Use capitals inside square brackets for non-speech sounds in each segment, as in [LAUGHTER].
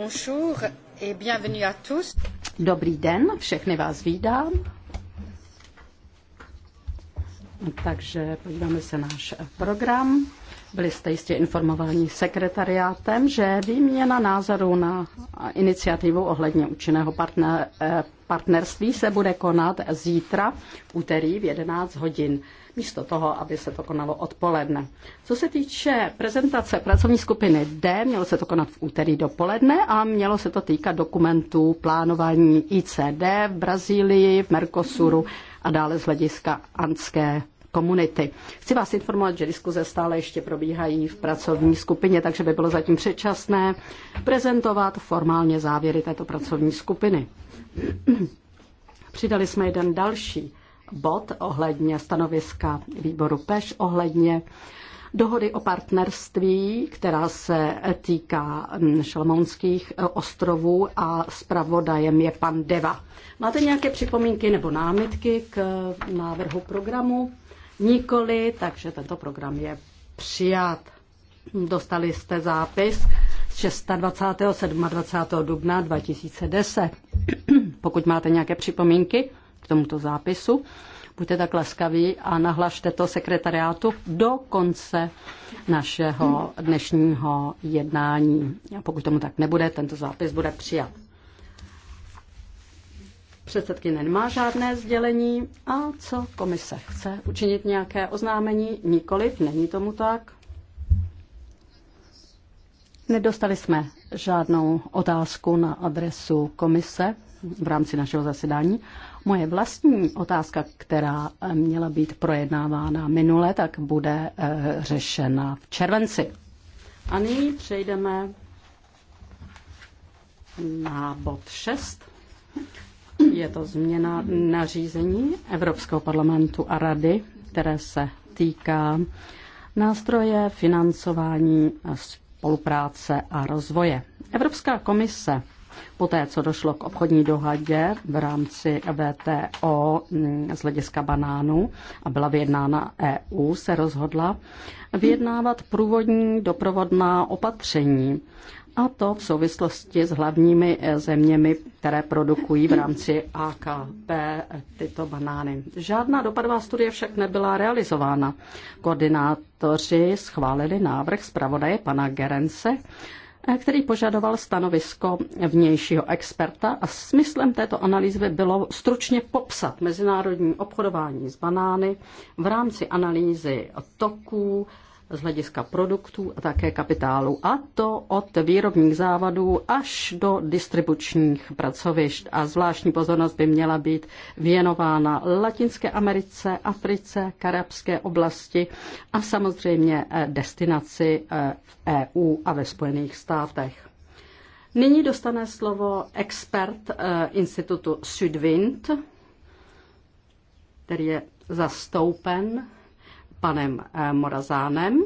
Bonjour et bienvenue à tous. Dobrý den, všechny vás vítám. Takže podíváme se náš program. Byli jste jistě informováni sekretariátem, že výměna názorů na iniciativu ohledně účinného partner, eh, partnerství se bude konat zítra v úterý v 11 hodin, místo toho, aby se to konalo odpoledne. Co se týče prezentace pracovní skupiny D, mělo se to konat v úterý dopoledne a mělo se to týkat dokumentů plánování ICD v Brazílii, v Mercosuru a dále z hlediska Anské komunity. Chci vás informovat, že diskuze stále ještě probíhají v pracovní skupině, takže by bylo zatím předčasné prezentovat formálně závěry této pracovní skupiny. Přidali jsme jeden další bod ohledně stanoviska výboru PEŠ, ohledně dohody o partnerství, která se týká hm, Šalmonských e, ostrovů a zpravodajem je pan Deva. Máte nějaké připomínky nebo námitky k e, návrhu programu? Nikoli, takže tento program je přijat. Dostali jste zápis z 26. 27. dubna 2010. [CLEARS THROAT] Pokud máte nějaké připomínky k tomuto zápisu, buďte tak laskaví a nahlašte to sekretariátu do konce našeho dnešního jednání. A pokud tomu tak nebude, tento zápis bude přijat. Předsedkyně nemá žádné sdělení. A co komise chce? Učinit nějaké oznámení? Nikoliv, není tomu tak. Nedostali jsme žádnou otázku na adresu komise v rámci našeho zasedání. Moje vlastní otázka, která měla být projednávána minule, tak bude eh, řešena v červenci. A nyní přejdeme na bod 6. Je to změna nařízení Evropského parlamentu a rady, které se týká nástroje financování spolupráce a rozvoje. Evropská komise poté, co došlo k obchodní dohadě v rámci VTO mm, z hlediska banánů a byla vyjednána EU, se rozhodla vyjednávat průvodní doprovodná opatření a to v souvislosti s hlavními eh, zeměmi, které produkují v rámci AKP eh, tyto banány. Žádná dopadová studie však nebyla realizována. Koordinátoři schválili návrh zpravodaje pana Gerence, eh, který požadoval stanovisko vnějšího experta a smyslem této analýzy bylo stručně popsat mezinárodní obchodování s banány v rámci analýzy toků, z hlediska produktů a také kapitálu. A to od výrobních závadů až do distribučních pracovišť. A zvláštní pozornost by měla být věnována Latinské Americe, Africe, Karabské oblasti a samozřejmě eh, destinaci eh, v EU a ve Spojených státech. Nyní dostane slovo expert eh, institutu Sudwind, který je zastoupen panem eh, Morazánem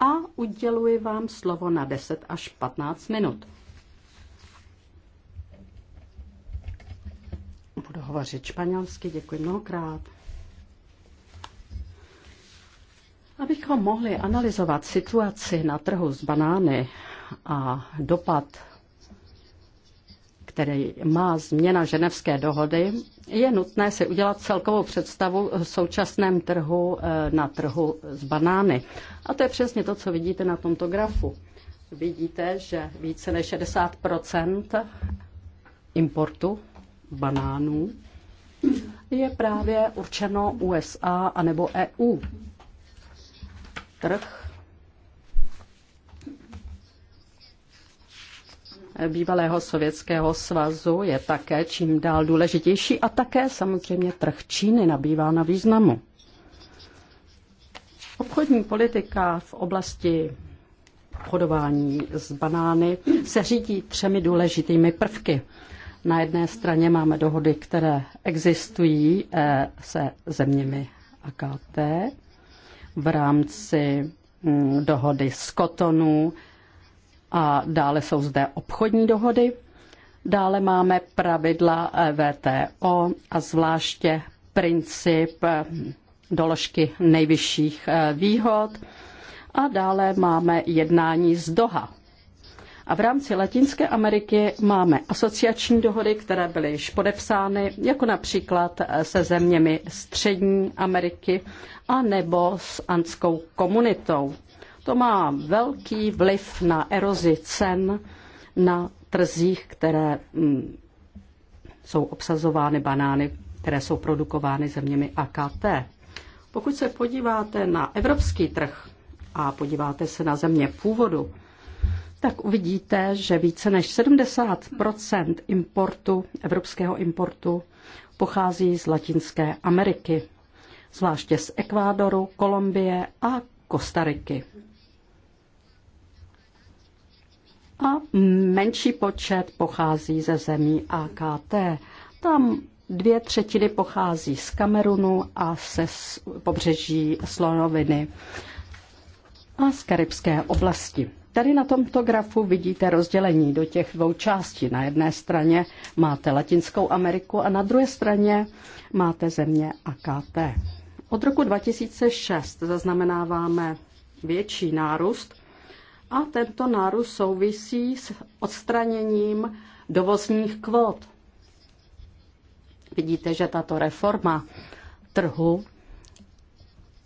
a uděluji vám slovo na 10 až 15 minut. Budu hovořit španělsky, děkuji mnohokrát. Abychom mohli analyzovat situaci na trhu s banány a dopad, který má změna ženevské dohody, je nutné si udělat celkovou představu v současném trhu eh, na trhu s banány. A to je přesně to, co vidíte na tomto grafu. Vidíte, že více než 60 importu banánů je právě určeno USA anebo EU. Trh bývalého Sovětského svazu je také čím dál důležitější a také samozřejmě trh Číny nabývá na významu. Obchodní politika v oblasti obchodování s banány se řídí třemi důležitými prvky. Na jedné straně máme dohody, které existují eh, se zeměmi AKT v rámci mm, dohody z Kotonu a dále jsou zde obchodní dohody. Dále máme pravidla eh, VTO a zvláště princip eh, doložky nejvyšších eh, výhod. A dále máme jednání z Doha. A v rámci Latinské Ameriky máme asociační dohody, které byly již podepsány, jako například se zeměmi Střední Ameriky a nebo s andskou komunitou. To má velký vliv na erozi cen na trzích, které mm, jsou obsazovány banány, které jsou produkovány zeměmi AKT. Pokud se podíváte na evropský trh a podíváte se na země původu, tak uvidíte, že více než 70 importu, evropského importu pochází z Latinské Ameriky, zvláště z Ekvádoru, Kolumbie a Kostariky. a menší počet pochází ze zemí AKT. Tam dvě třetiny pochází z Kamerunu a se pobřeží Slonoviny a z karibské oblasti. Tady na tomto grafu vidíte rozdělení do těch dvou částí. Na jedné straně máte Latinskou Ameriku a na druhé straně máte země AKT. Od roku 2006 zaznamenáváme větší nárůst a tento nárůst souvisí s odstraněním dovozních kvót. Vidíte, že tato reforma trhu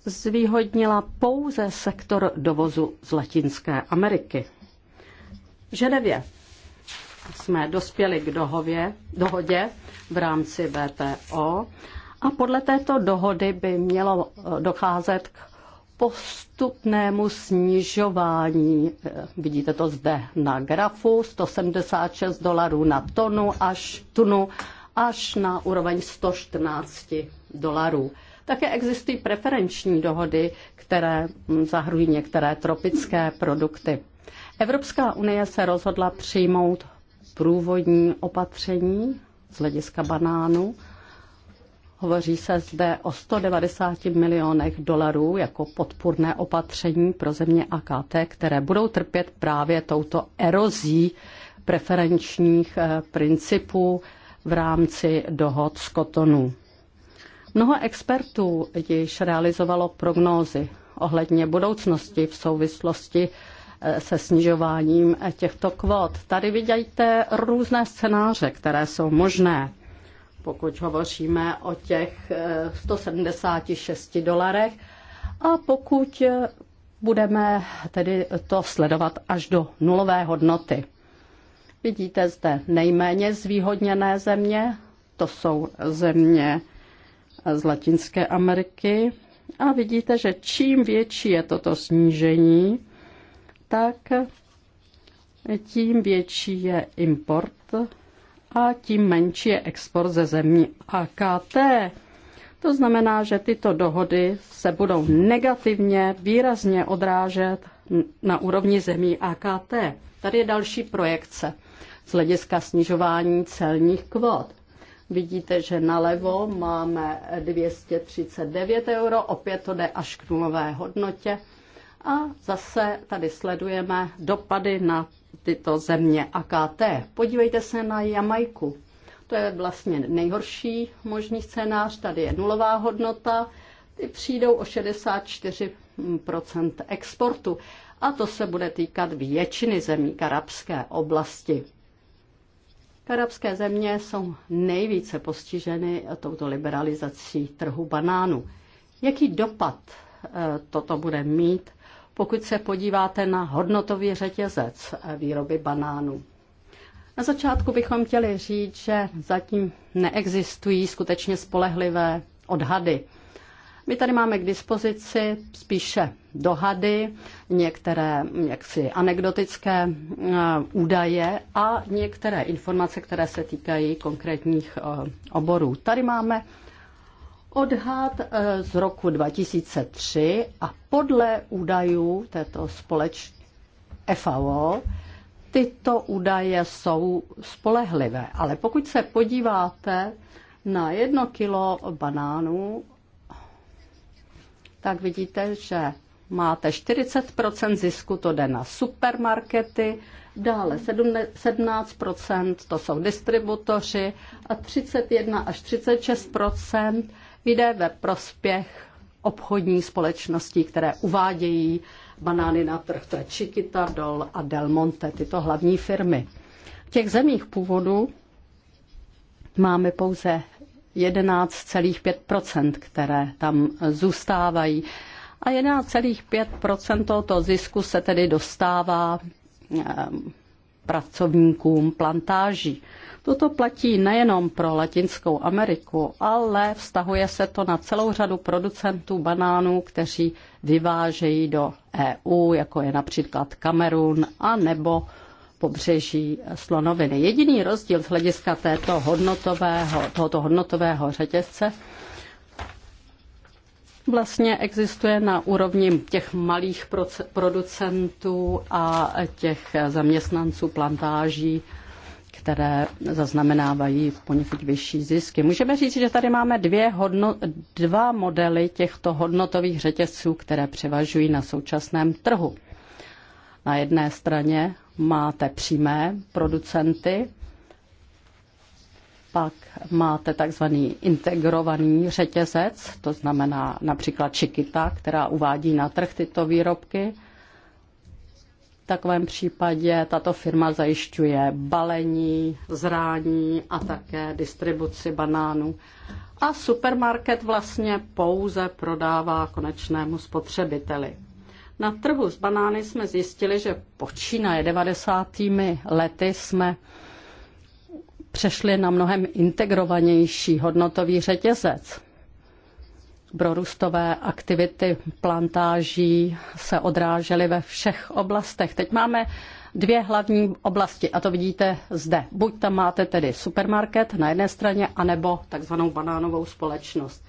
zvýhodnila pouze sektor dovozu z Latinské Ameriky. V Ženevě jsme dospěli k dohově, dohodě v rámci VTO a podle této dohody by mělo docházet k postupnému snižování. Eh, vidíte to zde na grafu, 176 dolarů na tonu až tunu až na úroveň 114 dolarů. Také existují preferenční dohody, které hm, zahrnují některé tropické produkty. Evropská unie se rozhodla přijmout průvodní opatření z hlediska banánu Hovoří se zde o 190 milionech dolarů jako podpůrné opatření pro země AKT, které budou trpět právě touto erozí preferenčních eh, principů v rámci dohod z Kotonu. Mnoho expertů již realizovalo prognózy ohledně budoucnosti v souvislosti eh, se snižováním eh, těchto kvot. Tady vidíte různé scénáře, které jsou možné pokud hovoříme o těch 176 eh, dolarech. A pokud eh, budeme tedy to sledovat až do nulové hodnoty. Vidíte zde nejméně zvýhodněné země, to jsou země z Latinské Ameriky. A vidíte, že čím větší je toto snížení, tak tím větší je import a tím menší je export ze zemí AKT. To znamená, že tyto dohody se budou negativně výrazně odrážet na úrovni zemí AKT. Tady je další projekce z hlediska snižování celních kvot. Vidíte, že nalevo máme 239 euro, opět to jde až k nulové hodnotě. A zase tady sledujeme dopady na tyto země AKT. Podívejte se na Jamajku. To je vlastně nejhorší možný scénář. Tady je nulová hodnota. Ty přijdou o 64 exportu. A to se bude týkat většiny zemí karabské oblasti. Karabské země jsou nejvíce postiženy touto liberalizací trhu banánů. Jaký dopad eh, toto bude mít pokud se podíváte na hodnotový řetězec výroby banánů. Na začátku bychom chtěli říct, že zatím neexistují skutečně spolehlivé odhady. My tady máme k dispozici spíše dohady, některé jaksi anekdotické eh, údaje a některé informace, které se týkají konkrétních eh, oborů. Tady máme odhad eh, z roku 2003 a podle údajů této společnosti FAO tyto údaje jsou spolehlivé. Ale pokud se podíváte na jedno kilo banánů, tak vidíte, že máte 40 zisku, to jde na supermarkety, dále 17 to jsou distributoři a 31 až 36 jde ve prospěch obchodní společnosti, které uvádějí banány na trh, to je Chiquita, Dol a Del Monte, tyto hlavní firmy. V těch zemích původu máme pouze 11,5%, které tam zůstávají. A 11,5% tohoto zisku se tedy dostává eh, pracovníkům plantáží. Toto platí nejenom pro Latinskou Ameriku, ale vztahuje se to na celou řadu producentů banánů, kteří vyvážejí do EU, jako je například Kamerun a nebo pobřeží slonoviny. Jediný rozdíl z hlediska této hodnotového, tohoto hodnotového řetězce vlastně existuje na úrovni těch malých producentů a těch zaměstnanců plantáží které zaznamenávají poněkud vyšší zisky. Můžeme říct, že tady máme dvě hodno, dva modely těchto hodnotových řetězců, které převažují na současném trhu. Na jedné straně máte přímé producenty, pak máte takzvaný integrovaný řetězec, to znamená například Chiquita, která uvádí na trh tyto výrobky takovém případě tato firma zajišťuje balení, zrání a také distribuci banánů. A supermarket vlastně pouze prodává konečnému spotřebiteli. Na trhu s banány jsme zjistili, že počínaje 90. lety jsme přešli na mnohem integrovanější hodnotový řetězec prorůstové aktivity plantáží se odrážely ve všech oblastech. Teď máme dvě hlavní oblasti a to vidíte zde. Buď tam máte tedy supermarket na jedné straně, anebo takzvanou banánovou společnost.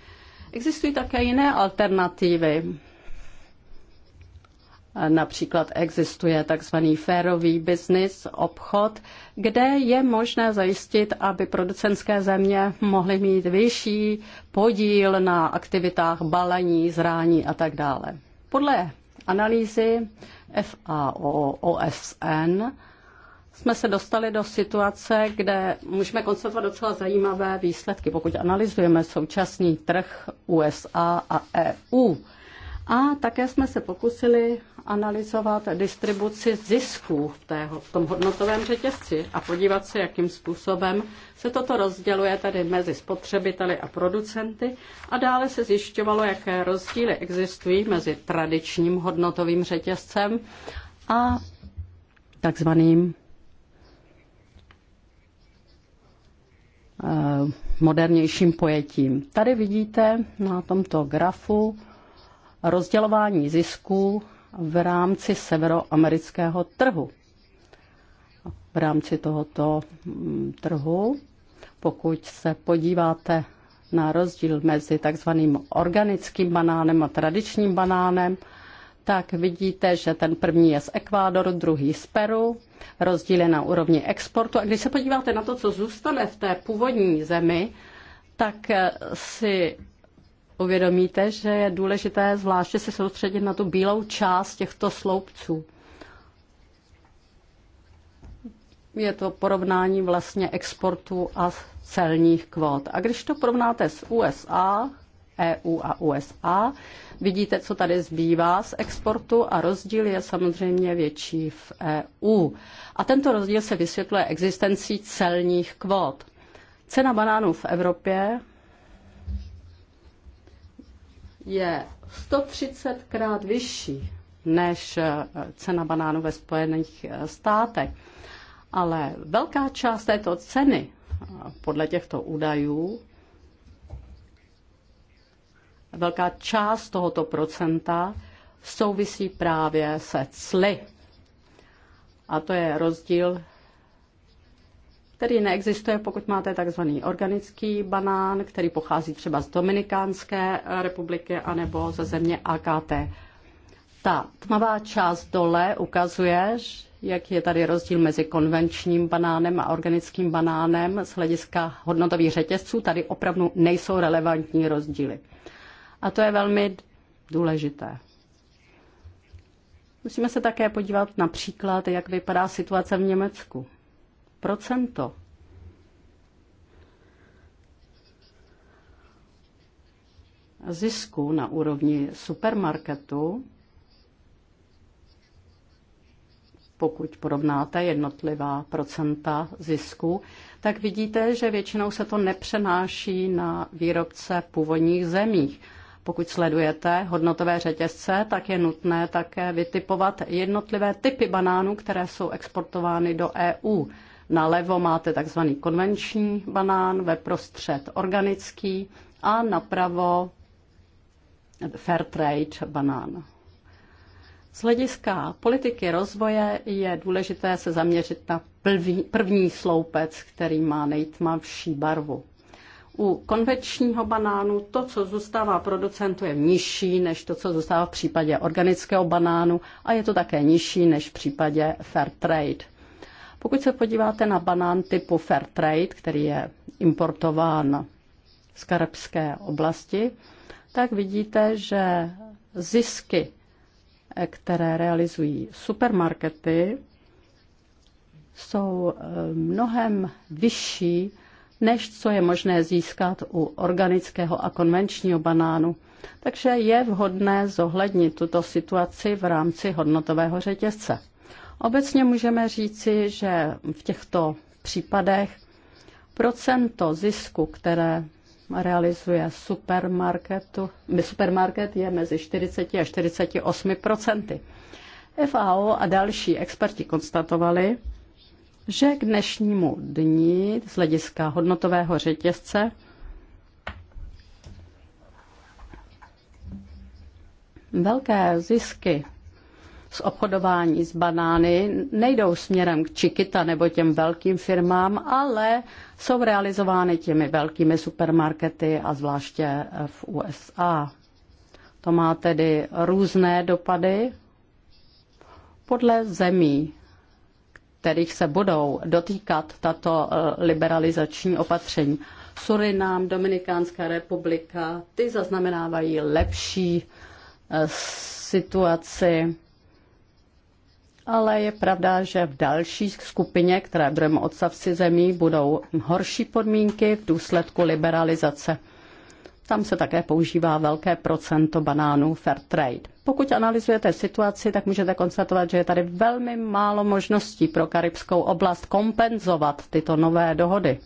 Existují také jiné alternativy. Například existuje takzvaný férový biznis, obchod, kde je možné zajistit, aby producenské země mohly mít vyšší podíl na aktivitách balení, zrání a tak dále. Podle analýzy FAO OSN jsme se dostali do situace, kde můžeme konstatovat docela zajímavé výsledky, pokud analyzujeme současný trh USA a EU. A také jsme se pokusili analyzovat distribuci zisků v, tého, v tom hodnotovém řetězci a podívat se, jakým způsobem se toto rozděluje tedy mezi spotřebiteli a producenty a dále se zjišťovalo, jaké rozdíly existují mezi tradičním hodnotovým řetězcem a takzvaným eh, modernějším pojetím. Tady vidíte na tomto grafu rozdělování zisků v rámci severoamerického trhu. V rámci tohoto mm, trhu, pokud se podíváte na rozdíl mezi takzvaným organickým banánem a tradičním banánem, tak vidíte, že ten první je z Ekvádoru, druhý z Peru, rozdíl je na úrovni exportu. A když se podíváte na to, co zůstane v té původní zemi, tak eh, si uvědomíte, že je důležité zvláště se soustředit na tu bílou část těchto sloupců. Je to porovnání vlastně exportu a celních kvót. A když to porovnáte s USA, EU a e USA, vidíte, co tady zbývá z exportu a rozdíl je samozřejmě větší v EU. A tento rozdíl se vysvětluje existencí celních kvót. Cena banánů v Evropě je 130 krát vyšší než eh, cena banánů ve Spojených eh, státech. Ale velká část této ceny eh, podle těchto údajů velká část tohoto procenta souvisí právě se cly. A to je rozdíl který neexistuje, pokud máte takzvaný organický banán, který pochází třeba z Dominikánské eh, republiky anebo ze země AKT. Ta tmavá část dole ukazuje, jak je tady rozdíl mezi konvenčním banánem a organickým banánem z hlediska hodnotových řetězců. Tady opravdu nejsou relevantní rozdíly. A to je velmi důležité. Musíme se také podívat například, jak vypadá situace v Německu procento. zisku na úrovni supermarketu, pokud porovnáte jednotlivá procenta zisku, tak vidíte, že většinou se to nepřenáší na výrobce v původních zemích. Pokud sledujete hodnotové řetězce, tak je nutné také vytipovat jednotlivé typy banánů, které jsou exportovány do EU. Na levo máte takzvaný konvenční banán, ve prostřed organický a napravo fair trade banán. Z hlediska politiky rozvoje je důležité se zaměřit na první, první sloupec, který má nejtmavší barvu. U konvenčního banánu to, co zůstává producentu, je nižší než to, co zůstává v případě organického banánu a je to také nižší než v případě fair trade. Pokud se podíváte na banán typu Fairtrade, který je importován z karibské oblasti, tak vidíte, že zisky, které realizují supermarkety, jsou eh, mnohem vyšší, než co je možné získat u organického a konvenčního banánu. Takže je vhodné zohlednit tuto situaci v rámci hodnotového řetězce. Obecně můžeme říci, že v těchto případech procento zisku, které realizuje supermarketu, supermarket je mezi 40 a 48 procenty. FAO a další experti konstatovali, že k dnešnímu dní z hlediska hodnotového řetězce velké zisky z obchodování s banány nejdou směrem k Čikita nebo těm velkým firmám, ale jsou realizovány těmi velkými supermarkety a zvláště v USA. To má tedy různé dopady podle zemí, kterých se budou dotýkat tato eh, liberalizační opatření. Surinám, Dominikánská republika, ty zaznamenávají lepší eh, situaci ale je pravda, že v další skupině, které budeme odstavci zemí, budou horší podmínky v důsledku liberalizace. Tam se také používá velké procento banánů fair trade. Pokud analyzujete situaci, tak můžete konstatovat, že je tady velmi málo možností pro karibskou oblast kompenzovat tyto nové dohody.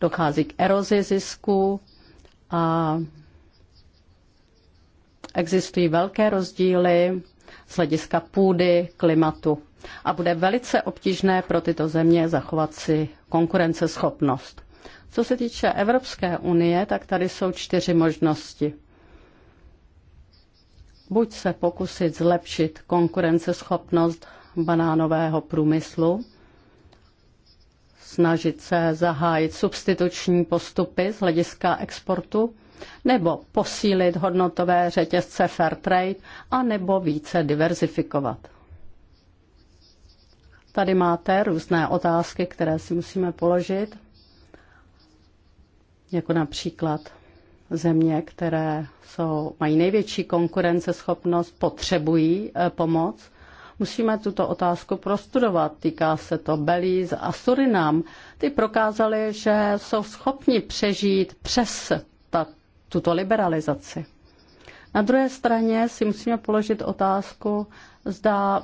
Dochází k erozi zisku a existují velké rozdíly z hlediska půdy, klimatu. A bude velice obtížné pro tyto země zachovat si konkurenceschopnost. Co se týče Evropské unie, tak tady jsou čtyři možnosti. Buď se pokusit zlepšit konkurenceschopnost banánového průmyslu, snažit se zahájit substituční postupy z hlediska exportu, nebo posílit hodnotové řetězce fair trade, a nebo více diverzifikovat. Tady máte různé otázky, které si musíme položit, jako například země, které jsou, mají největší konkurenceschopnost, potřebují eh, pomoc. Musíme tuto otázku prostudovat. Týká se to Belize a Surinam. Ty prokázali, že jsou schopni přežít přes ta, tuto liberalizaci. Na druhé straně si musíme položit otázku, zda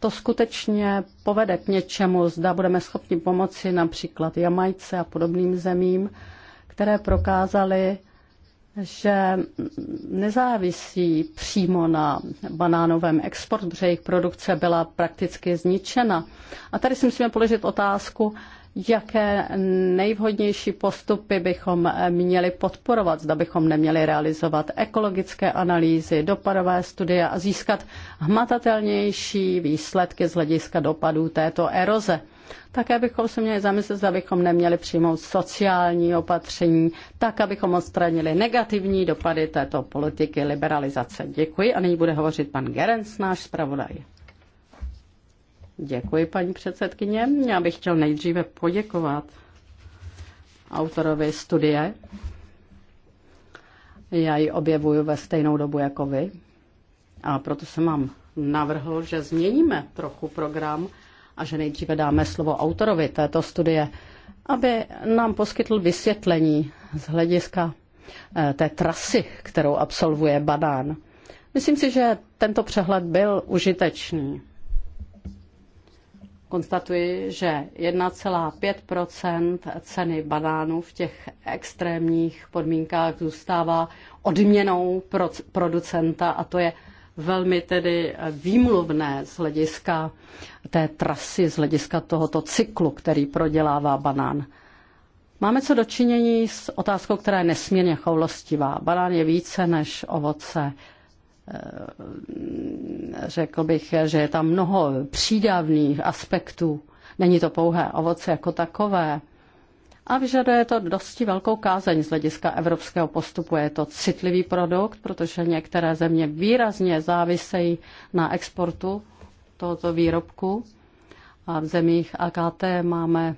to skutečně povede k něčemu, zda budeme schopni pomoci například Jamajce a podobným zemím, které prokázaly, že nezávisí přímo na banánovém export, protože jejich produkce byla prakticky zničena. A tady si musíme položit otázku, jaké nejvhodnější postupy bychom měli podporovat, zda bychom neměli realizovat ekologické analýzy, dopadové studie a získat hmatatelnější výsledky z hlediska dopadů této eroze. Také bychom se měli zamyslet, zda bychom neměli přijmout sociální opatření, tak, abychom odstranili negativní dopady této politiky liberalizace. Děkuji a nyní bude hovořit pan Gerenc, náš zpravodaj. Děkuji, paní předsedkyně. Já bych chtěl nejdříve poděkovat autorovi studie. Já ji objevuju ve stejnou dobu jako vy. A proto jsem vám navrhl, že změníme trochu program a že nejdříve dáme slovo autorovi této studie, aby nám poskytl vysvětlení z hlediska eh, té trasy, kterou absolvuje Badán. Myslím si, že tento přehled byl užitečný konstatuji, že 1,5 ceny banánů v těch extrémních podmínkách zůstává odměnou pro producenta a to je velmi tedy výmluvné z hlediska té trasy, z hlediska tohoto cyklu, který prodělává banán. Máme co dočinění s otázkou, která je nesmírně choulostivá. Banán je více než ovoce. Eh, řekl bych, že je tam mnoho přídavných aspektů. Není to pouhé ovoce jako takové. A vyžaduje to dosti velkou kázeň z hlediska evropského postupu. Je to citlivý produkt, protože některé země výrazně závisejí na exportu tohoto výrobku. A v zemích AKT máme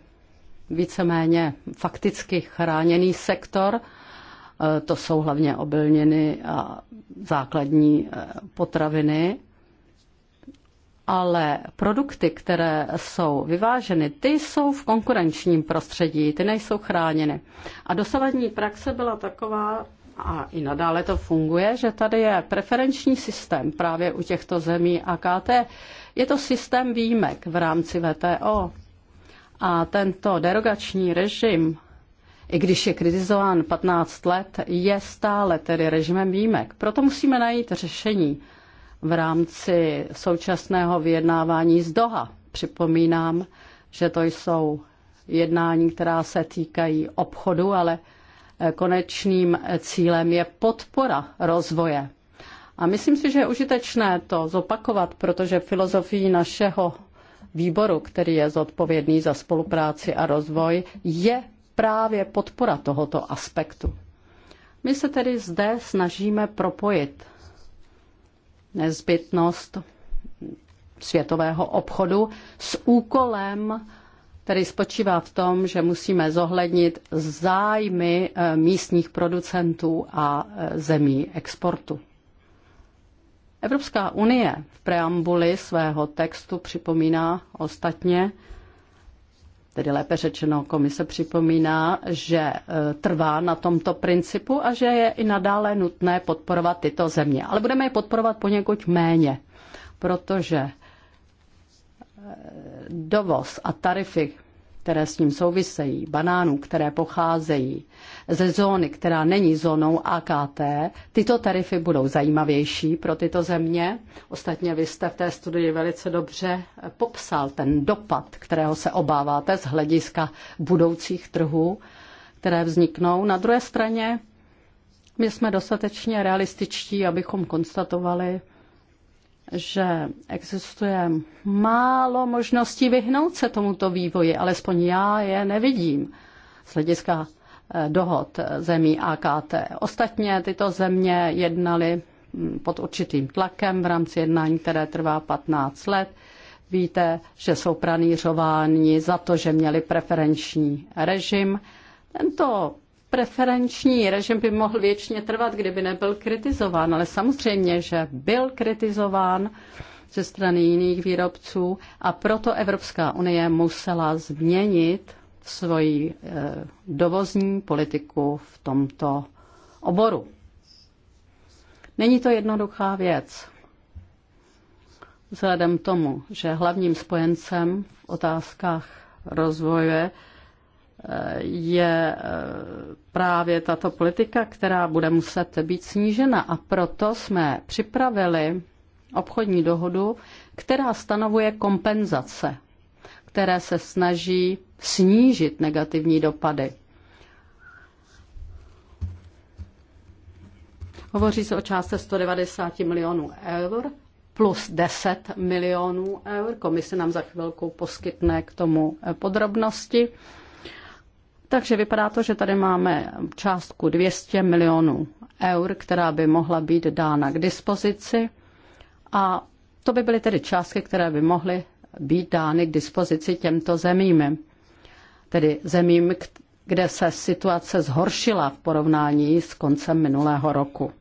víceméně fakticky chráněný sektor. Eh, to jsou hlavně obilniny a základní eh, potraviny, ale produkty, které jsou vyváženy, ty jsou v konkurenčním prostředí, ty nejsou chráněny. A dosavadní praxe byla taková, a i nadále to funguje, že tady je preferenční systém právě u těchto zemí AKT. Je to systém výjimek v rámci VTO. A tento derogační režim i když je kritizován 15 let, je stále tedy režimem výjimek. Proto musíme najít řešení v rámci současného vyjednávání z Doha. Připomínám, že to jsou jednání, která se týkají obchodu, ale konečným cílem je podpora rozvoje. A myslím si, že je užitečné to zopakovat, protože filozofií našeho výboru, který je zodpovědný za spolupráci a rozvoj, je právě podpora tohoto aspektu. My se tedy zde snažíme propojit nezbytnost světového obchodu s úkolem, který spočívá v tom, že musíme zohlednit zájmy eh, místních producentů a eh, zemí exportu. Evropská unie v preambuli svého textu připomíná ostatně, tedy lépe řečeno komise připomíná, že e, trvá na tomto principu a že je i nadále nutné podporovat tyto země. Ale budeme je podporovat poněkud méně, protože e, dovoz a tarify, které s ním souvisejí, banánů, které pocházejí ze zóny, která není zónou AKT, tyto tarify budou zajímavější pro tyto země. Ostatně vy jste v té studii velice dobře popsal ten dopad, kterého se obáváte z hlediska budoucích trhů, které vzniknou. Na druhé straně my jsme dostatečně realističtí, abychom konstatovali, že existuje málo možností vyhnout se tomuto vývoji, alespoň já je nevidím. Z hlediska Eh, dohod zemí AKT. Ostatně tyto země jednaly pod určitým tlakem v rámci jednání, které trvá 15 let. Víte, že jsou pranířováni za to, že měli preferenční režim. Tento preferenční režim by mohl věčně trvat, kdyby nebyl kritizován, ale samozřejmě, že byl kritizován ze strany jiných výrobců a proto Evropská unie musela změnit svoji eh, dovozní politiku v tomto oboru. Není to jednoduchá věc. Vzhledem tomu, že hlavním spojencem v otázkách rozvoje eh, je eh, právě tato politika, která bude muset být snížena. A proto jsme připravili obchodní dohodu, která stanovuje kompenzace, které se snaží snížit negativní dopady. Hovoří se o částce 190 milionů eur plus 10 milionů eur. Komise nám za chvilku poskytne k tomu podrobnosti. Takže vypadá to, že tady máme částku 200 milionů eur, která by mohla být dána k dispozici. A to by byly tedy částky, které by mohly být dány k dispozici těmto zemím tedy zemím, kde se situace zhoršila v porovnání s koncem minulého roku.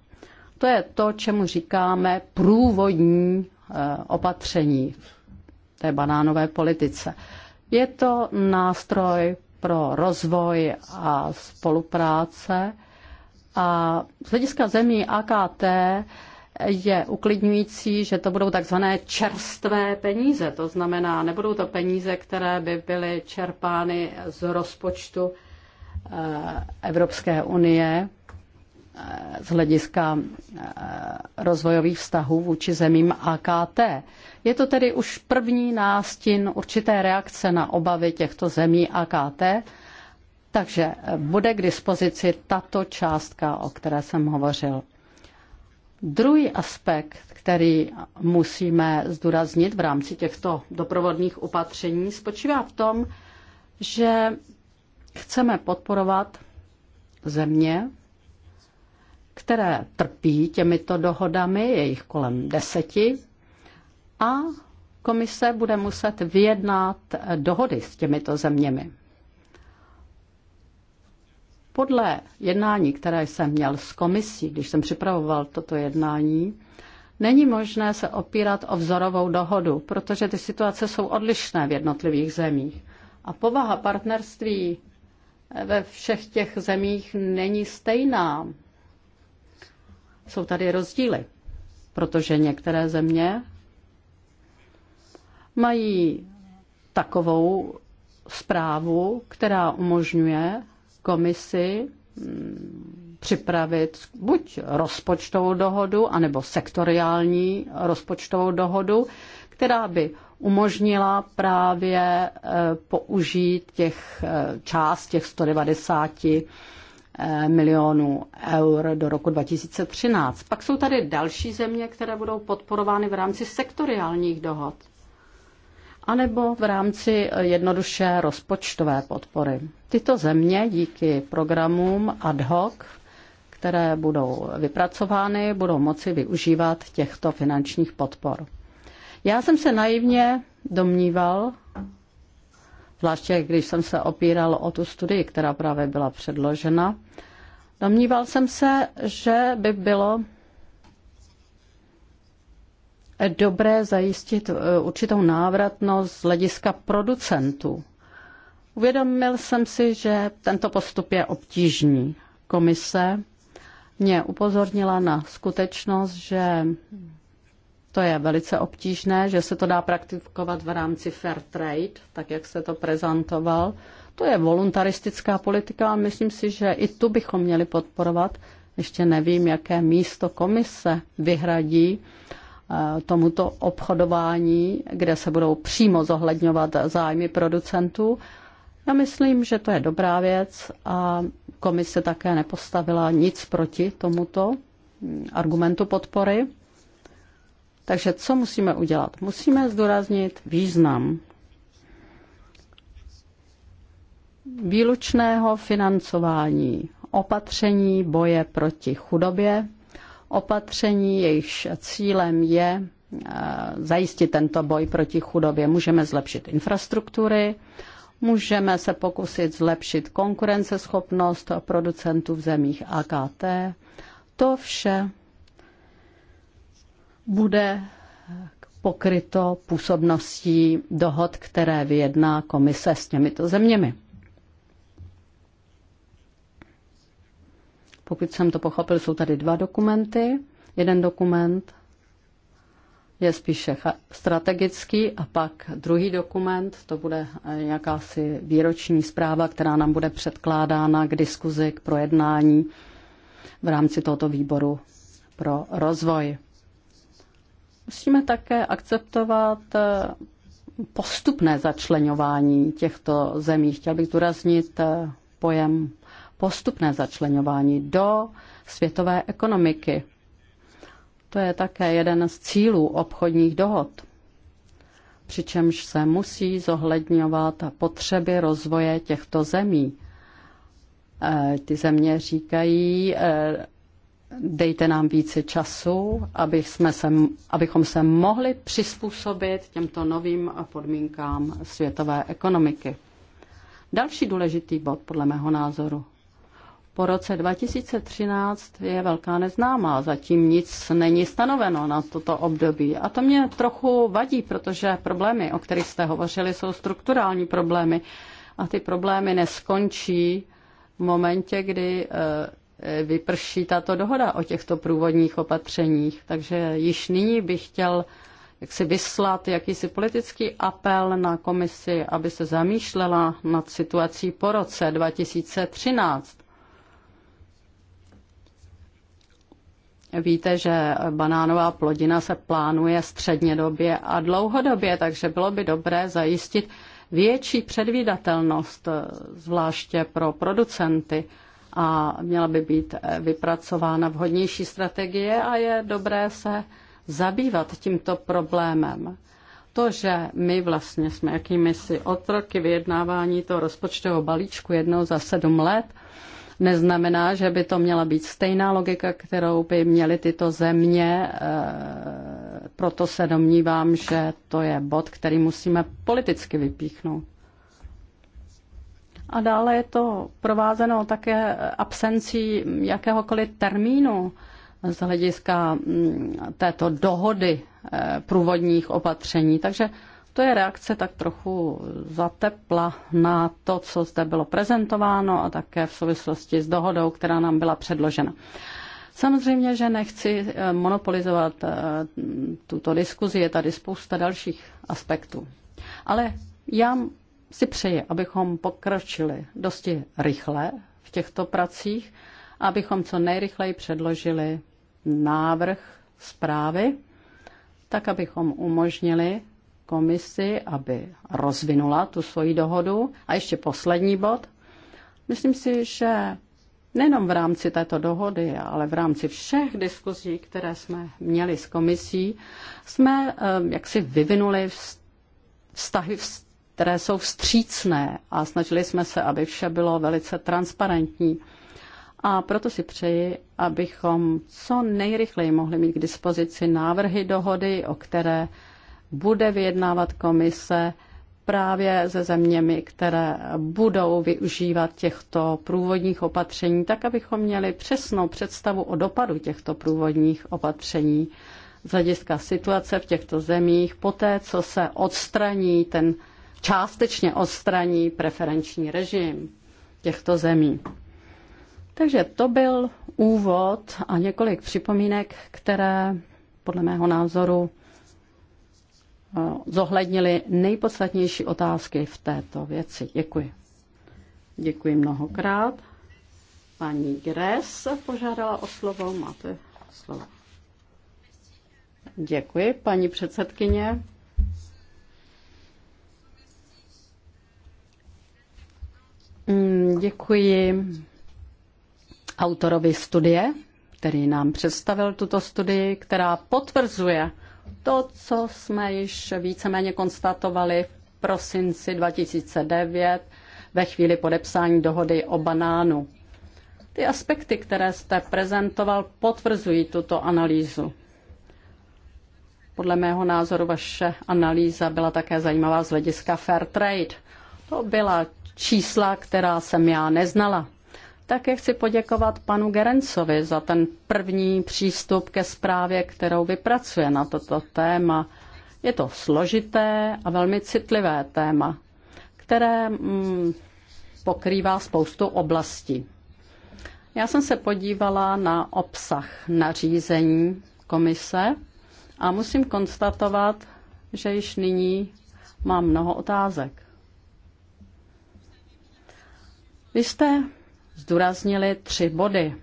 To je to, čemu říkáme průvodní eh, opatření té banánové politice. Je to nástroj pro rozvoj a spolupráce a z hlediska zemí AKT je uklidňující, že to budou takzvané čerstvé peníze. To znamená, nebudou to peníze, které by byly čerpány z rozpočtu eh, Evropské unie eh, z hlediska eh, rozvojových vztahů vůči zemím AKT. Je to tedy už první nástin určité reakce na obavy těchto zemí AKT, takže bude k dispozici tato částka, o které jsem hovořil. Druhý aspekt, který musíme zdůraznit v rámci těchto doprovodných opatření, spočívá v tom, že chceme podporovat země, které trpí těmito dohodami, je jich kolem deseti, a komise bude muset vyjednat dohody s těmito zeměmi. Podle jednání, které jsem měl s komisí, když jsem připravoval toto jednání, není možné se opírat o vzorovou dohodu, protože ty situace jsou odlišné v jednotlivých zemích. A povaha partnerství ve všech těch zemích není stejná. Jsou tady rozdíly, protože některé země mají takovou zprávu, která umožňuje komisi mm, připravit buď rozpočtovou dohodu, anebo sektoriální rozpočtovou dohodu, která by umožnila právě eh, použít těch eh, část těch 190 eh, milionů eur do roku 2013. Pak jsou tady další země, které budou podporovány v rámci sektoriálních dohod anebo v rámci jednoduše rozpočtové podpory. Tyto země díky programům ad hoc, které budou vypracovány, budou moci využívat těchto finančních podpor. Já jsem se naivně domníval, zvláště když jsem se opíral o tu studii, která právě byla předložena, domníval jsem se, že by bylo dobré zajistit eh, určitou návratnost z hlediska producentů. Uvědomil jsem si, že tento postup je obtížný. Komise mě upozornila na skutečnost, že to je velice obtížné, že se to dá praktikovat v rámci fair trade, tak jak se to prezentoval. To je voluntaristická politika a myslím si, že i tu bychom měli podporovat. Ještě nevím, jaké místo komise vyhradí Eh, tomuto obchodování, kde se budou přímo zohledňovat zájmy producentů. Já myslím, že to je dobrá věc a komise také nepostavila nic proti tomuto hm, argumentu podpory. Takže co musíme udělat? Musíme zdůraznit význam výlučného financování opatření boje proti chudobě opatření, jejichž cílem je eh, zajistit tento boj proti chudobě. Můžeme zlepšit infrastruktury, můžeme se pokusit zlepšit konkurenceschopnost producentů v zemích AKT. To vše bude pokryto působností dohod, které vyjedná komise s těmito zeměmi. Pokud jsem to pochopil, jsou tady dva dokumenty. Jeden dokument je spíše strategický a pak druhý dokument, to bude eh, jakási výroční zpráva, která nám bude předkládána k diskuzi, k projednání v rámci tohoto výboru pro rozvoj. Musíme také akceptovat eh, postupné začlenování těchto zemí. Chtěl bych zdůraznit eh, pojem postupné začlenování do světové ekonomiky. To je také jeden z cílů obchodních dohod, přičemž se musí zohledňovat potřeby rozvoje těchto zemí. E, ty země říkají, e, dejte nám více času, aby jsme se, abychom se mohli přizpůsobit těmto novým podmínkám světové ekonomiky. Další důležitý bod podle mého názoru po roce 2013 je velká neznámá. Zatím nic není stanoveno na toto období. A to mě trochu vadí, protože problémy, o kterých jste hovořili, jsou strukturální problémy. A ty problémy neskončí v momentě, kdy eh, vyprší tato dohoda o těchto průvodních opatřeních. Takže již nyní bych chtěl jak si vyslat jakýsi politický apel na komisi, aby se zamýšlela nad situací po roce 2013 Víte, že banánová plodina se plánuje střednědobě a dlouhodobě, takže bylo by dobré zajistit větší předvídatelnost, zvláště pro producenty. A měla by být vypracována vhodnější strategie a je dobré se zabývat tímto problémem. To, že my vlastně jsme jakými si otroky vyjednávání toho rozpočtového balíčku jednou za sedm let – neznamená, že by to měla být stejná logika, kterou by měly tyto země. E, proto se domnívám, že to je bod, který musíme politicky vypíchnout. A dále je to provázeno také absencí jakéhokoliv termínu z hlediska mm, této dohody e, průvodních opatření. Takže to je reakce tak trochu zatepla na to, co zde bylo prezentováno a také v souvislosti s dohodou, která nám byla předložena. Samozřejmě, že nechci eh, monopolizovat eh, tuto diskuzi, je tady spousta dalších aspektů. Ale já si přeji, abychom pokročili dosti rychle v těchto pracích, abychom co nejrychleji předložili návrh zprávy, tak abychom umožnili komisi, aby rozvinula tu svoji dohodu. A ještě poslední bod. Myslím si, že nejenom v rámci této dohody, ale v rámci všech diskuzí, které jsme měli s komisí, jsme eh, jaksi vyvinuli vztahy, které jsou vstřícné a snažili jsme se, aby vše bylo velice transparentní. A proto si přeji, abychom co nejrychleji mohli mít k dispozici návrhy dohody, o které bude vyjednávat komise právě se zeměmi, které budou využívat těchto průvodních opatření, tak abychom měli přesnou představu o dopadu těchto průvodních opatření z hlediska situace v těchto zemích, poté co se odstraní ten částečně odstraní preferenční režim těchto zemí. Takže to byl úvod a několik připomínek, které podle mého názoru zohlednili nejpodstatnější otázky v této věci. Děkuji. Děkuji mnohokrát. Paní Gres požádala o slovo. Máte slovo. Děkuji, paní předsedkyně. Mm, děkuji autorovi studie, který nám představil tuto studii, která potvrzuje to, co jsme již víceméně konstatovali v prosinci 2009 ve chvíli podepsání dohody o banánu. Ty aspekty, které jste prezentoval, potvrzují tuto analýzu. Podle mého názoru vaše analýza byla také zajímavá z hlediska fair trade. To byla čísla, která jsem já neznala. Také chci poděkovat panu Gerencovi za ten první přístup ke zprávě, kterou vypracuje na toto téma. Je to složité a velmi citlivé téma, které mm, pokrývá spoustu oblastí. Já jsem se podívala na obsah nařízení komise a musím konstatovat, že již nyní mám mnoho otázek. Vy jste zdůraznili tři body.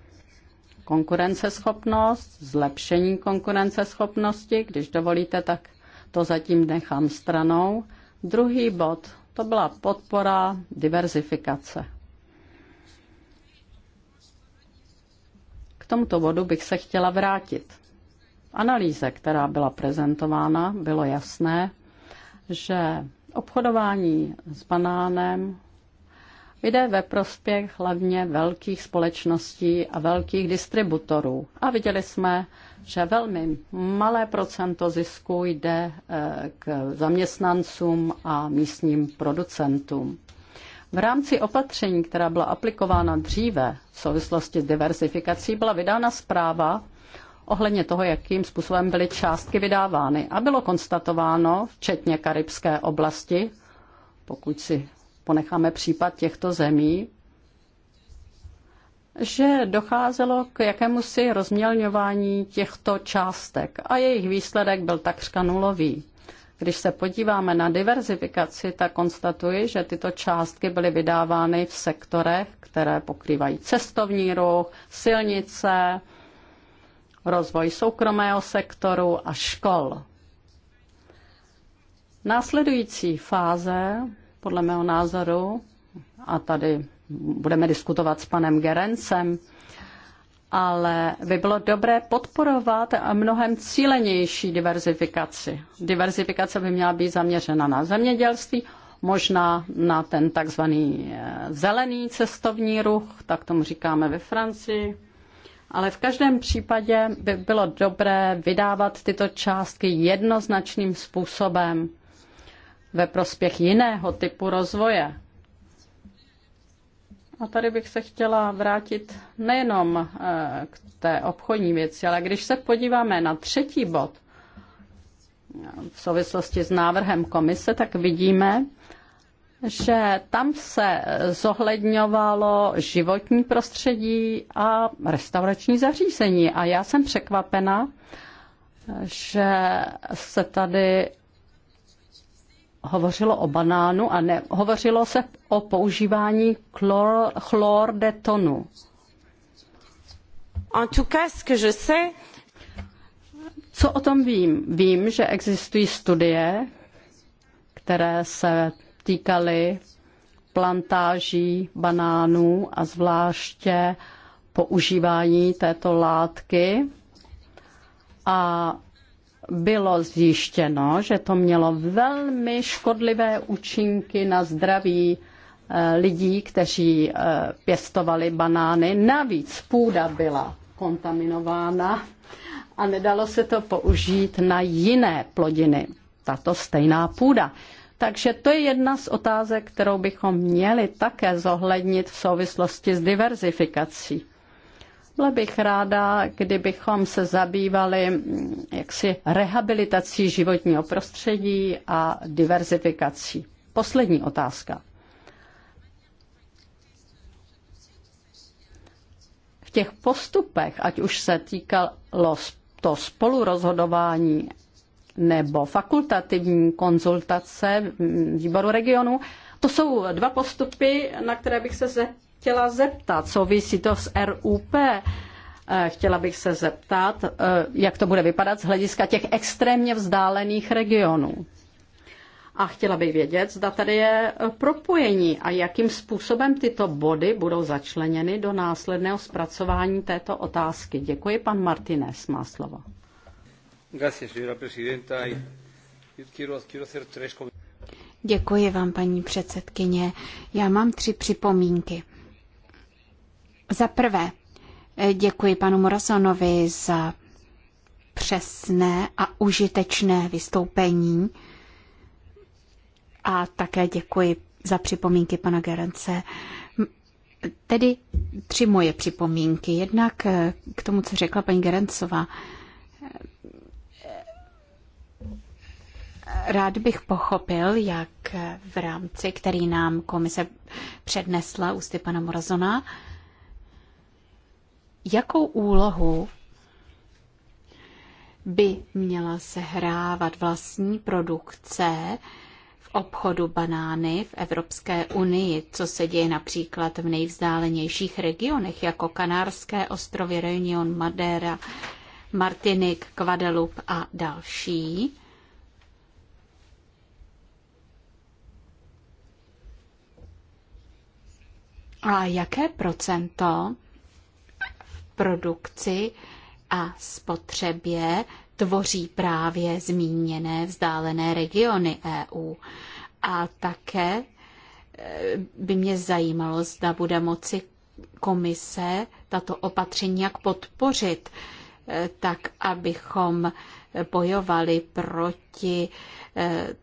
Konkurenceschopnost, zlepšení konkurenceschopnosti, když dovolíte, tak to zatím nechám stranou. Druhý bod, to byla podpora diverzifikace. K tomuto bodu bych se chtěla vrátit. V analýze, která byla prezentována, bylo jasné, že obchodování s banánem jde ve prospěch hlavně velkých společností a velkých distributorů. A viděli jsme, že velmi malé procento zisku jde eh, k zaměstnancům a místním producentům. V rámci opatření, která byla aplikována dříve v souvislosti s diversifikací, byla vydána zpráva ohledně toho, jakým způsobem byly částky vydávány. A bylo konstatováno, včetně karibské oblasti, pokud si ponecháme případ těchto zemí, že docházelo k jakémusi rozmělňování těchto částek a jejich výsledek byl takřka nulový. Když se podíváme na diverzifikaci, tak konstatuji, že tyto částky byly vydávány v sektorech, které pokrývají cestovní ruch, silnice, rozvoj soukromého sektoru a škol. Následující fáze podle mého názoru, a tady budeme diskutovat s panem Gerencem, ale by bylo dobré podporovat mnohem cílenější diverzifikaci. Diverzifikace by měla být zaměřena na zemědělství, možná na ten takzvaný eh, zelený cestovní ruch, tak tomu říkáme ve Francii. Ale v každém případě by bylo dobré vydávat tyto částky jednoznačným způsobem ve prospěch jiného typu rozvoje. A tady bych se chtěla vrátit nejenom eh, k té obchodní věci, ale když se podíváme na třetí bod v souvislosti s návrhem komise, tak vidíme, že tam se zohledňovalo životní prostředí a restaurační zařízení. A já jsem překvapena, že se tady hovořilo o banánu a ne. hovořilo se o používání chlor, chlordetonu. En tout cas, ce que je sais... Co o tom vím? Vím, že existují studie, které se týkaly plantáží banánů a zvláště používání této látky. A bylo zjištěno, že to mělo velmi škodlivé účinky na zdraví eh, lidí, kteří eh, pěstovali banány. Navíc půda byla kontaminována a nedalo se to použít na jiné plodiny, tato stejná půda. Takže to je jedna z otázek, kterou bychom měli také zohlednit v souvislosti s diverzifikací. Byla bych ráda, kdybychom se zabývali mm, jaksi rehabilitací životního prostředí a diverzifikací. Poslední otázka. V těch postupech, ať už se týkalo to spolurozhodování nebo fakultativní konzultace mm, výboru regionu, to jsou dva postupy, na které bych se chtěla zeptat. Souvisí to s RUP. Eh, chtěla bych se zeptat, eh, jak to bude vypadat z hlediska těch extrémně vzdálených regionů. A chtěla bych vědět, zda tady je eh, propojení a jakým způsobem tyto body budou začleněny do následného zpracování této otázky. Děkuji, pan Martinez má slovo. Děkuji vám, paní předsedkyně. Já mám tři připomínky. Za prvé, eh, děkuji panu Morazonovi za přesné a užitečné vystoupení a také děkuji za připomínky pana Gerence. Tedy tři moje připomínky. Jednak eh, k tomu, co řekla paní Gerencová. Eh, rád bych pochopil, jak v rámci, který nám komise přednesla ústy pana Morazona, jakou úlohu by měla sehrávat vlastní produkce v obchodu banány v Evropské unii, co se děje například v nejvzdálenějších regionech, jako Kanárské ostrovy, Reunion, Madeira, Martinik, Guadeloupe a další. A jaké procento produkci a spotřebě tvoří právě zmíněné vzdálené regiony EU. A také eh, by mě zajímalo, zda bude moci komise tato opatření jak podpořit, eh, tak abychom bojovali proti eh,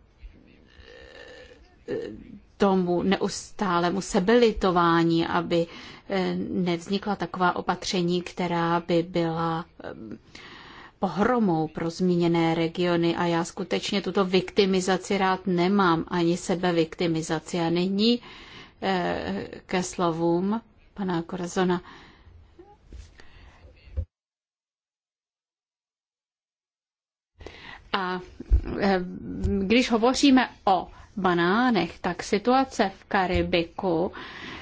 tomu neustálemu sebelitování, aby eh, nevznikla taková opatření, která by byla eh, pohromou pro zmíněné regiony a já skutečně tuto viktimizaci rád nemám, ani sebeviktimizaci. A nyní eh, ke slovům pana Korazona. A když hovoříme o banánech, tak situace v Karibiku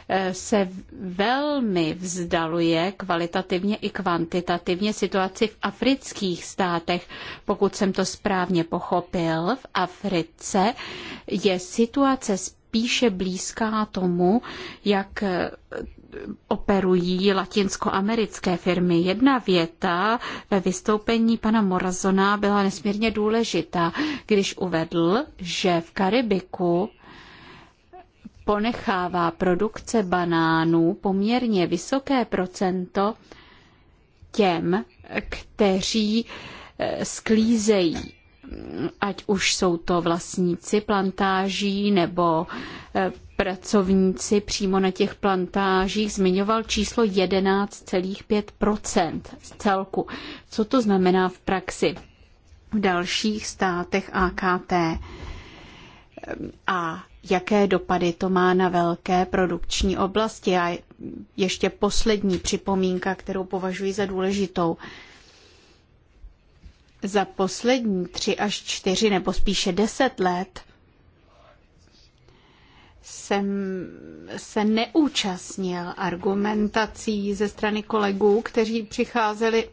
eh, se velmi vzdaluje kvalitativně i kvantitativně situaci v afrických státech. Pokud jsem to správně pochopil, v Africe je situace spíše blízká tomu, jak eh, operují latinskoamerické firmy. Jedna věta ve vystoupení pana Morazona byla nesmírně důležitá, když uvedl, že v Karibiku ponechává produkce banánů poměrně vysoké procento těm, kteří eh, sklízejí ať už jsou to vlastníci plantáží nebo eh, pracovníci přímo na těch plantážích, zmiňoval číslo 11,5 z celku. Co to znamená v praxi? V dalších státech AKT a jaké dopady to má na velké produkční oblasti. A ještě poslední připomínka, kterou považuji za důležitou za poslední tři až čtyři nebo spíše deset let jsem se neúčastnil argumentací ze strany kolegů, kteří přicházeli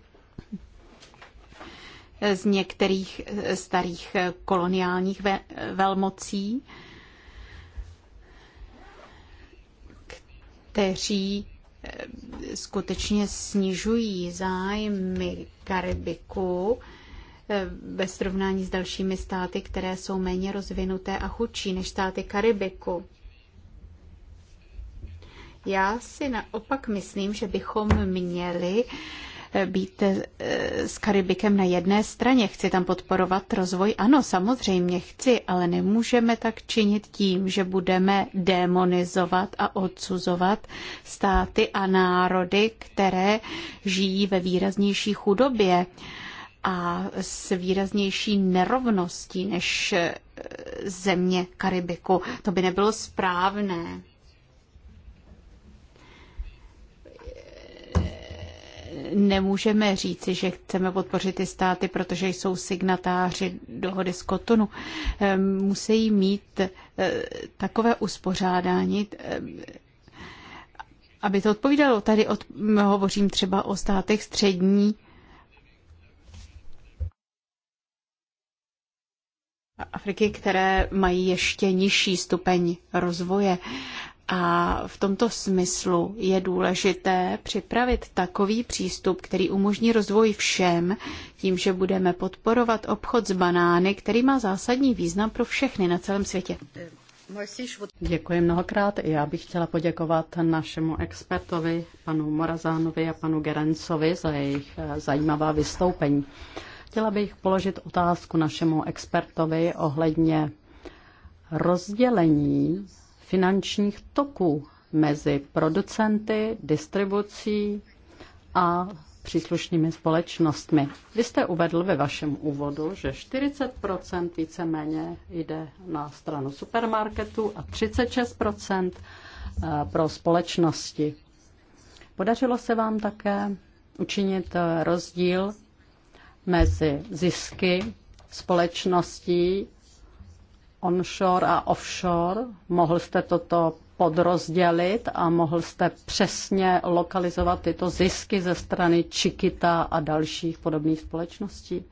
z některých starých koloniálních velmocí, kteří eh, skutečně snižují zájmy Karibiku Eh, ve srovnání s dalšími státy, které jsou méně rozvinuté a chudší než státy Karibiku. Já si naopak myslím, že bychom měli eh, být eh, s Karibikem na jedné straně. Chci tam podporovat rozvoj? Ano, samozřejmě chci, ale nemůžeme tak činit tím, že budeme demonizovat a odsuzovat státy a národy, které žijí ve výraznější chudobě a s výraznější nerovností než eh, země Karibiku. To by nebylo správné. nemůžeme říci, že chceme podpořit ty státy, protože jsou signatáři dohody z Kotonu. Ehm, musí mít eh, takové uspořádání, eh, aby to odpovídalo. Tady od, hovořím třeba o státech střední Afriky, které mají ještě nižší stupeň rozvoje. A v tomto smyslu je důležité připravit takový přístup, který umožní rozvoj všem, tím, že budeme podporovat obchod s banány, který má zásadní význam pro všechny na celém světě. Děkuji mnohokrát. Já bych chtěla poděkovat našemu expertovi, panu Morazánovi a panu Gerencovi za jejich eh, zajímavá vystoupení. Chtěla bych položit otázku našemu expertovi ohledně rozdělení finančních toků mezi producenty, distribucí a příslušnými společnostmi. Vy jste uvedl ve vašem úvodu, že 40 víceméně jde na stranu supermarketu a 36 eh, pro společnosti. Podařilo se vám také učinit eh, rozdíl mezi zisky společností onshore a offshore. Mohl jste toto podrozdělit a mohl jste přesně lokalizovat tyto zisky ze strany Čikita a dalších podobných společností?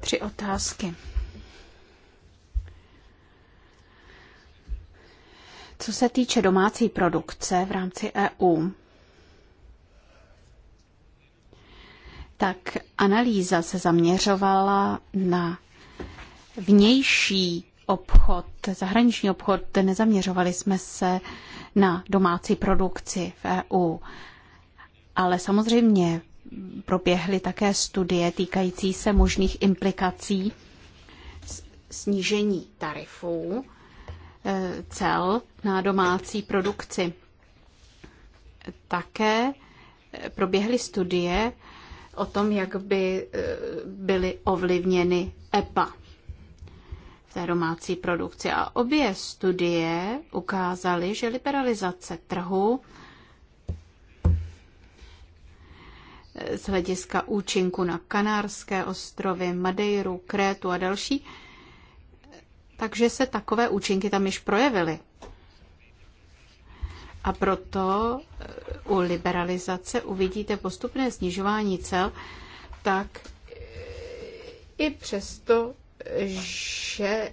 Tři otázky. Co se týče domácí produkce v rámci EU, tak analýza se zaměřovala na vnější obchod, zahraniční obchod, nezaměřovali jsme se na domácí produkci v EU. Ale samozřejmě proběhly také studie týkající se možných implikací snížení tarifů Eh, cel na domácí produkci. Také eh, proběhly studie o tom, jak by eh, byly ovlivněny EPA v té domácí produkci. A obě studie ukázaly, že liberalizace trhu z hlediska účinku na Kanárské ostrovy, Madeiru, Krétu a další takže se takové účinky tam již projevily. A proto eh, u liberalizace uvidíte postupné snižování cel, tak eh, i přesto, že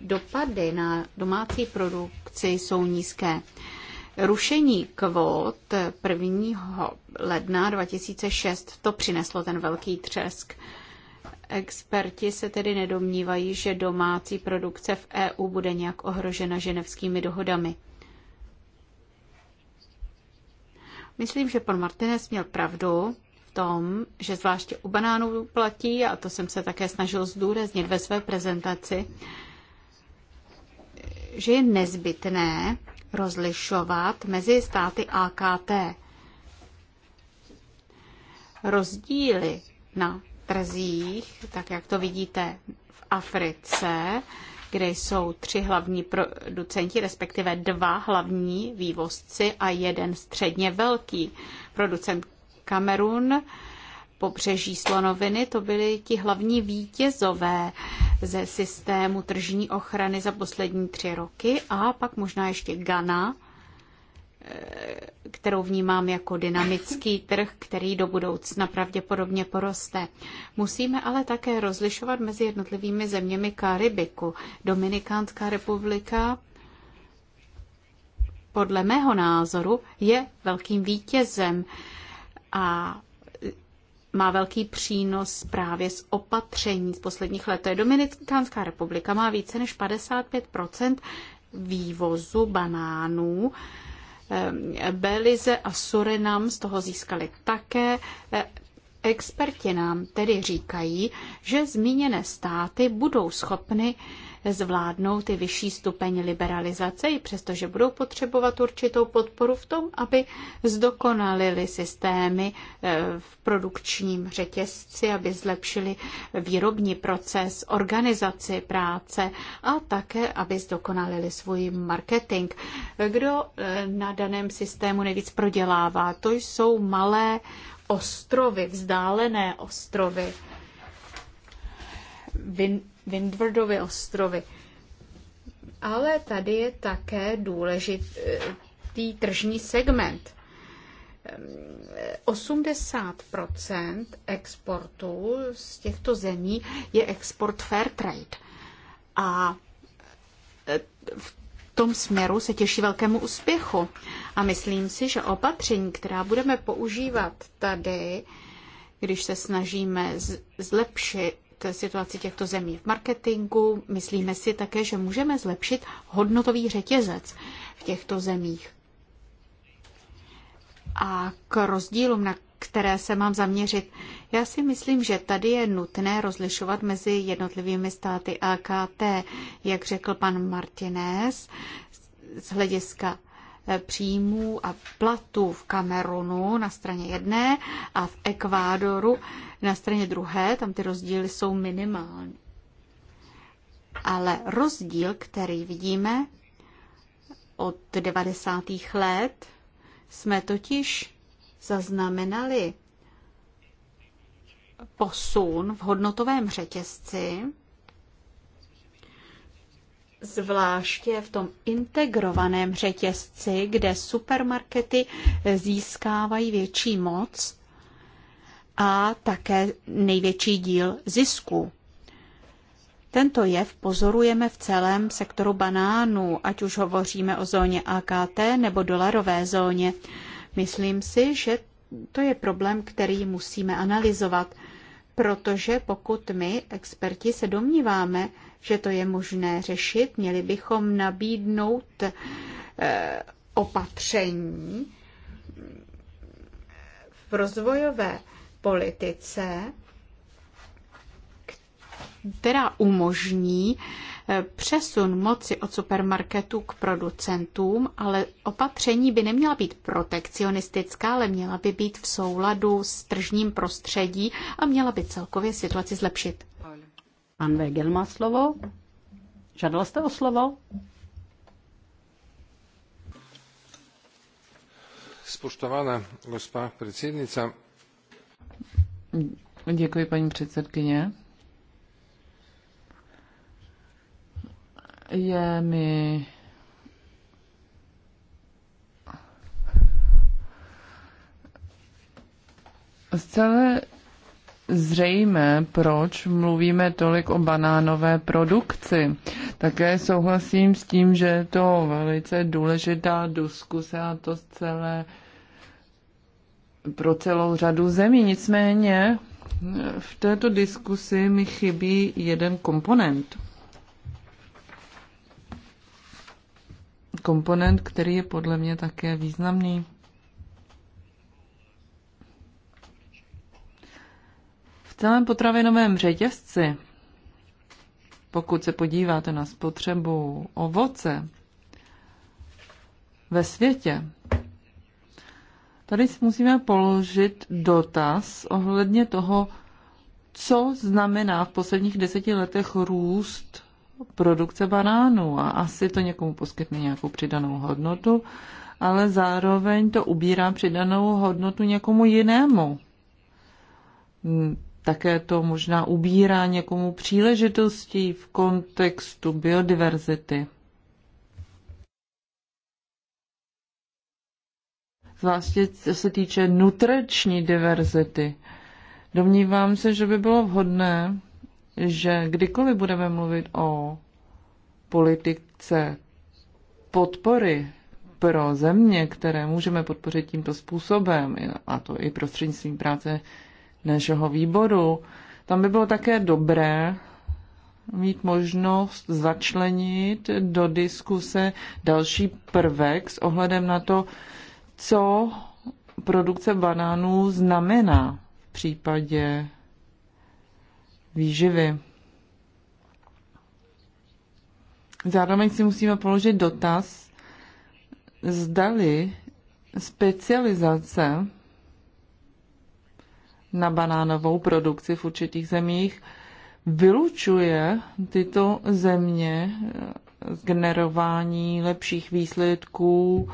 dopady na domácí produkci jsou nízké. Rušení kvót 1. ledna 2006 to přineslo ten velký třesk. Experti se tedy nedomnívají, že domácí produkce v EU bude nějak ohrožena ženevskými dohodami. Myslím, že pan Martinez měl pravdu v tom, že zvláště u banánů platí, a to jsem se také snažil zdůraznit ve své prezentaci, že je nezbytné rozlišovat mezi státy AKT. Rozdíly na trzích, tak jak to vidíte v Africe, kde jsou tři hlavní producenti, respektive dva hlavní vývozci a jeden středně velký producent Kamerun, pobřeží slonoviny, to byli ti hlavní vítězové ze systému tržní ochrany za poslední tři roky a pak možná ještě Ghana, kterou vnímám jako dynamický trh, který do budoucna pravděpodobně poroste. Musíme ale také rozlišovat mezi jednotlivými zeměmi Karibiku. Dominikánská republika podle mého názoru je velkým vítězem a má velký přínos právě z opatření z posledních let. To je Dominikánská republika, má více než 55 vývozu banánů Ehm, Belize a Surinam z toho získali také. Ehm, experti nám tedy říkají, že zmíněné státy budou schopny zvládnou ty vyšší stupeň liberalizace, i přestože budou potřebovat určitou podporu v tom, aby zdokonalili systémy eh, v produkčním řetězci, aby zlepšili výrobní proces, organizaci práce a také, aby zdokonalili svůj marketing. Kdo eh, na daném systému nejvíc prodělává? To jsou malé ostrovy, vzdálené ostrovy. Windwardovy ostrovy. Ale tady je také důležitý tržní segment. 80 exportu z těchto zemí je export fair trade. A e, v tom směru se těší velkému úspěchu. A myslím si, že opatření, která budeme používat tady, když se snažíme zlepšit situaci těchto zemí v marketingu. Myslíme si také, že můžeme zlepšit hodnotový řetězec v těchto zemích. A k rozdílům, na které se mám zaměřit, já si myslím, že tady je nutné rozlišovat mezi jednotlivými státy AKT, jak řekl pan Martinez, z hlediska Eh, příjmů a platů v Kamerunu na straně jedné a v Ekvádoru na straně druhé. Tam ty rozdíly jsou minimální. Ale rozdíl, který vidíme od 90. let, jsme totiž zaznamenali posun v hodnotovém řetězci zvláště v tom integrovaném řetězci, kde supermarkety získávají větší moc a také největší díl zisku. Tento jev pozorujeme v celém sektoru banánů, ať už hovoříme o zóně AKT nebo dolarové zóně. Myslím si, že to je problém, který musíme analyzovat, protože pokud my, experti, se domníváme, že to je možné řešit. Měli bychom nabídnout eh, opatření v rozvojové politice, která umožní eh, přesun moci od supermarketů k producentům, ale opatření by neměla být protekcionistická, ale měla by být v souladu s tržním prostředí a měla by celkově situaci zlepšit. Pan Vegel má slovo. Žádal jste o slovo? Spoštovaná gospa předsednica. Děkuji, paní předsedkyně. Je mi z celé zřejmé, proč mluvíme tolik o banánové produkci. Také souhlasím s tím, že je to velice důležitá diskuse a to celé pro celou řadu zemí. Nicméně v této diskusi mi chybí jeden komponent. Komponent, který je podle mě také významný. celém potravinovém řetězci, pokud se podíváte na spotřebu ovoce ve světě, tady si musíme položit dotaz ohledně toho, co znamená v posledních deseti letech růst produkce banánů. A asi to někomu poskytne nějakou přidanou hodnotu, ale zároveň to ubírá přidanou hodnotu někomu jinému také to možná ubírá někomu příležitostí v kontextu biodiverzity. Zvláště co se týče nutriční diverzity. Domnívám se, že by bylo vhodné, že kdykoliv budeme mluvit o politice podpory pro země, které můžeme podpořit tímto způsobem, a to i prostřednictvím práce našeho výboru. Tam by bylo také dobré mít možnost začlenit do diskuse další prvek s ohledem na to, co produkce banánů znamená v případě výživy. Zároveň si musíme položit dotaz, zdali specializace na banánovou produkci v určitých zemích, vylučuje tyto země z eh, generování lepších výsledků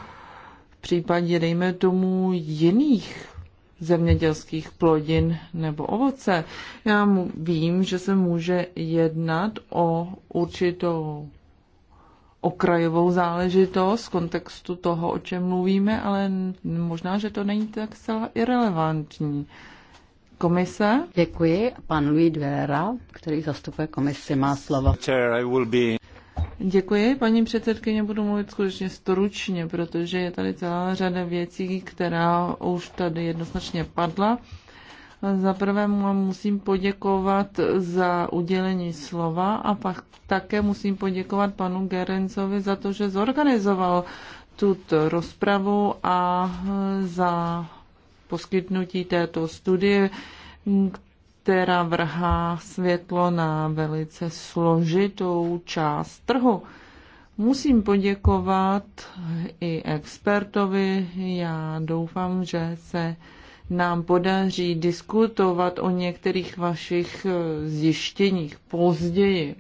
v případě, dejme tomu, jiných zemědělských plodin nebo ovoce. Já vím, že se může jednat o určitou okrajovou záležitost v kontextu toho, o čem mluvíme, ale možná, že to není tak zcela irrelevantní komise. Děkuji. Pan Louis Dvera, který zastupuje komisi, má slovo. Děkuji, paní předsedkyně, budu mluvit skutečně stručně, protože je tady celá řada věcí, která už tady jednoznačně padla. Za prvé musím poděkovat za udělení slova a pak také musím poděkovat panu Gerencovi za to, že zorganizoval tuto rozpravu a za poskytnutí této studie která vrhá světlo na velice složitou část trhu. Musím poděkovat i expertovi. Já doufám, že se nám podaří diskutovat o některých vašich eh, zjištěních později.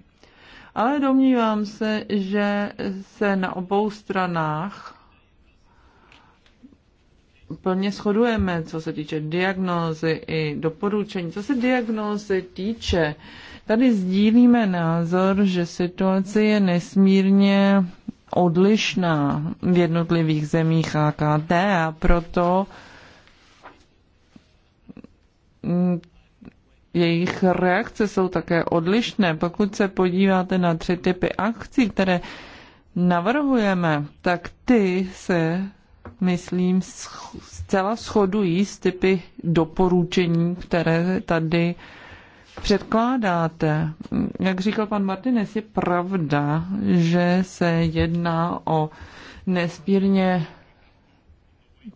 Ale domnívám se, že se na obou stranách plně shodujeme, co se týče diagnózy i doporučení. Co se diagnózy týče, tady sdílíme názor, že situace je nesmírně odlišná v jednotlivých zemích AKT a proto jejich reakce jsou také odlišné. Pokud se podíváte na tři typy akcí, které navrhujeme, tak ty se myslím, zcela shodují s typy doporučení, které tady předkládáte. Jak říkal pan Martinez, je pravda, že se jedná o nespírně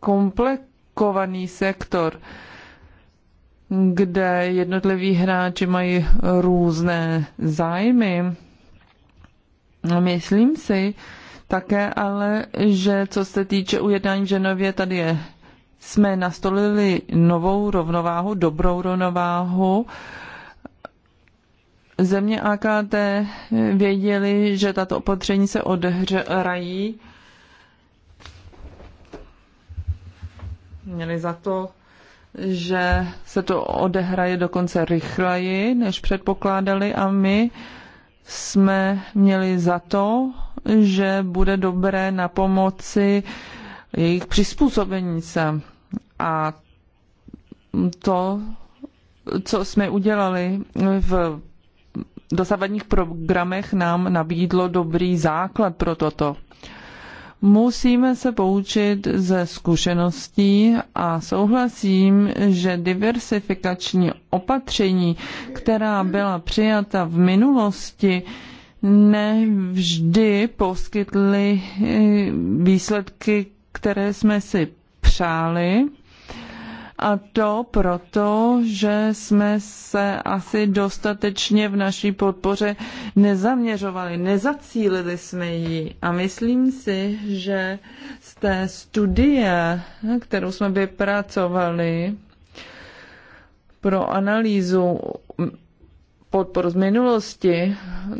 komplikovaný sektor, kde jednotliví hráči mají různé zájmy. Myslím si, také, ale že co se týče ujednání v Ženově, tady je, jsme nastolili novou rovnováhu, dobrou rovnováhu. Země AKT věděli, že tato opatření se odehrají. Měli za to, že se to odehraje dokonce rychleji, než předpokládali a my jsme měli za to, že bude dobré na pomoci jejich přizpůsobení se. A to, co jsme udělali v dosavadních programech, nám nabídlo dobrý základ pro toto. Musíme se poučit ze zkušeností a souhlasím, že diversifikační opatření, která byla přijata v minulosti, nevždy poskytly eh, výsledky, které jsme si přáli. A to proto, že jsme se asi dostatečně v naší podpoře nezaměřovali, nezacílili jsme ji. A myslím si, že z té studie, kterou jsme vypracovali pro analýzu Podpor z minulosti,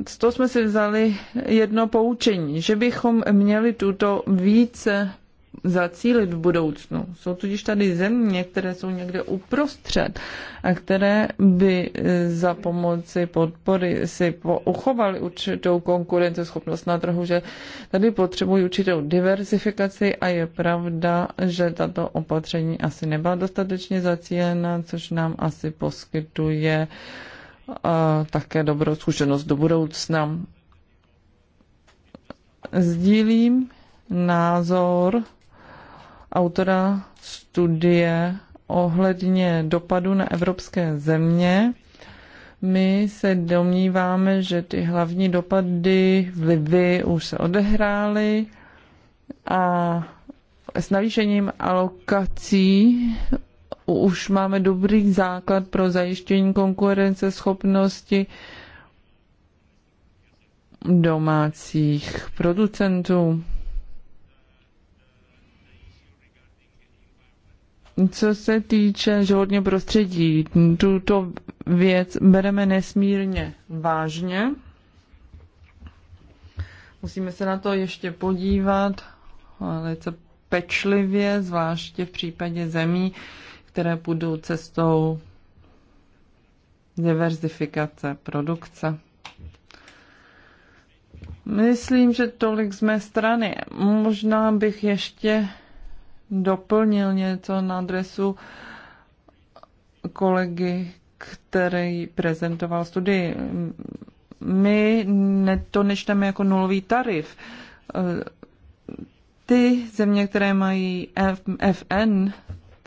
z toho jsme si vzali jedno poučení, že bychom měli tuto více zacílit v budoucnu. Jsou totiž tady země, které jsou někde uprostřed a které by e, za pomoci podpory si uchovaly určitou konkurenceschopnost na trhu, že tady potřebují určitou diversifikaci a je pravda, že tato opatření asi nebyla dostatečně zacílená, což nám asi poskytuje uh, a také dobrou zkušenost do budoucna. Sdílím názor autora studie ohledně dopadu na evropské země. My se domníváme, že ty hlavní dopady, vlivy už se odehrály a s navýšením alokací už máme dobrý základ pro zajištění konkurenceschopnosti domácích producentů. Co se týče životního prostředí, tuto věc bereme nesmírně vážně. Musíme se na to ještě podívat velice pečlivě, zvláště v případě zemí, které půjdou cestou diverzifikace produkce. Myslím, že tolik z mé strany. Možná bych ještě doplnil něco na adresu kolegy, který prezentoval studii. My to nečteme jako nulový tarif. Ty země, které mají FN,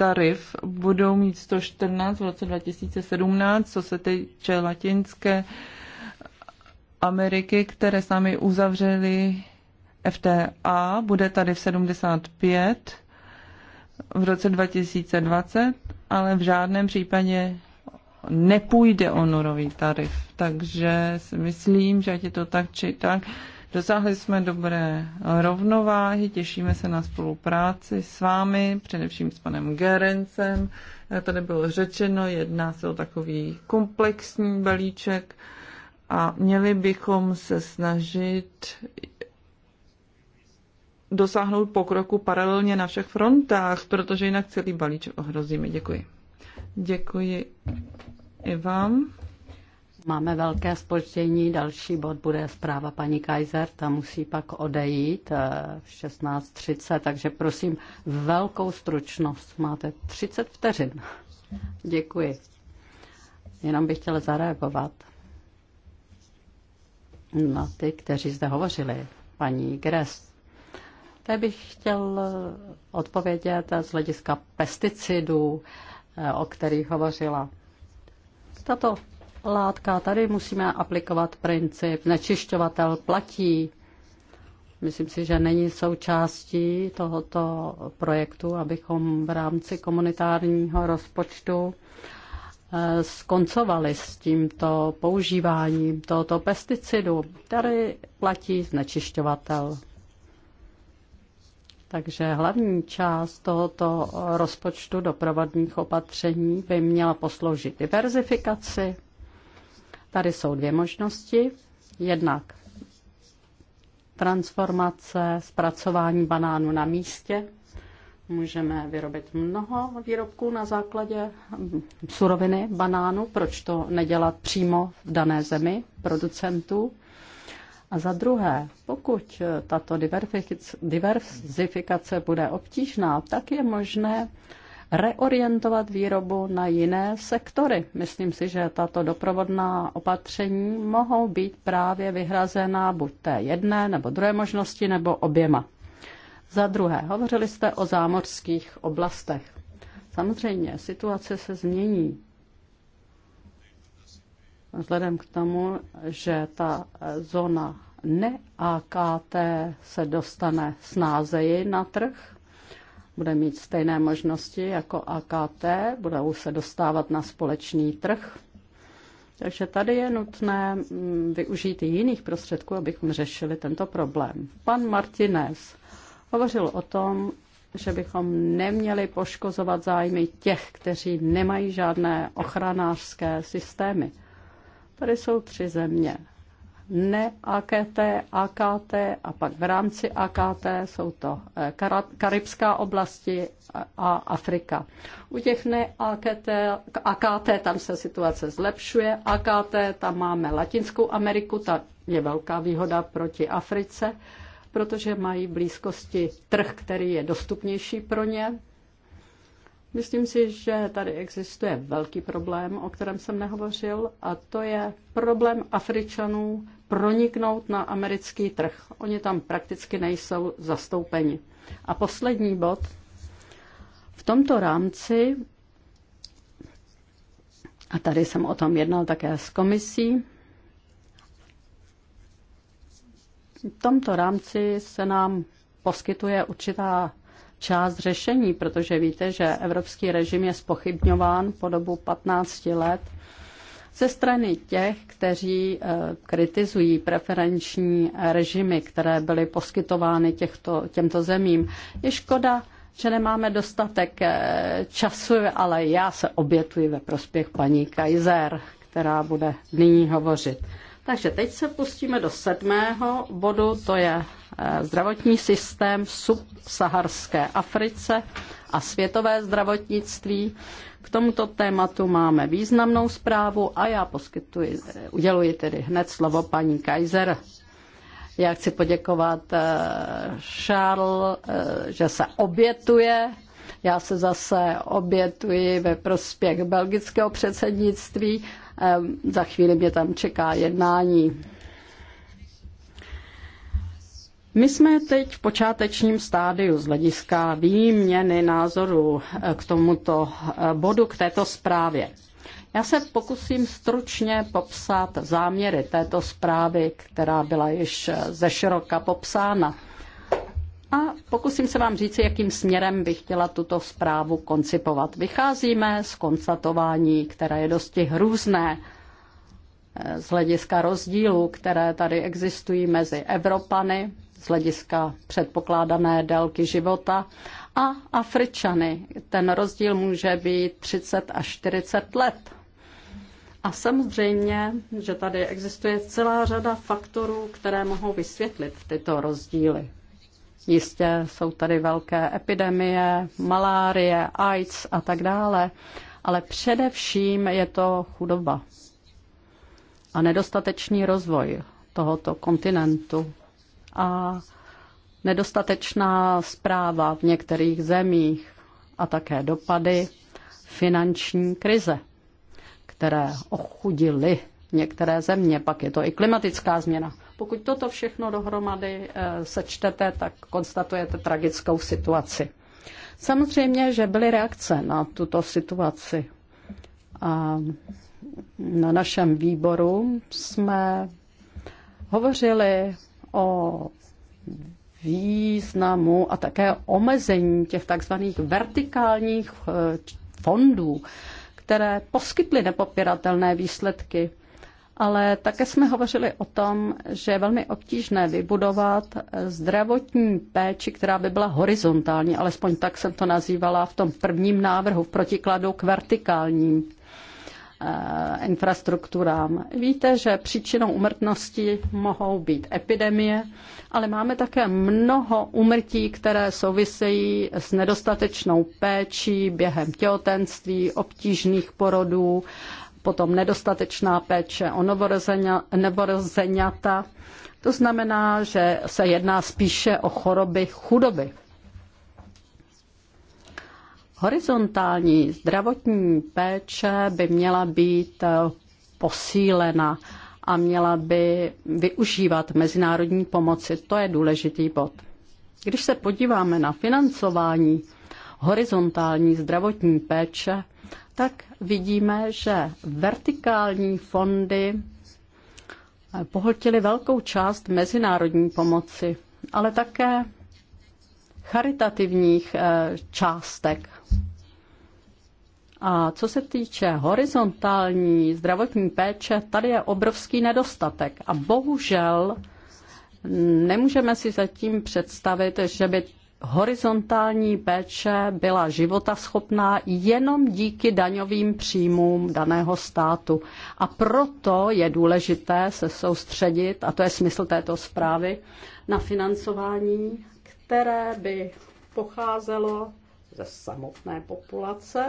tarif budou mít 114 v roce 2017, co se týče latinské Ameriky, které sami uzavřeli FTA, bude tady v 75 v roce 2020, ale v žádném případě nepůjde o norový tarif. Takže si myslím, že ať je to tak či tak, Dosáhli jsme dobré rovnováhy, těšíme se na spolupráci s vámi, především s panem Gerencem. Tady bylo řečeno, jedná se o takový komplexní balíček a měli bychom se snažit dosáhnout pokroku paralelně na všech frontách, protože jinak celý balíček ohrozíme. Děkuji. Děkuji i vám. Máme velké spoždění, další bod bude zpráva paní Kaiser, ta musí pak odejít eh, v 16.30, takže prosím velkou stručnost, máte 30 vteřin. Děkuji. Jenom bych chtěla zareagovat na ty, kteří zde hovořili, paní Gres. Té bych chtěl eh, odpovědět z hlediska pesticidů, eh, o kterých hovořila. Tato látka. Tady musíme aplikovat princip znečišťovatel platí. Myslím si, že není součástí tohoto projektu, abychom v rámci komunitárního rozpočtu eh, skoncovali s tímto používáním tohoto pesticidu, který platí znečišťovatel. Takže hlavní část tohoto rozpočtu doprovodných opatření by měla posloužit diverzifikaci Tady jsou dvě možnosti. Jednak transformace, zpracování banánu na místě. Můžeme vyrobit mnoho výrobků na základě suroviny banánu. Proč to nedělat přímo v dané zemi producentů? A za druhé, pokud tato diverzifikace bude obtížná, tak je možné reorientovat výrobu na jiné sektory. Myslím si, že tato doprovodná opatření mohou být právě vyhrazená buď té jedné nebo druhé možnosti nebo oběma. Za druhé, hovořili jste o zámořských oblastech. Samozřejmě, situace se změní. Vzhledem k tomu, že ta zóna ne AKT se dostane snázeji na trh, bude mít stejné možnosti jako AKT, budou se dostávat na společný trh. Takže tady je nutné mm, využít i jiných prostředků, abychom řešili tento problém. Pan Martinez hovořil o tom, že bychom neměli poškozovat zájmy těch, kteří nemají žádné ochranářské systémy. Tady jsou tři země ne AKT, AKT a pak v rámci AKT jsou to eh, karibská oblasti a Afrika. U těch ne AKT, AKT tam se situace zlepšuje, AKT tam máme Latinskou Ameriku, ta je velká výhoda proti Africe, protože mají blízkosti trh, který je dostupnější pro ně. Myslím si, že tady existuje velký problém, o kterém jsem nehovořil, a to je problém Afričanů proniknout na americký trh. Oni tam prakticky nejsou zastoupeni. A poslední bod. V tomto rámci, a tady jsem o tom jednal také s komisí, v tomto rámci se nám poskytuje určitá část řešení, protože víte, že evropský režim je spochybňován po dobu 15 let ze strany těch, kteří eh, kritizují preferenční režimy, které byly poskytovány těchto, těmto zemím. Je škoda, že nemáme dostatek eh, času, ale já se obětuji ve prospěch paní Kaiser, která bude nyní hovořit. Takže teď se pustíme do sedmého bodu, to je eh, zdravotní systém v subsaharské Africe a světové zdravotnictví. K tomuto tématu máme významnou zprávu a já poskytuji, uděluji tedy hned slovo paní Kaiser. Já chci poděkovat eh, Charles, eh, že se obětuje. Já se zase obětuji ve prospěch belgického předsednictví. Eh, za chvíli mě tam čeká jednání. My jsme teď v počátečním stádiu z hlediska výměny názoru eh, k tomuto eh, bodu, k této zprávě. Já se pokusím stručně popsat záměry této zprávy, která byla již eh, ze široka popsána. A pokusím se vám říct, jakým směrem bych chtěla tuto zprávu koncipovat. Vycházíme z konstatování, které je dosti hrůzné z hlediska rozdílů, které tady existují mezi Evropany, z hlediska předpokládané délky života a Afričany. Ten rozdíl může být 30 až 40 let. A samozřejmě, že tady existuje celá řada faktorů, které mohou vysvětlit tyto rozdíly. Jistě jsou tady velké epidemie, malárie, AIDS a tak dále, ale především je to chudoba a nedostatečný rozvoj tohoto kontinentu a nedostatečná zpráva v některých zemích a také dopady finanční krize, které ochudily některé země. Pak je to i klimatická změna. Pokud toto všechno dohromady eh, sečtete, tak konstatujete tragickou situaci. Samozřejmě, že byly reakce na tuto situaci. A na našem výboru jsme hovořili o významu a také omezení těch takzvaných vertikálních eh, fondů, které poskytly nepopiratelné výsledky. Ale také jsme hovořili o tom, že je velmi obtížné vybudovat zdravotní péči, která by byla horizontální, alespoň tak jsem to nazývala v tom prvním návrhu v protikladu k vertikálním Eh, infrastrukturám. Víte, že příčinou umrtnosti mohou být epidemie, ale máme také mnoho umrtí, které souvisejí s nedostatečnou péčí během těhotenství, obtížných porodů, potom nedostatečná péče o novorozeňata. To znamená, že se jedná spíše o choroby chudoby. Horizontální zdravotní péče by měla být eh, posílena a měla by využívat mezinárodní pomoci. To je důležitý bod. Když se podíváme na financování horizontální zdravotní péče, tak vidíme, že vertikální fondy eh, pohltily velkou část mezinárodní pomoci, ale také charitativních eh, částek. A co se týče horizontální zdravotní péče, tady je obrovský nedostatek. A bohužel nemůžeme si zatím představit, že by horizontální péče byla životaschopná jenom díky daňovým příjmům daného státu. A proto je důležité se soustředit, a to je smysl této zprávy, na financování které by pocházelo ze samotné populace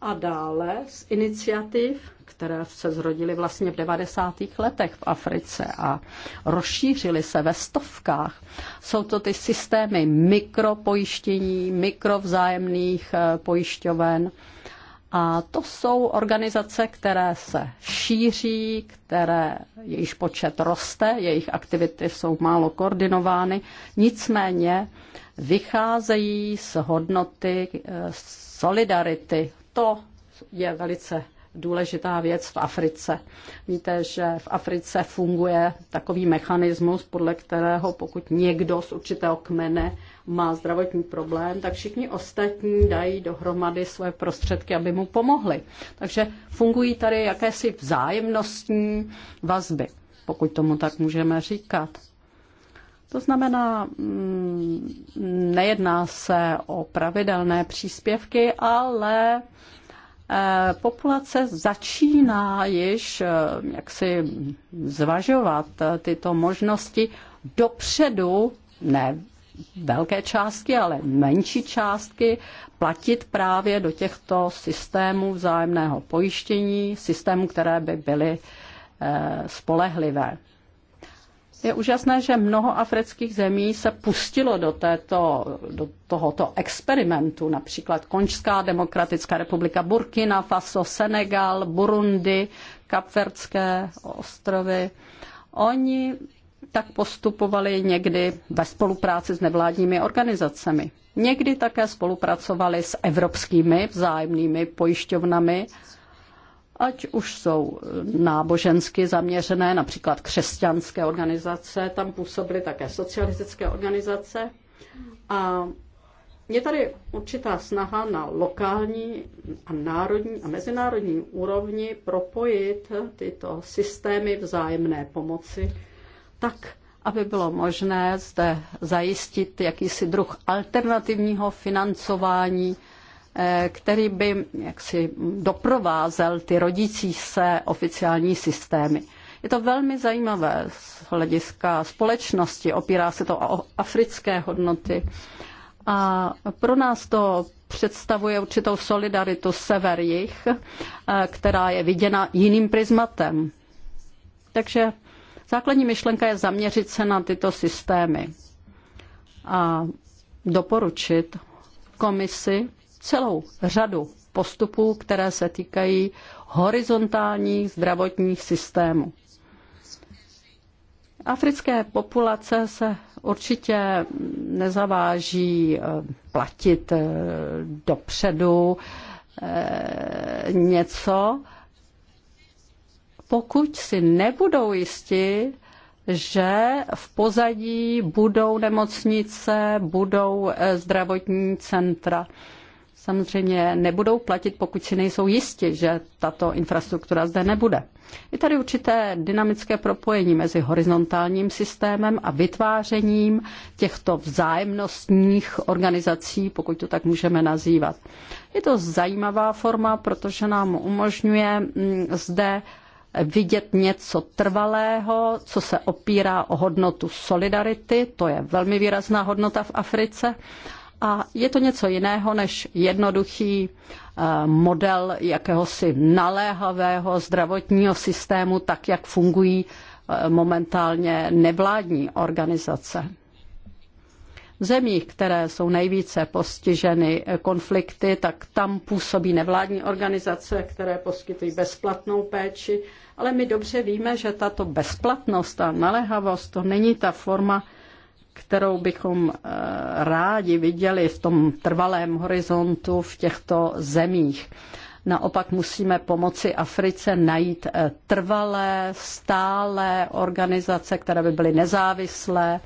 a dále z iniciativ, které se zrodily vlastně v 90. letech v Africe a rozšířily se ve stovkách. Jsou to ty systémy mikropojištění, mikrovzájemných eh, pojišťoven a to jsou organizace, které se šíří, které jejich počet roste, jejich aktivity jsou málo koordinovány, nicméně vycházejí z hodnoty eh, solidarity. To je velice důležitá věc v Africe. Víte, že v Africe funguje takový mechanismus, podle kterého pokud někdo z určitého kmene má zdravotní problém, tak všichni ostatní dají dohromady své prostředky, aby mu pomohli. Takže fungují tady jakési vzájemnostní vazby, pokud tomu tak můžeme říkat. To znamená, mm, nejedná se o pravidelné příspěvky, ale Eh, populace začíná již eh, jaksi zvažovat eh, tyto možnosti dopředu, ne velké částky, ale menší částky, platit právě do těchto systémů vzájemného pojištění, systémů, které by byly spolehlivé. Je úžasné, že mnoho afrických zemí se pustilo do, této, do tohoto experimentu, například končská demokratická republika, Burkina Faso, Senegal, Burundi, Kapverdské ostrovy. Oni tak postupovali někdy ve spolupráci s nevládními organizacemi. Někdy také spolupracovali s evropskými vzájemnými pojišťovnami ať už jsou eh, nábožensky zaměřené, například křesťanské organizace, tam působily také socialistické organizace. A je tady určitá snaha na lokální a národní a mezinárodní úrovni propojit tyto systémy vzájemné pomoci tak, aby bylo možné zde zajistit jakýsi druh alternativního financování Eh, který by jaksi doprovázel ty rodící se oficiální systémy. Je to velmi zajímavé z hlediska společnosti, opírá se to o africké hodnoty a pro nás to představuje určitou solidaritu sever-jich, eh, která je viděna jiným prismatem. Takže základní myšlenka je zaměřit se na tyto systémy a doporučit komisi, celou řadu postupů, které se týkají horizontálních zdravotních systémů. Africké populace se určitě nezaváží eh, platit eh, dopředu eh, něco, pokud si nebudou jisti, že v pozadí budou nemocnice, budou zdravotní centra samozřejmě nebudou platit, pokud si nejsou jisti, že tato infrastruktura zde nebude. Je tady určité dynamické propojení mezi horizontálním systémem a vytvářením těchto vzájemnostních organizací, pokud to tak můžeme nazývat. Je to zajímavá forma, protože nám umožňuje mm, zde vidět něco trvalého, co se opírá o hodnotu solidarity, to je velmi výrazná hodnota v Africe, a je to něco jiného než jednoduchý eh, model jakéhosi naléhavého zdravotního systému, tak jak fungují eh, momentálně nevládní organizace. V zemích, které jsou nejvíce postiženy konflikty, tak tam působí nevládní organizace, které poskytují bezplatnou péči, ale my dobře víme, že tato bezplatnost a naléhavost to není ta forma, kterou bychom eh, rádi viděli v tom trvalém horizontu v těchto zemích. Naopak musíme pomoci Africe najít eh, trvalé, stálé organizace, které by byly nezávislé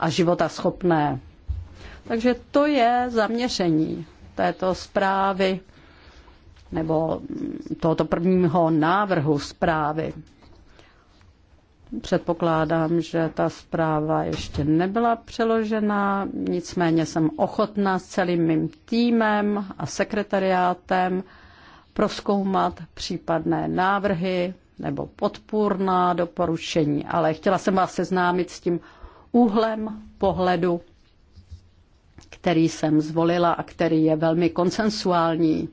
a života schopné. Takže to je zaměření této zprávy nebo mm, tohoto prvního návrhu zprávy. Předpokládám, že ta zpráva ještě nebyla přeložena, nicméně jsem ochotná s celým mým týmem a sekretariátem proskoumat případné návrhy nebo podpůrná doporučení, ale chtěla jsem vás seznámit s tím úhlem pohledu, který jsem zvolila a který je velmi konsensuální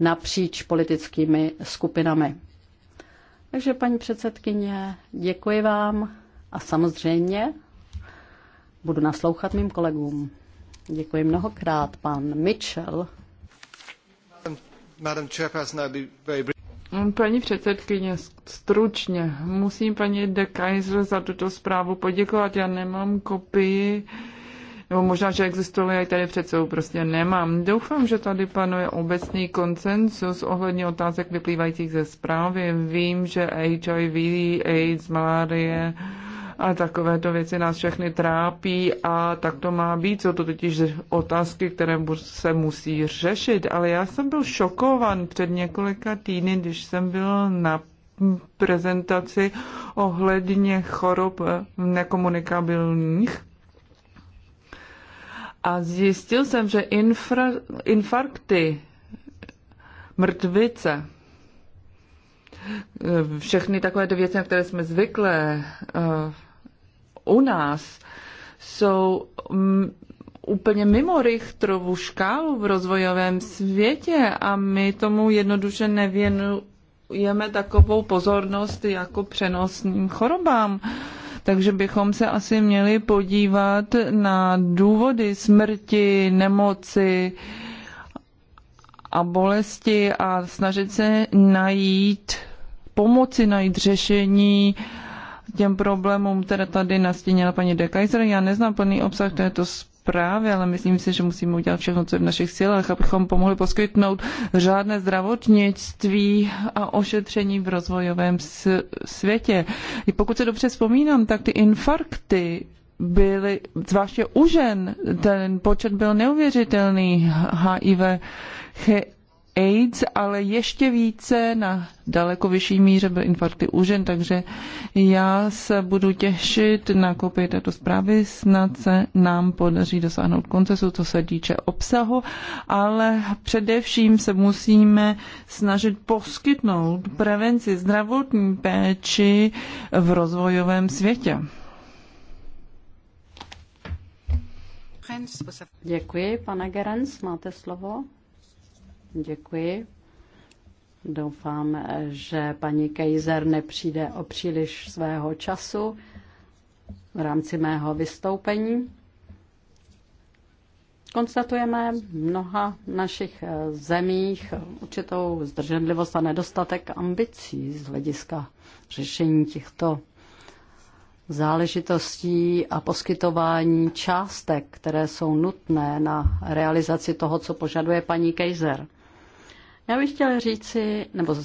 napříč politickými skupinami. Takže paní předsedkyně, děkuji vám a samozřejmě budu naslouchat mým kolegům. Děkuji mnohokrát, pan Mitchell. Paní předsedkyně, stručně, musím paní de Kaiser za tuto zprávu poděkovat. Já nemám kopii nebo možná, že existovaly i tady přece prostě nemám. Doufám, že tady panuje obecný koncensus ohledně otázek vyplývajících ze zprávy. Vím, že HIV, AIDS, malárie a takovéto věci nás všechny trápí a tak to má být. Jsou to totiž otázky, které se musí řešit. Ale já jsem byl šokovan před několika týdny, když jsem byl na prezentaci ohledně chorob nekomunikabilních a zjistil jsem, že infra, infarkty, mrtvice, všechny takové ty věci, na které jsme zvyklé uh, u nás, jsou um, úplně mimo Richtrovu škálu v rozvojovém světě a my tomu jednoduše nevěnujeme takovou pozornost jako přenosným chorobám. Uh, takže bychom se asi měli podívat na důvody smrti, nemoci a bolesti a snažit se najít, pomoci najít řešení těm problémům, které tady nastínila paní de Kaiser. Já neznám plný obsah této zprávy právě, ale myslím si, že musíme udělat všechno, co je v našich silách, abychom pomohli poskytnout řádné zdravotnictví a ošetření v rozvojovém světě. I pokud se dobře vzpomínám, tak ty infarkty byly, zvláště u žen, ten počet byl neuvěřitelný. HIV AIDS, ale ještě více na daleko vyšší míře byly infarkty u žen, takže já se budu těšit na kopii této zprávy, snad se nám podaří dosáhnout koncesu, co se týče obsahu, ale především se musíme snažit poskytnout prevenci zdravotní péči v rozvojovém světě. Děkuji, pane Gerens, máte slovo. Děkuji. Doufám, že paní Kejzer nepřijde o příliš svého času v rámci mého vystoupení. Konstatujeme v mnoha našich eh, zemích určitou zdrženlivost a nedostatek ambicí z hlediska řešení těchto záležitostí a poskytování částek, které jsou nutné na realizaci toho, co požaduje paní Kejzer. Já bych chtěla říci, nebo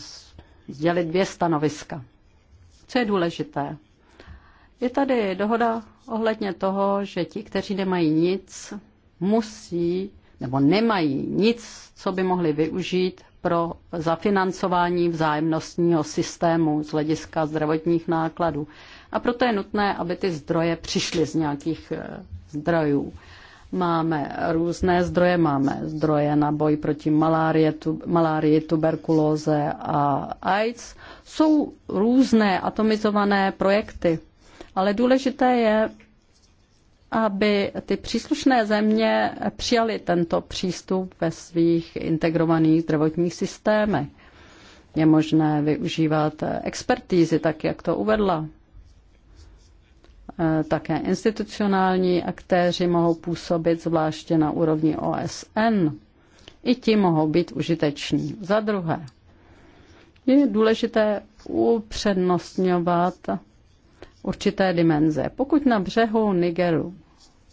sdělit dvě stanoviska. Co je důležité? Je tady dohoda ohledně toho, že ti, kteří nemají nic, musí nebo nemají nic, co by mohli využít pro zafinancování vzájemnostního systému z hlediska zdravotních nákladů. A proto je nutné, aby ty zdroje přišly z nějakých eh, zdrojů. Máme různé zdroje, máme zdroje na boj proti malárie, tu, malárie, tuberkulóze a AIDS. Jsou různé atomizované projekty, ale důležité je, aby ty příslušné země přijaly tento přístup ve svých integrovaných zdravotních systémech. Je možné využívat expertízy, tak jak to uvedla Eh, také institucionální aktéři mohou působit, zvláště na úrovni OSN. I ti mohou být užiteční. Za druhé, je důležité upřednostňovat určité dimenze. Pokud na břehu Nigeru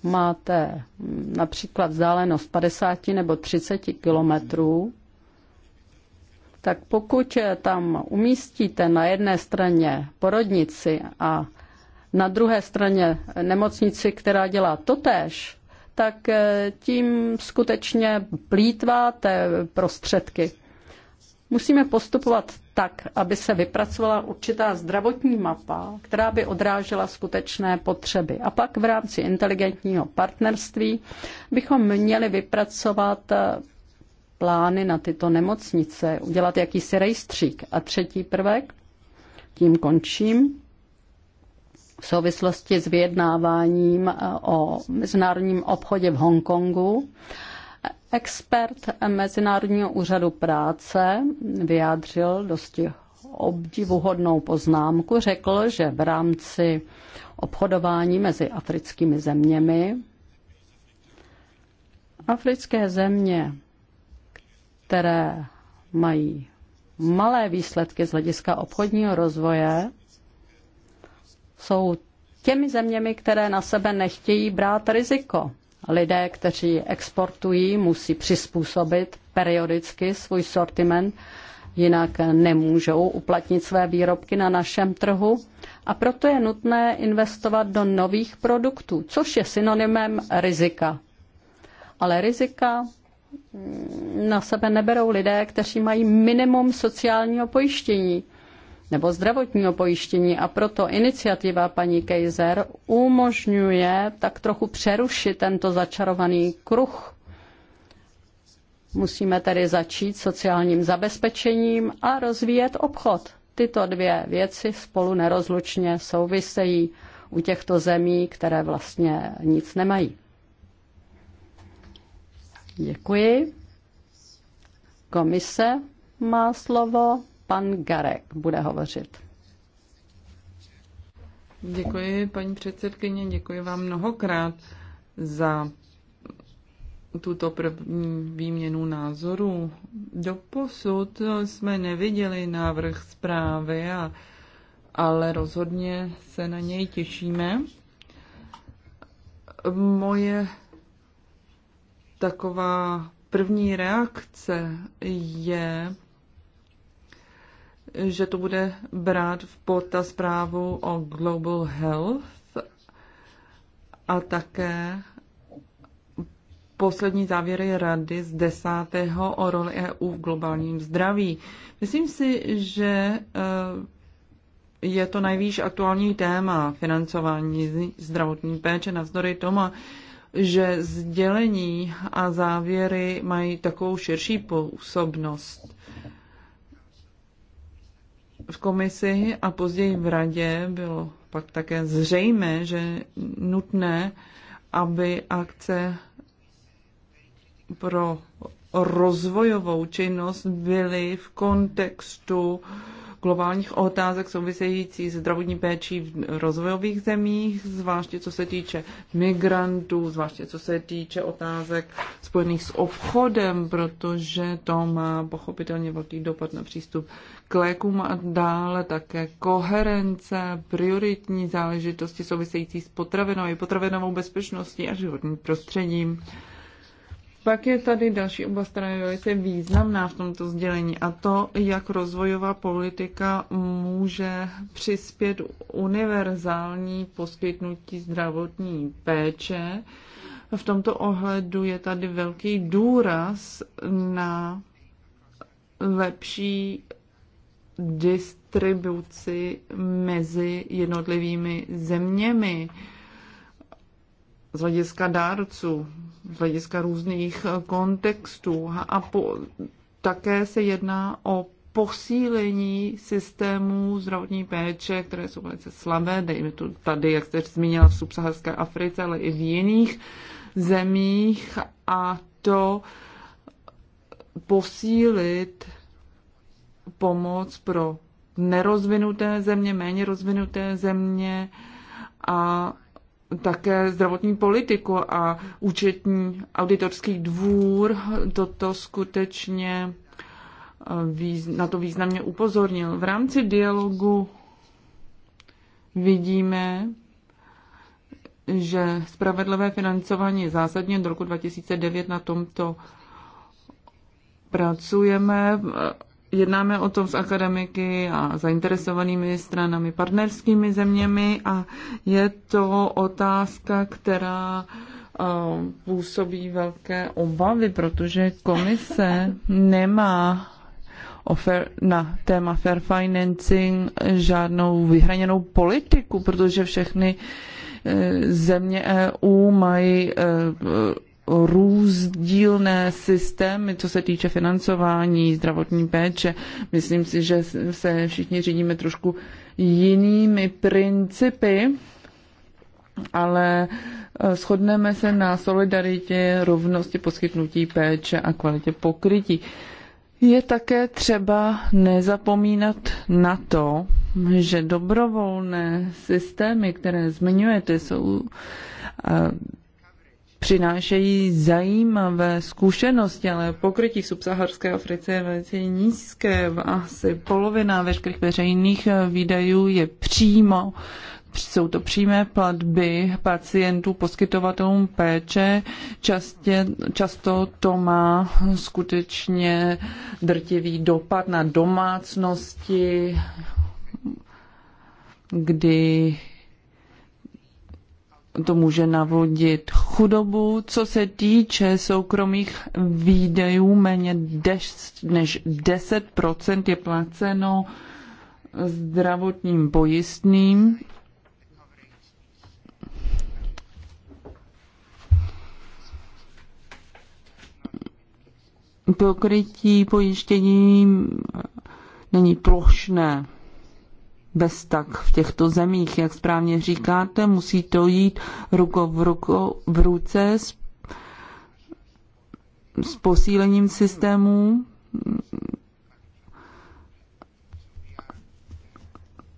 máte mm, například vzdálenost 50 nebo 30 kilometrů, tak pokud tam umístíte na jedné straně porodnici a na druhé straně nemocnici, která dělá totéž, tak eh, tím skutečně té prostředky. Musíme postupovat tak, aby se vypracovala určitá zdravotní mapa, která by odrážela skutečné potřeby. A pak v rámci inteligentního partnerství bychom měli vypracovat eh, plány na tyto nemocnice, udělat jakýsi rejstřík. A třetí prvek, tím končím, v souvislosti s vyjednáváním eh, o mezinárodním obchodě v Hongkongu. Expert Mezinárodního úřadu práce vyjádřil dosti obdivuhodnou poznámku. Řekl, že v rámci obchodování mezi africkými zeměmi africké země, které mají malé výsledky z hlediska obchodního rozvoje, jsou těmi zeměmi, které na sebe nechtějí brát riziko. Lidé, kteří exportují, musí přizpůsobit periodicky svůj sortiment, jinak nemůžou uplatnit své výrobky na našem trhu. A proto je nutné investovat do nových produktů, což je synonymem rizika. Ale rizika na sebe neberou lidé, kteří mají minimum sociálního pojištění nebo zdravotního pojištění a proto iniciativa paní Kejzer umožňuje tak trochu přerušit tento začarovaný kruh. Musíme tedy začít sociálním zabezpečením a rozvíjet obchod. Tyto dvě věci spolu nerozlučně souvisejí u těchto zemí, které vlastně nic nemají. Děkuji. Komise má slovo. Pan Garek bude hovořit. Děkuji, paní předsedkyně, děkuji vám mnohokrát za tuto první výměnu názorů. Doposud jsme neviděli návrh zprávy, a, ale rozhodně se na něj těšíme. Moje taková první reakce je že to bude brát v pota zprávu o Global Health a také poslední závěry rady z 10. o roli EU v globálním zdraví. Myslím si, že eh, je to nejvíc aktuální téma financování zdravotní péče navzdory tomu, že sdělení a závěry mají takovou širší působnost v komisi a později v radě bylo pak také zřejmé, že nutné, aby akce pro rozvojovou činnost byly v kontextu uh, globálních otázek související s zdravotní péčí v rozvojových zemích, zvláště co se týče migrantů, zvláště co se týče otázek spojených s obchodem, protože to má pochopitelně velký dopad na přístup k lékům a dále také koherence, prioritní záležitosti související s potravinou i potravinovou bezpečností a životním prostředím. Pak je tady další oblast, která je velice významná v tomto sdělení a to, jak rozvojová politika může přispět univerzální poskytnutí zdravotní péče. V tomto ohledu je tady velký důraz na lepší distribuci mezi jednotlivými zeměmi z hlediska dárců z hlediska různých eh, kontextů. A po, také se jedná o posílení systémů zdravotní péče, které jsou velice slabé, dejme to tady, jak jste zmínila, v subsaharské Africe, ale i v jiných zemích a to posílit pomoc pro nerozvinuté země, méně rozvinuté země a také zdravotní politiku a účetní auditorský dvůr toto skutečně eh, na to významně upozornil. V rámci dialogu vidíme, že spravedlivé financování je zásadně do roku 2009 na tomto pracujeme jednáme o tom s akademiky a zainteresovanými stranami, partnerskými zeměmi a je to otázka, která eh, působí velké obavy, protože komise nemá ofer, na téma fair financing žádnou vyhraněnou politiku, protože všechny eh, země EU mají eh, růzdílné systémy, co se týče financování, zdravotní péče. Myslím si, že se všichni řídíme trošku jinými principy, ale eh, shodneme se na solidaritě, rovnosti poskytnutí péče a kvalitě pokrytí. Je také třeba nezapomínat na to, že dobrovolné systémy, které zmiňujete, jsou eh, přinášejí zajímavé zkušenosti, ale pokrytí v subsaharské Africe je velice nízké. Asi polovina veškerých veřejných eh, výdajů je přímo jsou to přímé platby pacientů, poskytovatelům péče. Častě, často to má skutečně drtivý dopad na domácnosti, kdy to může navodit chudobu. Co se týče soukromých výdejů, méně než 10% je placeno zdravotním pojistným. Pokrytí pojištěním není plošné bez tak v těchto zemích, jak správně říkáte, musí to jít ruko v, ruko, v ruce s, s posílením systémů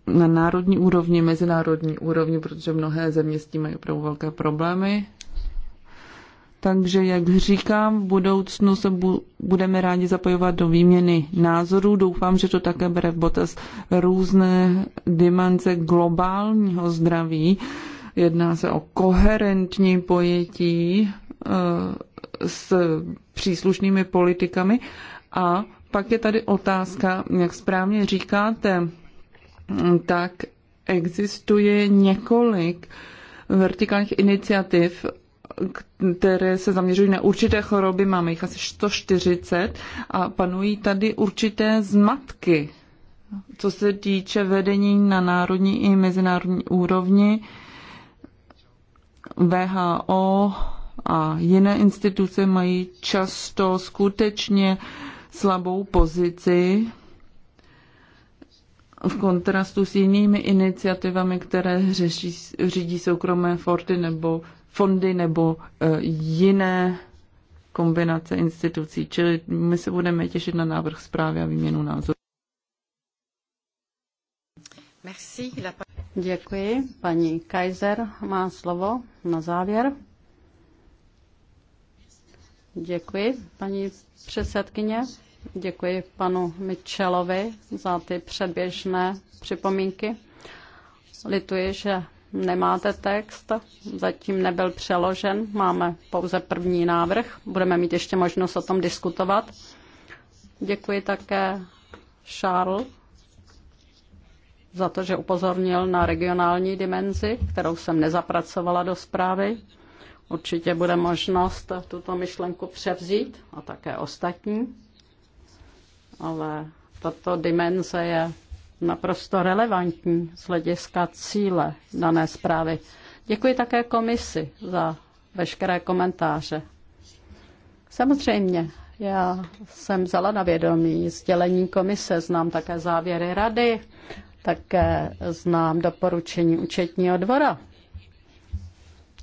na národní úrovni, mezinárodní úrovni, protože mnohé země s tím mají opravdu velké problémy. Takže, jak říkám, v budoucnu se bu- budeme rádi zapojovat do výměny názorů. Doufám, že to také bere v potaz různé dimenze globálního zdraví. Jedná se o koherentní pojetí e, s příslušnými politikami. A pak je tady otázka, jak správně říkáte, tak existuje několik vertikálních iniciativ které se zaměřují na určité choroby, máme jich asi 140 a panují tady určité zmatky, co se týče vedení na národní i mezinárodní úrovni. VHO a jiné instituce mají často skutečně slabou pozici v kontrastu s jinými iniciativami, které řeší, řídí soukromé forty nebo fondy nebo e, jiné kombinace institucí. Čili my se budeme těšit na návrh zprávy a výměnu názorů. Děkuji. Paní Kaiser má slovo na závěr. Děkuji, paní předsedkyně. Děkuji panu Mitchellovi za ty předběžné připomínky. Lituji, že Nemáte text, zatím nebyl přeložen, máme pouze první návrh, budeme mít ještě možnost o tom diskutovat. Děkuji také Charles za to, že upozornil na regionální dimenzi, kterou jsem nezapracovala do zprávy. Určitě bude možnost tuto myšlenku převzít a také ostatní, ale tato dimenze je naprosto relevantní z hlediska cíle dané zprávy. Děkuji také komisi za veškeré komentáře. Samozřejmě, já jsem vzala na vědomí sdělení komise, znám také závěry rady, také znám doporučení účetního dvora.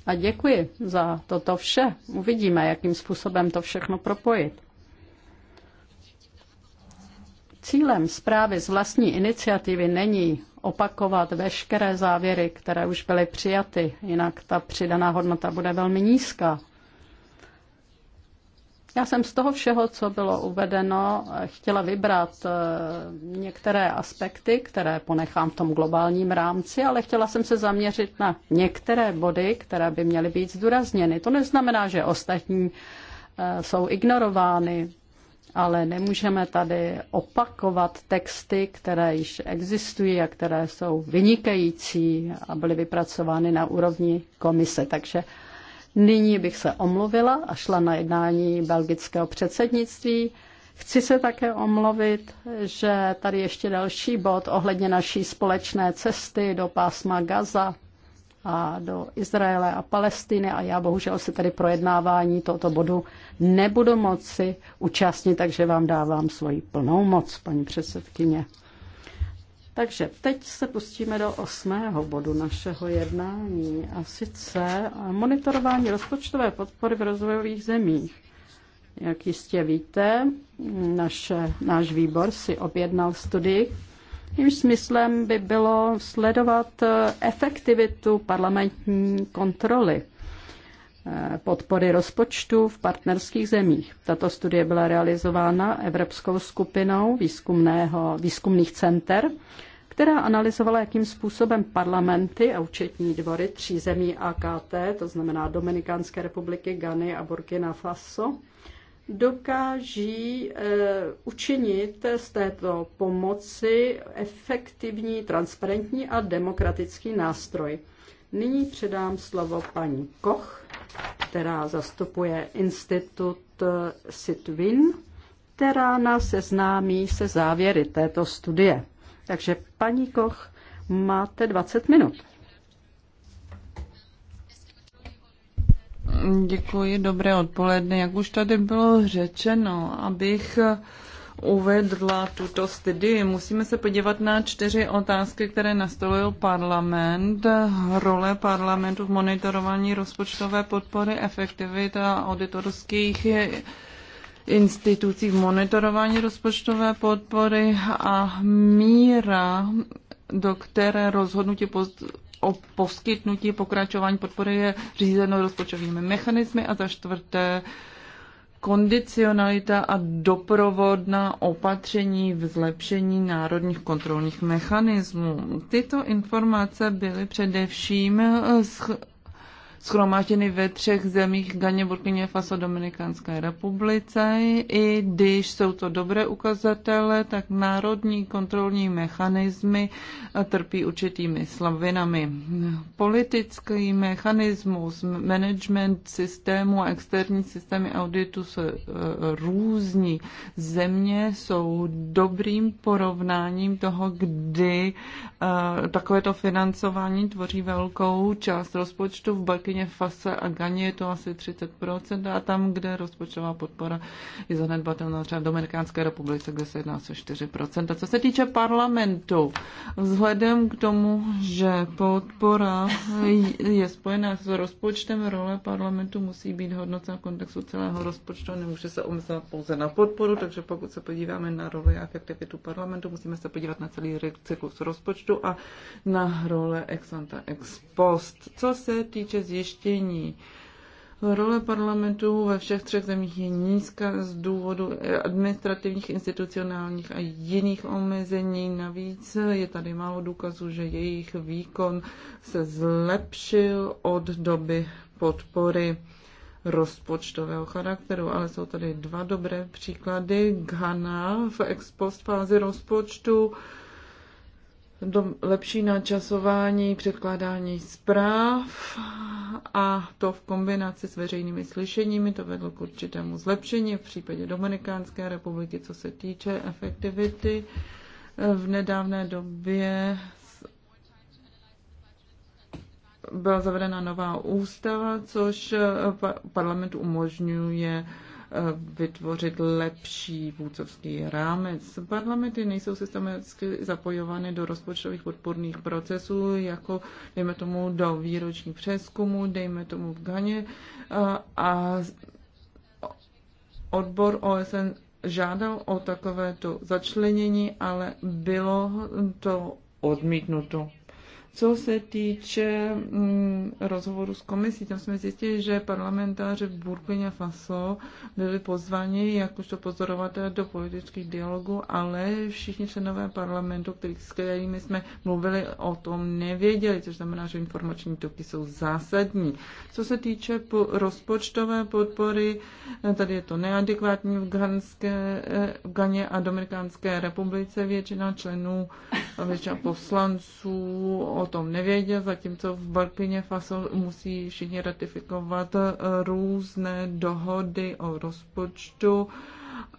A děkuji za toto vše. Uvidíme, jakým způsobem to všechno propojit. Cílem zprávy z vlastní iniciativy není opakovat veškeré závěry, které už byly přijaty, jinak ta přidaná hodnota bude velmi nízká. Já jsem z toho všeho, co bylo uvedeno, chtěla vybrat eh, některé aspekty, které ponechám v tom globálním rámci, ale chtěla jsem se zaměřit na některé body, které by měly být zdůrazněny. To neznamená, že ostatní eh, jsou ignorovány ale nemůžeme tady opakovat texty, které již existují a které jsou vynikající a byly vypracovány na úrovni komise. Takže nyní bych se omluvila a šla na jednání belgického předsednictví. Chci se také omluvit, že tady ještě další bod ohledně naší společné cesty do pásma Gaza a do Izraele a Palestiny a já bohužel se tady projednávání tohoto bodu nebudu moci účastnit, takže vám dávám svoji plnou moc, paní předsedkyně. Takže teď se pustíme do osmého bodu našeho jednání a sice monitorování rozpočtové podpory v rozvojových zemích. Jak jistě víte, naše, náš výbor si objednal studii, tím smyslem by bylo sledovat eh, efektivitu parlamentní kontroly eh, podpory rozpočtu v partnerských zemích. Tato studie byla realizována Evropskou skupinou výzkumného, výzkumných center, která analyzovala, jakým způsobem parlamenty a účetní dvory tří zemí AKT, to znamená Dominikánské republiky, Gany a Burkina Faso, dokáží eh, učinit z této pomoci efektivní, transparentní a demokratický nástroj. Nyní předám slovo paní Koch, která zastupuje institut Sitvin, eh, která nás seznámí se závěry této studie. Takže paní Koch, máte 20 minut. Děkuji, dobré odpoledne. Jak už tady bylo řečeno, abych uvedla tuto studii, musíme se podívat na čtyři otázky, které nastolil parlament. Role parlamentu v monitorování rozpočtové podpory, efektivita auditorských institucí v monitorování rozpočtové podpory a míra, do které rozhodnutí o poskytnutí pokračování podpory je řízeno rozpočtovými mechanismy a za čtvrté kondicionalita a doprovodná opatření v zlepšení národních kontrolních mechanismů. Tyto informace byly především schromážděny ve třech zemích Ganě, Burkině, Faso, Dominikánské republice. I když jsou to dobré ukazatele, tak národní kontrolní mechanismy trpí určitými slavinami. Politický mechanismus, management systému a externí systémy auditu se e, různí. Země jsou dobrým porovnáním toho, kdy e, takovéto financování tvoří velkou část rozpočtu v Burkině kolegyně Fase a Gani je to asi 30% a tam, kde rozpočtová podpora je zanedbatelná třeba v Dominikánské republice, kde se jedná se 4%. A co se týče parlamentu, vzhledem k tomu, že podpora je spojená s rozpočtem, role parlamentu musí být hodnocena v kontextu celého rozpočtu, nemůže se omezovat pouze na podporu, takže pokud se podíváme na roli a efektivitu parlamentu, musíme se podívat na celý cyklus rozpočtu a na role ex ante ex post. Co se týče zjištění zjištění. Role parlamentu ve všech třech zemích je nízká z důvodu administrativních, institucionálních a jiných omezení. Navíc je tady málo důkazů, že jejich výkon se zlepšil od doby podpory rozpočtového charakteru, ale jsou tady dva dobré příklady. Ghana v ex post fázi rozpočtu do lepší načasování předkládání zpráv a to v kombinaci s veřejnými slyšeními, to vedlo k určitému zlepšení v případě Dominikánské republiky, co se týče efektivity. V nedávné době byla zavedena nová ústava, což parlament umožňuje vytvořit lepší vůdcovský rámec. Parlamenty nejsou systematicky zapojovány do rozpočtových podporných procesů, jako dejme tomu do výroční přeskumu, dejme tomu v Ghaně a odbor OSN žádal o takovéto začlenění, ale bylo to odmítnuto. Co se týče mm, rozhovoru s komisí, tam jsme zjistili, že parlamentáři v Burkina Faso byli pozváni jakožto pozorovatelé do politických dialogů, ale všichni členové parlamentu, kterých, s kterými jsme mluvili, o tom nevěděli, což znamená, že informační toky jsou zásadní. Co se týče po rozpočtové podpory, tady je to neadekvátní v, Ganské, eh, v Ganě a Dominikánské republice. Většina členů, eh, většina poslanců o tom nevěděl, zatímco v Burkině Faso musí všichni ratifikovat eh, různé dohody o rozpočtu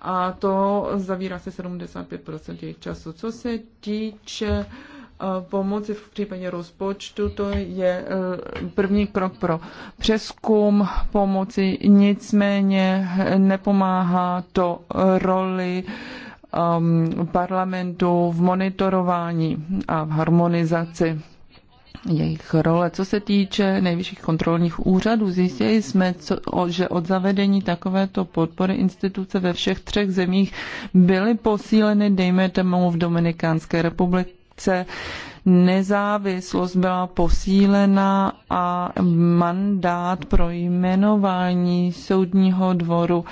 a to zavírá se 75% jejich času. Co se týče eh, pomoci v případě rozpočtu, to je eh, první krok pro přeskum pomoci, nicméně nepomáhá to roli ehm, parlamentu v monitorování a v harmonizaci jejich role. Co se týče nejvyšších kontrolních úřadů, zjistili jsme, co, o, že od zavedení takovéto podpory instituce ve všech třech zemích byly posíleny, dejme tomu v Dominikánské republice, nezávislost byla posílena a mandát pro jmenování soudního dvoru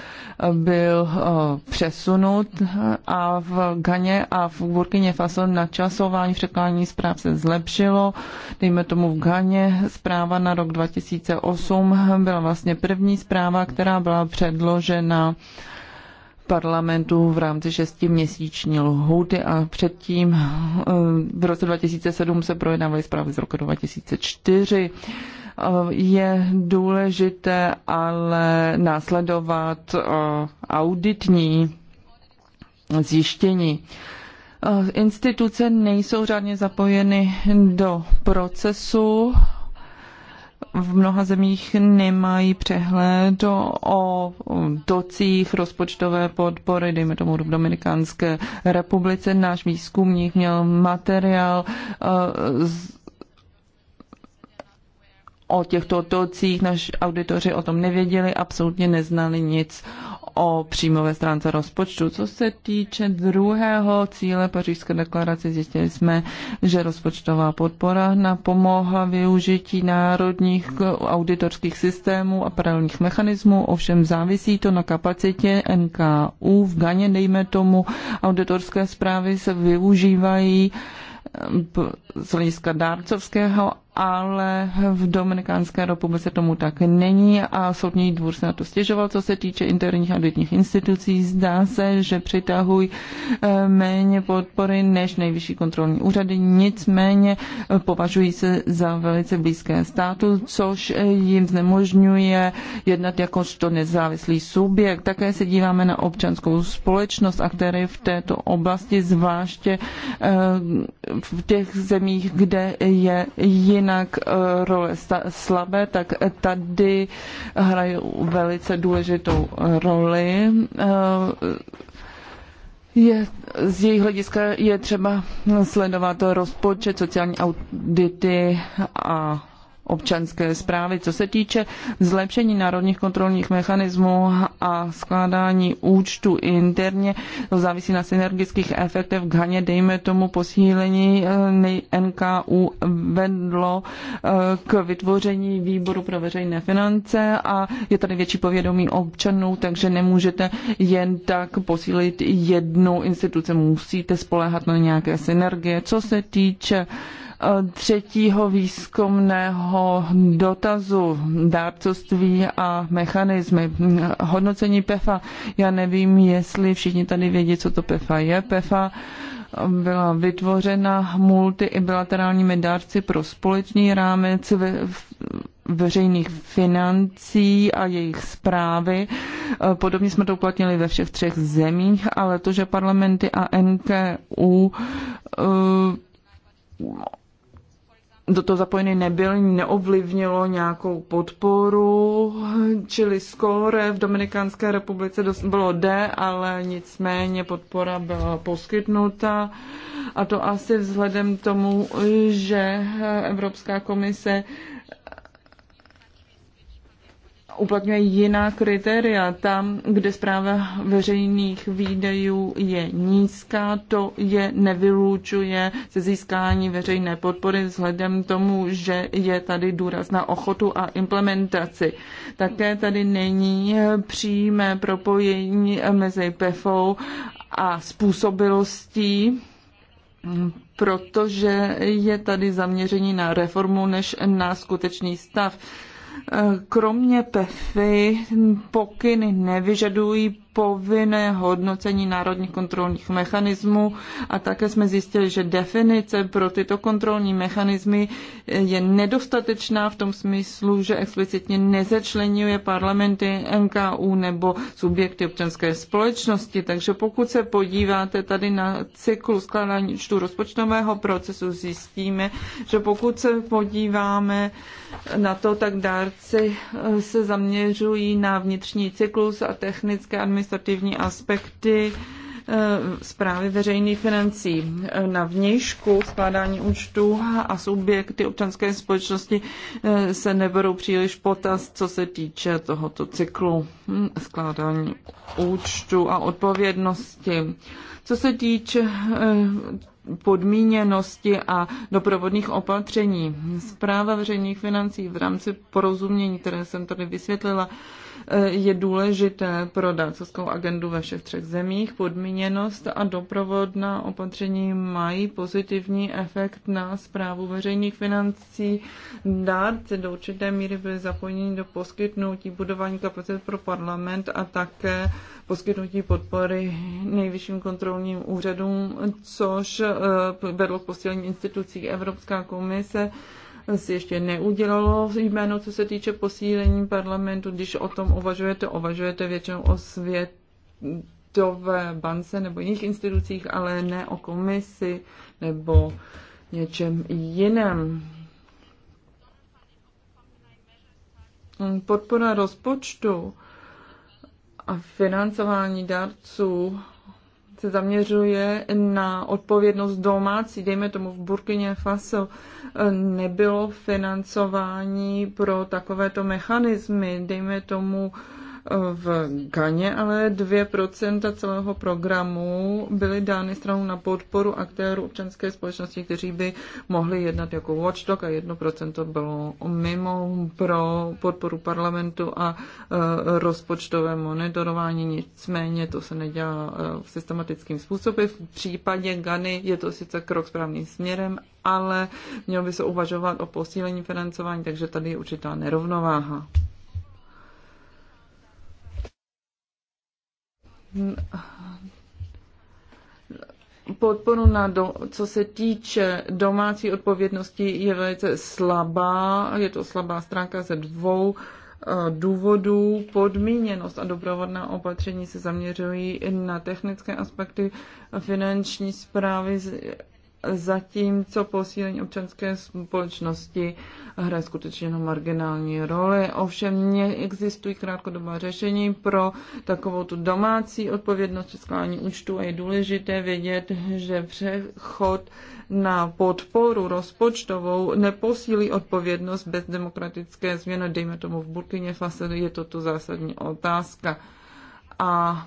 byl eh, přesunut a v Ghaně a v Burkině Faso načasování překládání zpráv se zlepšilo. Dejme tomu v Ghaně zpráva na rok 2008 byla vlastně první zpráva, která byla předložena parlamentu v rámci šestiměsíční lhůty a předtím eh, v roce 2007 se projednávaly zprávy z roku 2004. Eh, je důležité ale následovat eh, auditní zjištění. Instituce nejsou řádně zapojeny do procesu v mnoha zemích nemají přehled o tocích rozpočtové podpory, dejme tomu v Dominikánské republice. Náš výzkumník měl materiál eh, z o těchto tocích, naši auditoři o tom nevěděli, absolutně neznali nic o příjmové stránce rozpočtu. Co se týče druhého cíle Pařížské deklarace, zjistili jsme, že rozpočtová podpora napomohla využití národních auditorských systémů a paralelních mechanismů, ovšem závisí to na kapacitě NKU. V Ganě, dejme tomu, auditorské zprávy se využívají eh, z hlediska dárcovského ale v Dominikánské republice tomu tak není a soudní dvůr se na to stěžoval, co se týče interních auditních institucí. Zdá se, že přitahují eh, méně podpory než nejvyšší kontrolní úřady, nicméně eh, považují se za velice blízké státu, což eh, jim znemožňuje jednat jakožto nezávislý subjekt. Také se díváme na občanskou společnost, a které v této oblasti, zvláště v těch zemích, kde je jiný jinak eh, role slabé, tak tady hrají velice důležitou roli. Eh, je, z jejich hlediska je třeba sledovat rozpočet, sociální audity a občanské zprávy. Co se týče zlepšení národních kontrolních mechanismů a skládání účtu interně, to závisí na synergických efektech v Ghaně. Dejme tomu posílení eh, NKU vedlo eh, k vytvoření výboru pro veřejné finance a je tady větší povědomí občanů, takže nemůžete jen tak posílit jednu instituci, musíte spolehat na nějaké synergie. Co se týče uh, třetího výzkumného dotazu dárcovství a mechanismy. Hodnocení PEFA. Já nevím, jestli všichni tady vědí, co to PEFA je. PEFA byla vytvořena multi i bilaterálními dárci pro společný rámec ve, veřejných financí a jejich zprávy. Podobně jsme to uplatnili ve všech třech zemích, ale to, že parlamenty a NKU uh, do toho zapojený nebyl, neovlivnilo nějakou podporu, čili skóre v Dominikánské republice bylo D, ale nicméně podpora byla poskytnuta a to asi vzhledem tomu, že Evropská komise uplatňuje jiná kritéria. Tam, kde zpráva veřejných výdajů je nízká, to je nevylučuje se získání veřejné podpory vzhledem tomu, že je tady důraz na ochotu a implementaci. Také tady není přímé propojení mezi PFO a způsobilostí protože je tady zaměření na reformu než na skutečný stav. Kromě PEFy pokyny nevyžadují povinné hodnocení národních kontrolních mechanismů a také jsme zjistili, že definice pro tyto kontrolní mechanismy je nedostatečná v tom smyslu, že explicitně nezečlenuje parlamenty NKU nebo subjekty občanské společnosti. Takže pokud se podíváte tady na cyklu skládání čtu rozpočtového procesu, zjistíme, že pokud se podíváme na to, tak dárci se zaměřují na vnitřní cyklus a technické administrativní administrativní aspekty eh, zprávy veřejných financí na vnějšku skládání účtů a subjekty občanské společnosti eh, se neberou příliš potaz, co se týče tohoto cyklu hm, skládání účtu a odpovědnosti. Co se týče eh, podmíněnosti a doprovodných opatření. Zpráva veřejných financí v rámci porozumění, které jsem tady vysvětlila, je důležité pro saskou agendu ve všech třech zemích. Podmíněnost a doprovodná opatření mají pozitivní efekt na zprávu veřejných financí. Dárci do určité míry byly zapojeni do poskytnutí budování kapacit pro parlament a také poskytnutí podpory nejvyšším kontrolním úřadům, což eh, vedlo k posílení institucí Evropská komise si ještě neudělalo jméno, co se týče posílení parlamentu. Když o tom uvažujete, uvažujete většinou o světové bance nebo jiných institucích, ale ne o komisi nebo něčem jiném. Podpora rozpočtu a financování dárců se zaměřuje na odpovědnost domácí, dejme tomu v Burkině Faso, nebylo financování pro takovéto mechanismy, dejme tomu v Ghaně, ale 2% celého programu byly dány stranou na podporu aktérů občanské společnosti, kteří by mohli jednat jako watchdog a 1% bylo mimo pro podporu parlamentu a e, rozpočtové monitorování. Nicméně to se nedělá e, systematickým způsobem. V případě Gany je to sice krok správným směrem, ale mělo by se uvažovat o posílení financování, takže tady je určitá nerovnováha. podporu na do, co se týče domácí odpovědnosti je velice slabá. Je to slabá stránka ze dvou eh, důvodů. Podmíněnost a dobrovodná opatření se zaměřují na technické aspekty finanční zprávy zatímco posílení občanské společnosti hraje skutečně na marginální roli. Ovšem neexistují krátkodobá řešení pro takovou tu domácí odpovědnost fiskální účtu a je důležité vědět, že přechod na podporu rozpočtovou neposílí odpovědnost bez demokratické změny. Dejme tomu v Burkině Faso je to tu zásadní otázka. A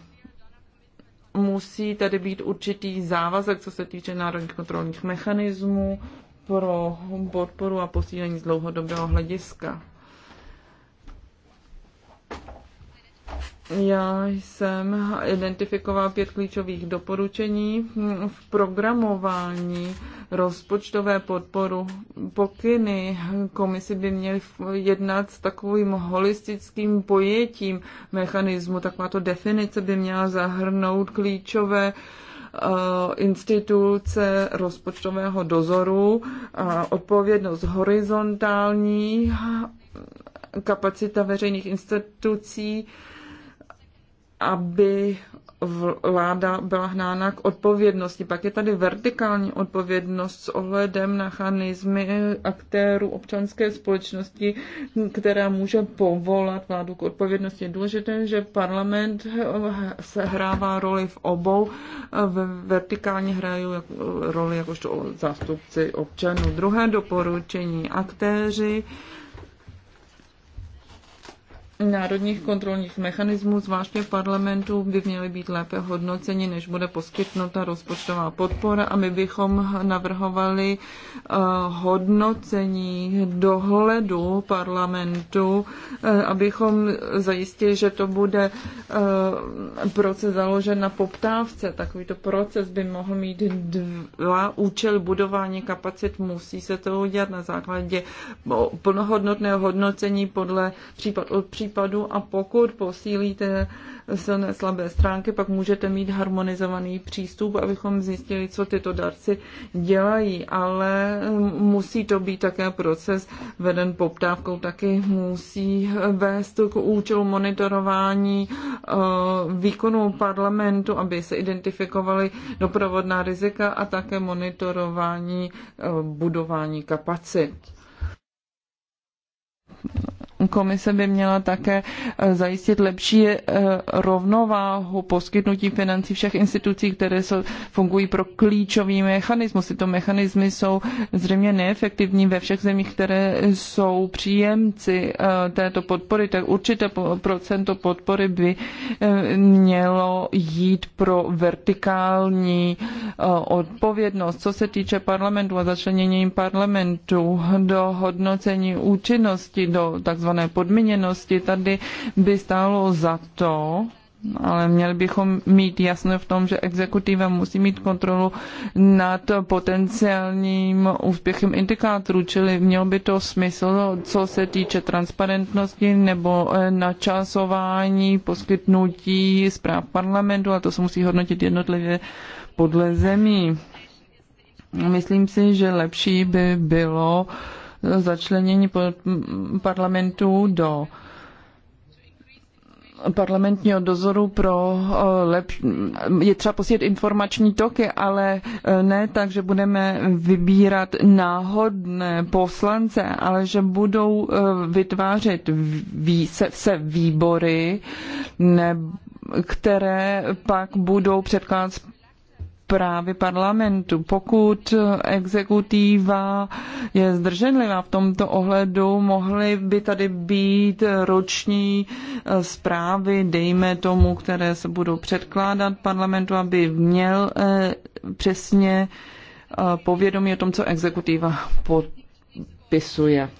musí tady být určitý závazek, co se týče národních kontrolních mechanismů pro podporu a posílení z dlouhodobého hlediska. Já jsem identifikoval pět klíčových doporučení v programování rozpočtové podporu. Pokyny komisi by měly jednat s takovým holistickým pojetím mechanismu. Takováto definice by měla zahrnout klíčové eh, instituce rozpočtového dozoru, odpovědnost horizontální, kapacita veřejných institucí, aby vláda byla hnána k odpovědnosti. Pak je tady vertikální odpovědnost s ohledem na mechanizmy aktérů občanské společnosti, která může povolat vládu k odpovědnosti. Je důležité, že parlament sehrává roli v obou. V vertikálně hrají roli jakožto zástupci občanů. Druhé doporučení aktéři národních kontrolních mechanismů, zvláště v parlamentu, by měly být lépe hodnoceni, než bude poskytnuta rozpočtová podpora a my bychom navrhovali eh, hodnocení dohledu parlamentu, eh, abychom zajistili, že to bude eh, proces založen na poptávce. Takovýto proces by mohl mít dva účel budování kapacit. Musí se to udělat na základě plnohodnotného hodnocení podle případ od případ případu a pokud posílíte silné slabé stránky, pak můžete mít harmonizovaný přístup, abychom zjistili, co tyto darci dělají, ale musí to být také proces veden poptávkou, taky musí vést k účelu monitorování eh, výkonu parlamentu, aby se identifikovaly doprovodná rizika a také monitorování eh, budování kapacit. Komise by měla také eh, zajistit lepší eh, rovnováhu poskytnutí financí všech institucí, které fungují pro klíčový mechanismus. Tyto mechanismy jsou zřejmě neefektivní ve všech zemích, které jsou příjemci eh, této podpory, tak určité procento podpory by mělo jít pro vertikální odpovědnost. Co se týče parlamentu a začlenění parlamentu do hodnocení účinnosti, do tzv takzvané podmíněnosti, tady by stálo za to, ale měli bychom mít jasno v tom, že exekutiva musí mít kontrolu nad potenciálním úspěchem indikátorů, čili mělo by to smysl, co se týče transparentnosti nebo eh, načasování, poskytnutí zpráv parlamentu, a to se musí hodnotit jednotlivě podle zemí. Myslím si, že lepší by bylo uh, začlenění parlamentů do parlamentního dozoru pro eh, lep... je třeba posílat informační toky, ale eh, ne tak, že budeme vybírat náhodné poslance, ale že budou eh, vytvářet vý... se výbory, ne... které pak budou předkládat právě parlamentu. Pokud exekutiva je zdrženlivá v tomto ohledu, mohly by tady být roční eh, zprávy, dejme tomu, které se budou předkládat parlamentu, aby měl eh, přesně eh, povědomí o tom, co exekutiva podpisuje.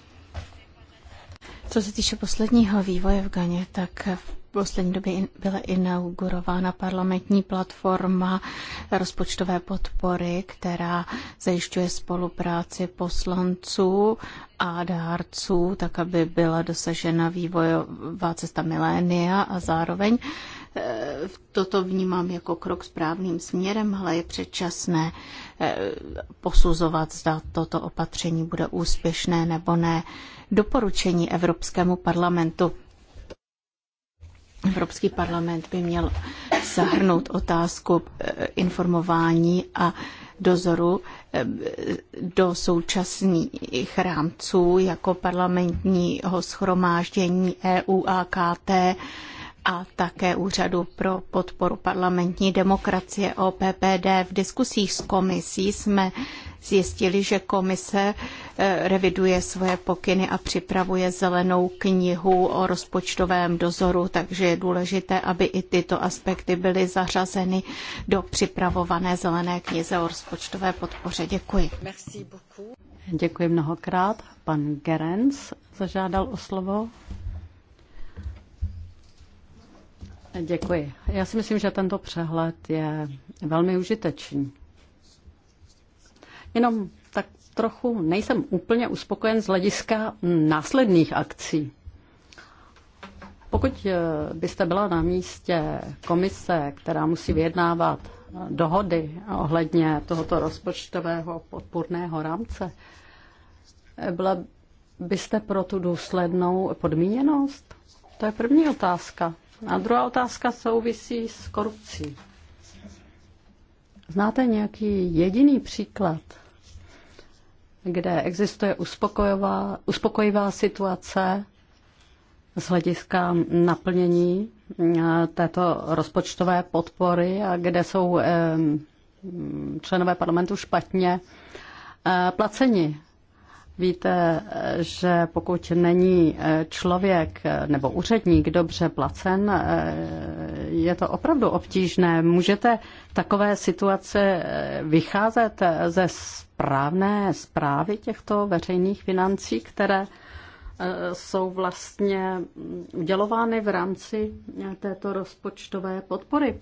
Co se týče posledního vývoje v Ganě, tak poslední době byla inaugurována parlamentní platforma rozpočtové podpory, která zajišťuje spolupráci poslanců a dárců, tak aby byla dosažena vývojová cesta milénia a zároveň eh, toto vnímám jako krok správným směrem, ale je předčasné eh, posuzovat, zda toto opatření bude úspěšné nebo ne. Doporučení Evropskému parlamentu Evropský parlament by měl zahrnout otázku eh, informování a dozoru eh, do současných rámců jako parlamentního schromáždění EU a KT a také Úřadu pro podporu parlamentní demokracie OPPD. V diskusích s komisí jsme zjistili, že komise eh, reviduje svoje pokyny a připravuje zelenou knihu o rozpočtovém dozoru, takže je důležité, aby i tyto aspekty byly zařazeny do připravované zelené knize o rozpočtové podpoře. Děkuji. Děkuji mnohokrát. Pan Gerens zažádal o slovo. Děkuji. Já si myslím, že tento přehled je velmi užitečný. Jenom tak trochu nejsem úplně uspokojen z hlediska následných akcí. Pokud eh, byste byla na místě komise, která musí vyjednávat dohody ohledně tohoto rozpočtového podpůrného rámce, eh, byla byste pro tu důslednou podmíněnost? To je první otázka. A druhá otázka souvisí s korupcí. Znáte nějaký jediný příklad, kde existuje uspokojivá, uspokojivá situace z hlediska naplnění eh, této rozpočtové podpory a kde jsou eh, členové parlamentu špatně eh, placeni. Víte, že pokud není e, člověk e, nebo úředník dobře placen, e, je to opravdu obtížné. Můžete takové situace vycházet ze správné zprávy těchto veřejných financí, které jsou vlastně udělovány v rámci této rozpočtové podpory.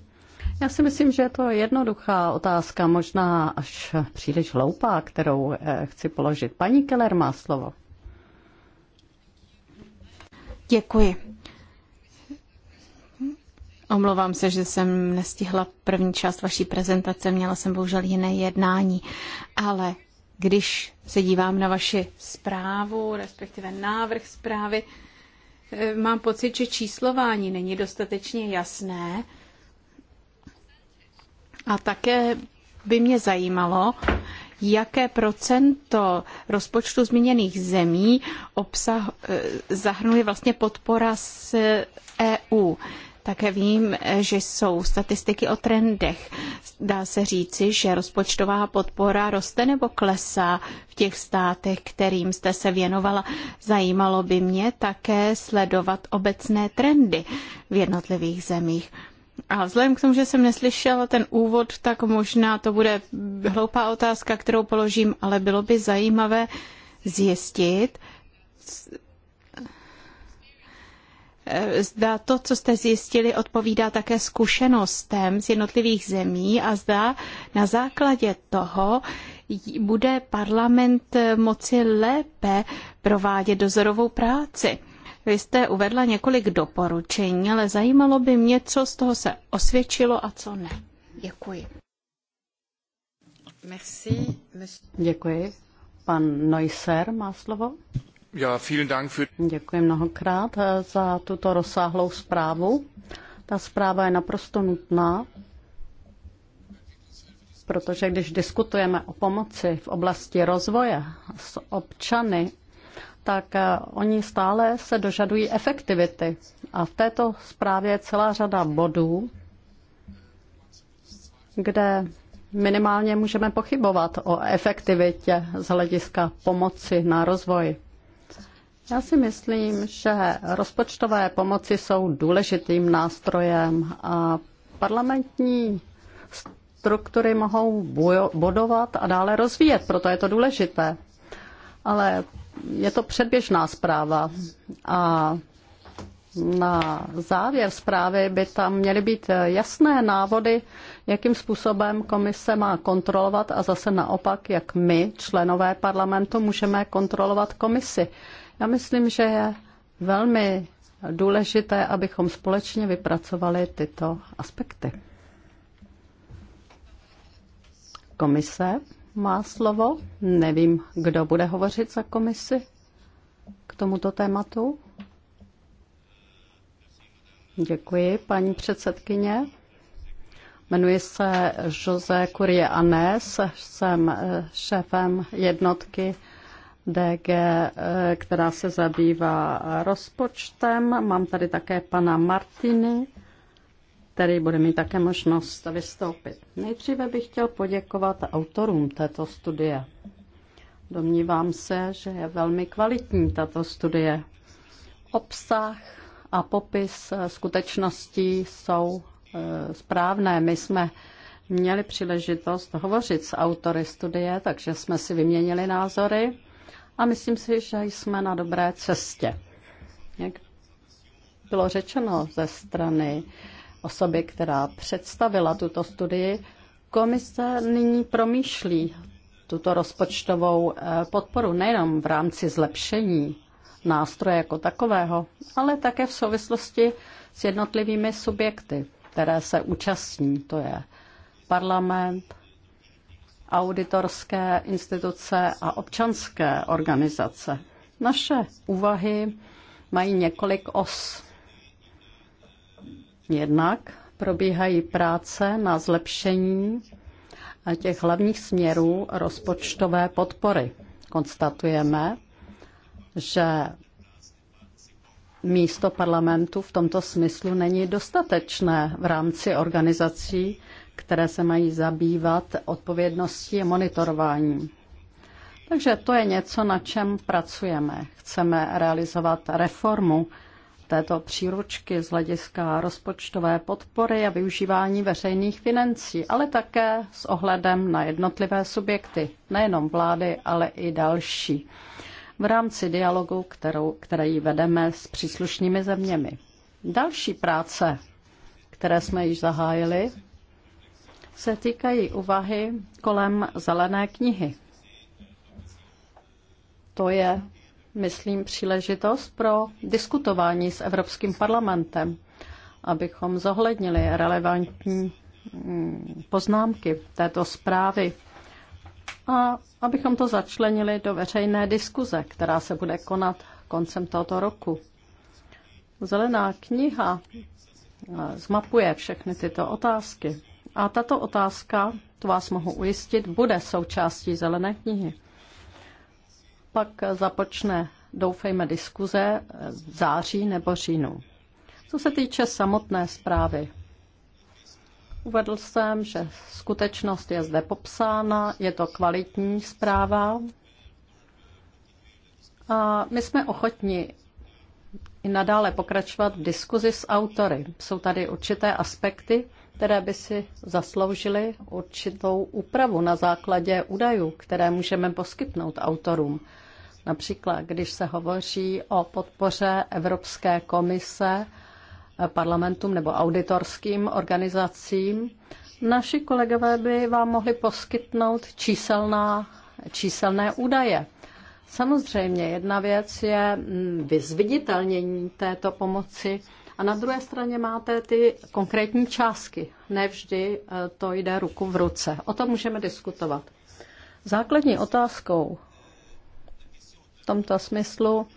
Já si myslím, že to jednoduchá otázka, možná až příliš hloupá, kterou eh, chci položit. Paní Keller má slovo. Děkuji. Omlouvám se, že jsem nestihla první část vaší prezentace, měla jsem bohužel jiné jednání, ale když se dívám na vaši zprávu, respektive návrh zprávy, eh, mám pocit, že číslování není dostatečně jasné a také by mě zajímalo, jaké procento rozpočtu zmíněných zemí obsah, eh, zahrnuje vlastně podpora z EU. Také vím, že jsou statistiky o trendech. Dá se říci, že rozpočtová podpora roste nebo klesá v těch státech, kterým jste se věnovala. Zajímalo by mě také sledovat obecné trendy v jednotlivých zemích. A vzhledem k tomu, že jsem neslyšela ten úvod, tak možná to bude hloupá otázka, kterou položím, ale bylo by zajímavé zjistit, Zda to, co jste zjistili, odpovídá také zkušenostem z jednotlivých zemí a zda na základě toho bude parlament moci lépe provádět dozorovou práci. Vy jste uvedla několik doporučení, ale zajímalo by mě, co z toho se osvědčilo a co ne. Děkuji. Merci. Děkuji. Pan Neusser má slovo. Ja, vielen Dank für... Děkuji mnohokrát eh, za tuto rozsáhlou zprávu. Ta zpráva je naprosto nutná, protože když diskutujeme o pomoci v oblasti rozvoje s občany tak eh, oni stále se dožadují efektivity. A v této zprávě je celá řada bodů, kde minimálně můžeme pochybovat o efektivitě z hlediska pomoci na rozvoj. Já si myslím, že rozpočtové pomoci jsou důležitým nástrojem a parlamentní struktury mohou bodovat a dále rozvíjet, proto je to důležité. Ale je to předběžná zpráva a na závěr zprávy by tam měly být jasné návody, jakým způsobem komise má kontrolovat a zase naopak, jak my, členové parlamentu, můžeme kontrolovat komisi. Já myslím, že je velmi důležité, abychom společně vypracovali tyto aspekty. Komise má slovo. Nevím, kdo bude hovořit za komisi k tomuto tématu. Děkuji, paní předsedkyně. Jmenuji se José Curie Anes, jsem eh, šéfem jednotky DG, eh, která se zabývá rozpočtem. Mám tady také pana Martiny, který bude mít také možnost vystoupit. Nejdříve bych chtěl poděkovat autorům této studie. Domnívám se, že je velmi kvalitní tato studie. Obsah a popis skutečností jsou eh, správné. My jsme měli příležitost hovořit s autory studie, takže jsme si vyměnili názory a myslím si, že jsme na dobré cestě. Jak bylo řečeno ze strany osoby, která představila tuto studii, komise nyní promýšlí tuto rozpočtovou eh, podporu nejenom v rámci zlepšení nástroje jako takového, ale také v souvislosti s jednotlivými subjekty, které se účastní. To je parlament, auditorské instituce a občanské organizace. Naše úvahy mají několik os. Jednak probíhají práce na zlepšení těch hlavních směrů rozpočtové podpory. Konstatujeme, že místo parlamentu v tomto smyslu není dostatečné v rámci organizací, které se mají zabývat odpovědností a monitorováním. Takže to je něco, na čem pracujeme. Chceme realizovat reformu této příručky z hlediska rozpočtové podpory a využívání veřejných financí, ale také s ohledem na jednotlivé subjekty, nejenom vlády, ale i další, v rámci dialogu, kterou, který vedeme s příslušnými zeměmi. Další práce, které jsme již zahájili, se týkají uvahy kolem zelené knihy. To je myslím, příležitost pro diskutování s Evropským parlamentem, abychom zohlednili relevantní mm, poznámky této zprávy a abychom to začlenili do veřejné diskuze, která se bude konat koncem tohoto roku. Zelená kniha eh, zmapuje všechny tyto otázky. A tato otázka, to vás mohu ujistit, bude součástí zelené knihy pak započne, doufejme, diskuze v září nebo říjnu. Co se týče samotné zprávy, uvedl jsem, že skutečnost je zde popsána, je to kvalitní zpráva a my jsme ochotni i nadále pokračovat v diskuzi s autory. Jsou tady určité aspekty, které by si zasloužily určitou úpravu na základě údajů, které můžeme poskytnout autorům. Například, když se hovoří o podpoře Evropské komise eh, parlamentům nebo auditorským organizacím, naši kolegové by vám mohli poskytnout číselná, číselné údaje. Samozřejmě jedna věc je mm, vyzviditelnění této pomoci a na druhé straně máte ty konkrétní částky. Nevždy eh, to jde ruku v ruce. O tom můžeme diskutovat. Základní otázkou tomto smyslu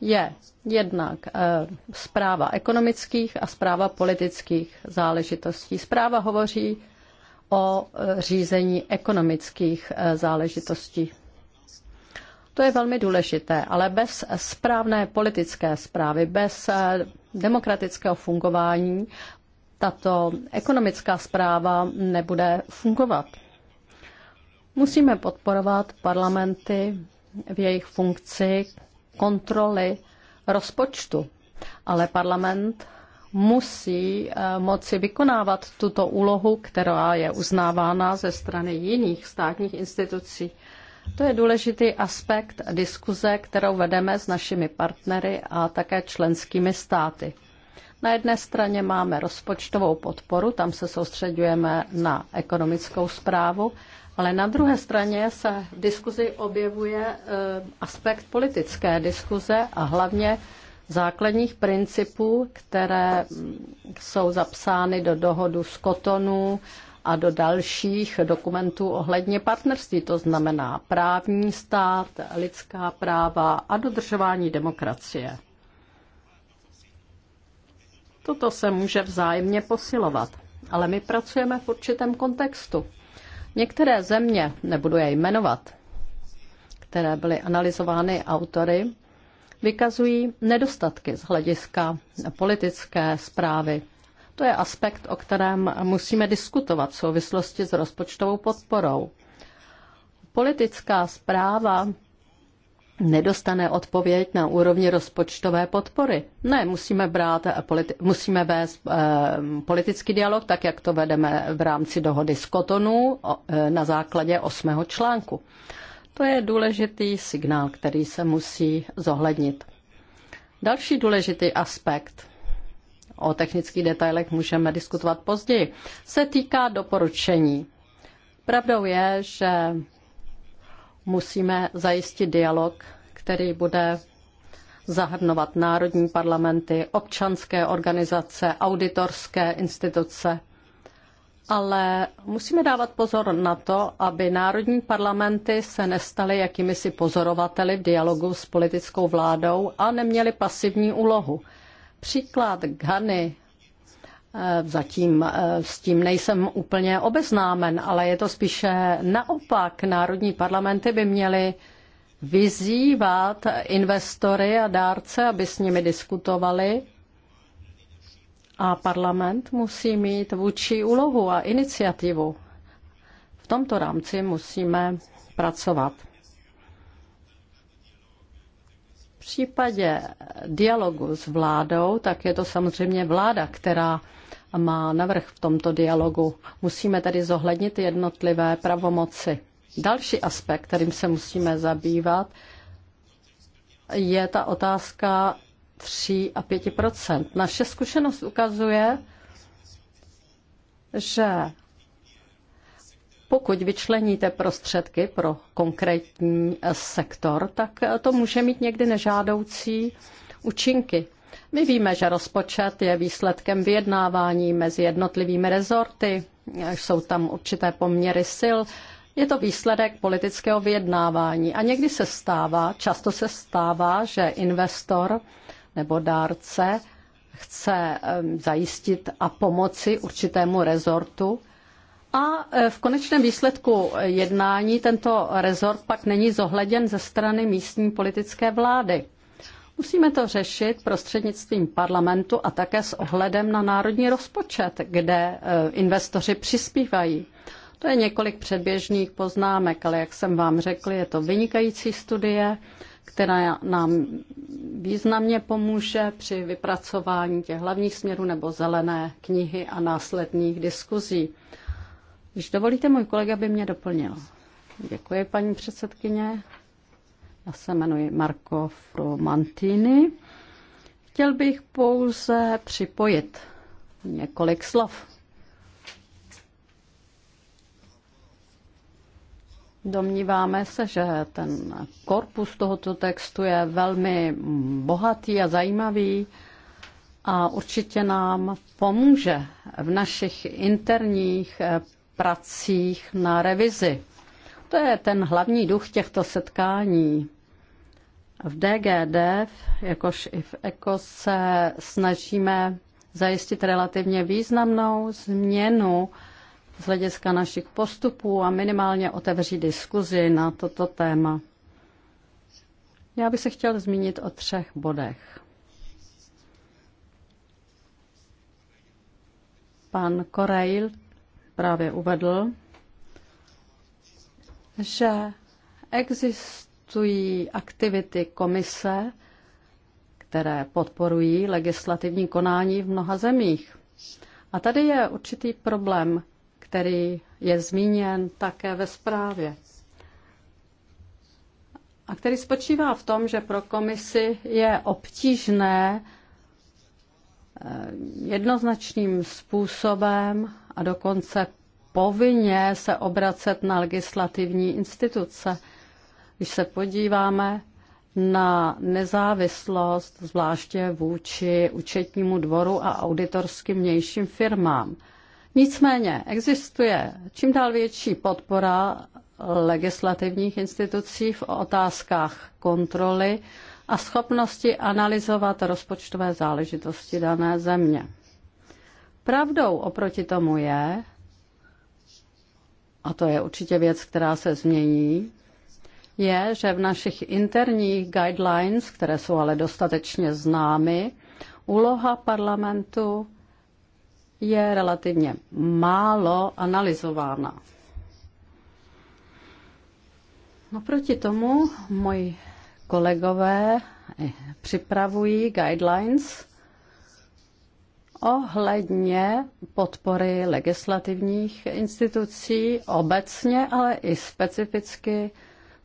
je jednak eh, zpráva ekonomických a zpráva politických záležitostí. Zpráva hovoří o eh, řízení ekonomických eh, záležitostí. To je velmi důležité, ale bez správné politické zprávy, bez demokratického fungování tato ekonomická zpráva nebude fungovat. Musíme podporovat parlamenty v jejich funkci kontroly rozpočtu. Ale parlament musí eh, moci vykonávat tuto úlohu, která je uznávána ze strany jiných státních institucí. To je důležitý aspekt diskuze, kterou vedeme s našimi partnery a také členskými státy. Na jedné straně máme rozpočtovou podporu, tam se soustředujeme na ekonomickou zprávu, ale na druhé straně se v diskuzi objevuje eh, aspekt politické diskuze a hlavně základních principů, které mm, jsou zapsány do dohodu z Kotonu a do dalších dokumentů ohledně partnerství, to znamená právní stát, lidská práva a dodržování demokracie. Toto se může vzájemně posilovat, ale my pracujeme v určitém kontextu. Některé země, nebudu je jmenovat, které byly analyzovány autory, vykazují nedostatky z hlediska politické zprávy. To je aspekt, o kterém musíme diskutovat v souvislosti s rozpočtovou podporou. Politická zpráva nedostane odpověď na úrovni rozpočtové podpory. Ne, musíme, brát, eh, politi- musíme vést eh, politický dialog, tak jak to vedeme v rámci dohody z Kotonu eh, na základě osmého článku. To je důležitý signál, který se musí zohlednit. Další důležitý aspekt, o technických detailech můžeme diskutovat později, se týká doporučení. Pravdou je, že musíme zajistit dialog, který bude zahrnovat národní parlamenty, občanské organizace, auditorské instituce. Ale musíme dávat pozor na to, aby národní parlamenty se nestaly jakýmisi pozorovateli v dialogu s politickou vládou a neměly pasivní úlohu. Příklad Ghany Eh, zatím eh, s tím nejsem úplně obeznámen, ale je to spíše naopak. Národní parlamenty by měly vyzývat investory a dárce, aby s nimi diskutovali. A parlament musí mít vůči úlohu a iniciativu. V tomto rámci musíme pracovat. V případě dialogu s vládou, tak je to samozřejmě vláda, která má navrh v tomto dialogu. Musíme tedy zohlednit jednotlivé pravomoci. Další aspekt, kterým se musíme zabývat, je ta otázka 3 a 5 Naše zkušenost ukazuje, že pokud vyčleníte prostředky pro konkrétní eh, sektor, tak eh, to může mít někdy nežádoucí účinky. My víme, že rozpočet je výsledkem vyjednávání mezi jednotlivými rezorty, jsou tam určité poměry sil. Je to výsledek politického vyjednávání a někdy se stává, často se stává, že investor nebo dárce chce eh, zajistit a pomoci určitému rezortu, a e, v konečném výsledku jednání tento rezort pak není zohleděn ze strany místní politické vlády. Musíme to řešit prostřednictvím parlamentu a také s ohledem na národní rozpočet, kde e, investoři přispívají. To je několik předběžných poznámek, ale jak jsem vám řekl, je to vynikající studie, která nám významně pomůže při vypracování těch hlavních směrů nebo zelené knihy a následných diskuzí. Když dovolíte, můj kolega by mě doplnil. Děkuji, paní předsedkyně. Já se jmenuji Marko Fromantini. Chtěl bych pouze připojit několik slov. Domníváme se, že ten korpus tohoto textu je velmi bohatý a zajímavý a určitě nám pomůže v našich interních pracích na revizi. To je ten hlavní duch těchto setkání. V DGD, jakož i v ECO, se snažíme zajistit relativně významnou změnu z hlediska našich postupů a minimálně otevřít diskuzi na toto téma. Já bych se chtěl zmínit o třech bodech. Pan Korail právě uvedl, že existují aktivity komise, které podporují legislativní konání v mnoha zemích. A tady je určitý problém, který je zmíněn také ve zprávě a který spočívá v tom, že pro komisi je obtížné eh, jednoznačným způsobem a dokonce povinně se obracet na legislativní instituce. Když se podíváme na nezávislost, zvláště vůči účetnímu dvoru a auditorským mějším firmám. Nicméně existuje čím dál větší podpora legislativních institucí v otázkách kontroly a schopnosti analyzovat rozpočtové záležitosti dané země. Pravdou oproti tomu je, a to je určitě věc, která se změní, je, že v našich interních guidelines, které jsou ale dostatečně známy, úloha parlamentu je relativně málo analyzována. Naproti tomu moji kolegové připravují guidelines, ohledně podpory legislativních institucí obecně, ale i specificky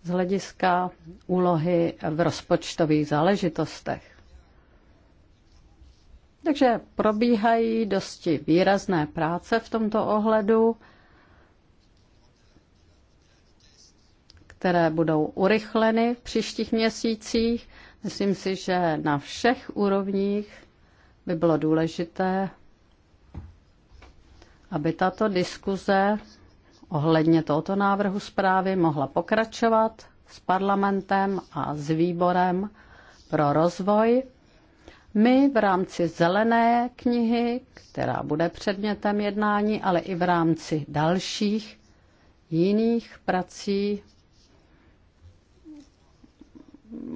z hlediska úlohy v rozpočtových záležitostech. Takže probíhají dosti výrazné práce v tomto ohledu, které budou urychleny v příštích měsících. Myslím si, že na všech úrovních by bylo důležité, aby tato diskuze ohledně tohoto návrhu zprávy mohla pokračovat s parlamentem a s výborem pro rozvoj. My v rámci zelené knihy, která bude předmětem jednání, ale i v rámci dalších jiných prací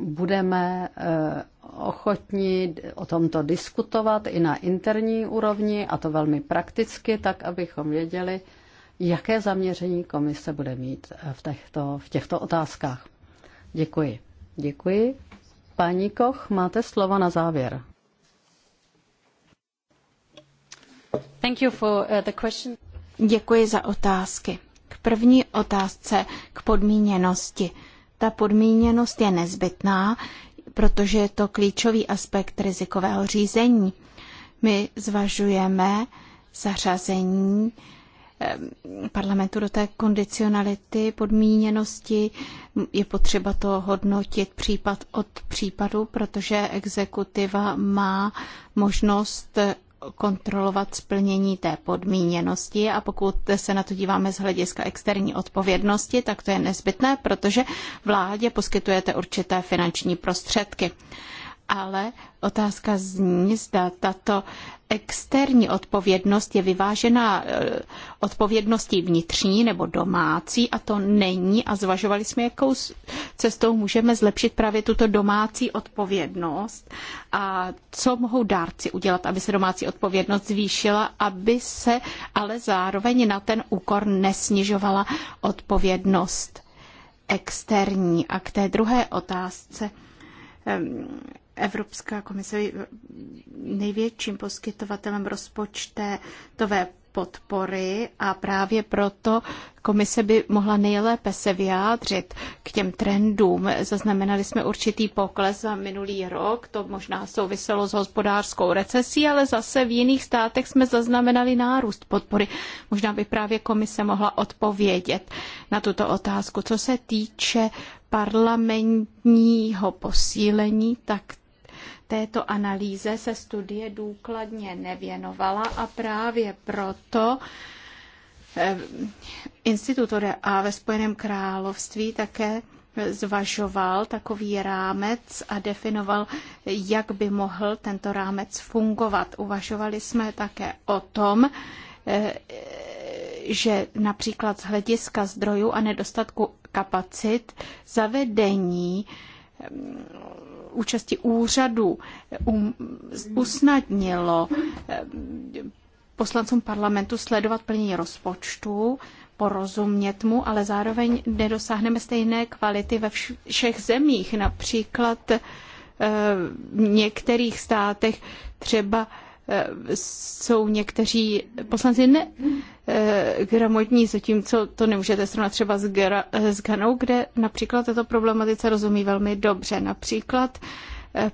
budeme eh, ochotní o tomto diskutovat i na interní úrovni, a to velmi prakticky, tak abychom věděli, jaké zaměření komise bude mít eh, v těchto, v těchto otázkách. Děkuji. Děkuji. Paní Koch, máte slovo na závěr. Thank you for uh, the question. Děkuji za otázky. K první otázce, k podmíněnosti. Ta podmíněnost je nezbytná, protože je to klíčový aspekt rizikového řízení. My zvažujeme zařazení eh, parlamentu do té kondicionality, podmíněnosti. Je potřeba to hodnotit případ od případu, protože exekutiva má možnost kontrolovat splnění té podmíněnosti a pokud se na to díváme z hlediska externí odpovědnosti, tak to je nezbytné, protože vládě poskytujete určité finanční prostředky ale otázka zní, zda tato externí odpovědnost je vyvážená e, odpovědností vnitřní nebo domácí a to není a zvažovali jsme, jakou cestou můžeme zlepšit právě tuto domácí odpovědnost a co mohou dárci udělat, aby se domácí odpovědnost zvýšila, aby se ale zároveň na ten úkor nesnižovala odpovědnost externí. A k té druhé otázce Evropská komise největším poskytovatelem rozpočtové podpory a právě proto komise by mohla nejlépe se vyjádřit k těm trendům. Zaznamenali jsme určitý pokles za minulý rok, to možná souviselo s hospodářskou recesí, ale zase v jiných státech jsme zaznamenali nárůst podpory. Možná by právě komise mohla odpovědět na tuto otázku. Co se týče parlamentního posílení, tak této analýze se studie důkladně nevěnovala a právě proto eh, Institut a ve Spojeném království také zvažoval takový rámec a definoval, jak by mohl tento rámec fungovat. Uvažovali jsme také o tom, eh, že například z hlediska zdrojů a nedostatku kapacit zavedení účasti úřadu um, usnadnilo eh, poslancům parlamentu sledovat plnění rozpočtu, porozumět mu, ale zároveň nedosáhneme stejné kvality ve všech zemích. Například eh, v některých státech třeba Eh, jsou někteří poslanci ne eh, gramotní, zatímco to nemůžete srovnat třeba s, gra, eh, s Ganou, kde například tato problematice rozumí velmi dobře. Například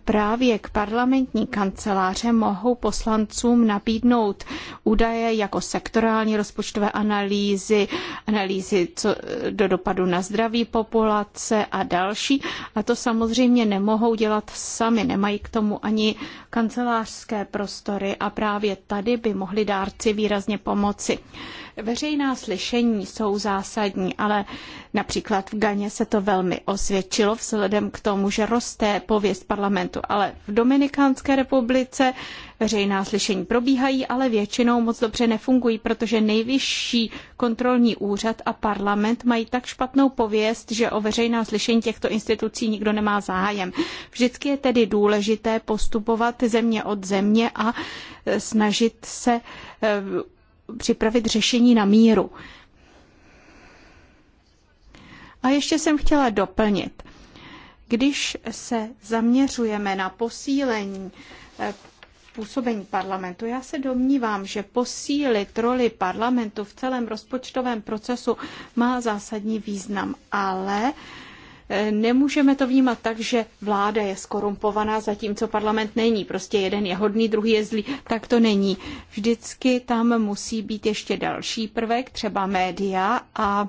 právě k parlamentní kanceláře mohou poslancům nabídnout údaje jako sektorální rozpočtové analýzy, analýzy co, do dopadu na zdraví populace a další. A to samozřejmě nemohou dělat sami, nemají k tomu ani kancelářské prostory a právě tady by mohli dárci výrazně pomoci. Veřejná slyšení jsou zásadní, ale například v Ganě se to velmi osvědčilo vzhledem k tomu, že roste pověst parlamentu, ale v Dominikánské republice veřejná slyšení probíhají, ale většinou moc dobře nefungují, protože nejvyšší kontrolní úřad a parlament mají tak špatnou pověst, že o veřejná slyšení těchto institucí nikdo nemá zájem. Vždycky je tedy důležité postupovat země od země a snažit se eh, připravit řešení na míru. A ještě jsem chtěla doplnit. Když se zaměřujeme na posílení eh, působení parlamentu, já se domnívám, že posílit roli parlamentu v celém rozpočtovém procesu má zásadní význam, ale uh, Eh, nemůžeme to vnímat tak, že vláda je skorumpovaná, zatímco parlament není. Prostě jeden je hodný, druhý je zlý. Tak to není. Vždycky tam musí být ještě další prvek, třeba média a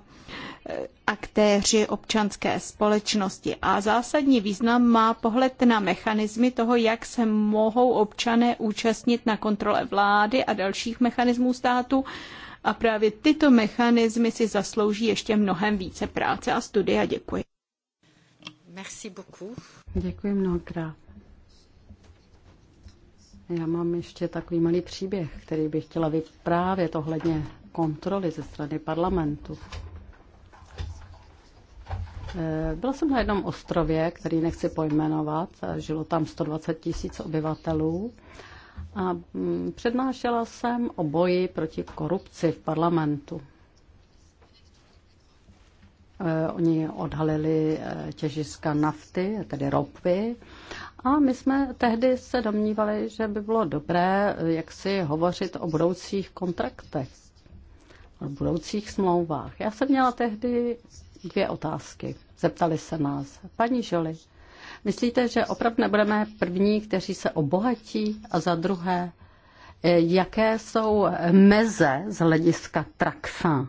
eh, aktéři občanské společnosti. A zásadní význam má pohled na mechanismy toho, jak se mohou občané účastnit na kontrole vlády a dalších mechanismů státu. A právě tyto mechanismy si zaslouží ještě mnohem více práce a studia. Děkuji. Merci beaucoup. Děkuji mnohokrát. Já mám ještě takový malý příběh, který bych chtěla vyprávět ohledně kontroly ze strany parlamentu. Eh, byla jsem na jednom ostrově, který nechci pojmenovat, žilo tam 120 tisíc obyvatelů a mm, přednášela jsem o boji proti korupci v parlamentu. Eh, oni odhalili eh, těžiska nafty, tedy ropy. A my jsme tehdy se domnívali, že by bylo dobré eh, jak si hovořit o budoucích kontraktech, o budoucích smlouvách. Já jsem měla tehdy dvě otázky. Zeptali se nás, paní Žoli, myslíte, že opravdu nebudeme první, kteří se obohatí a za druhé, jaké jsou meze z hlediska Traksa?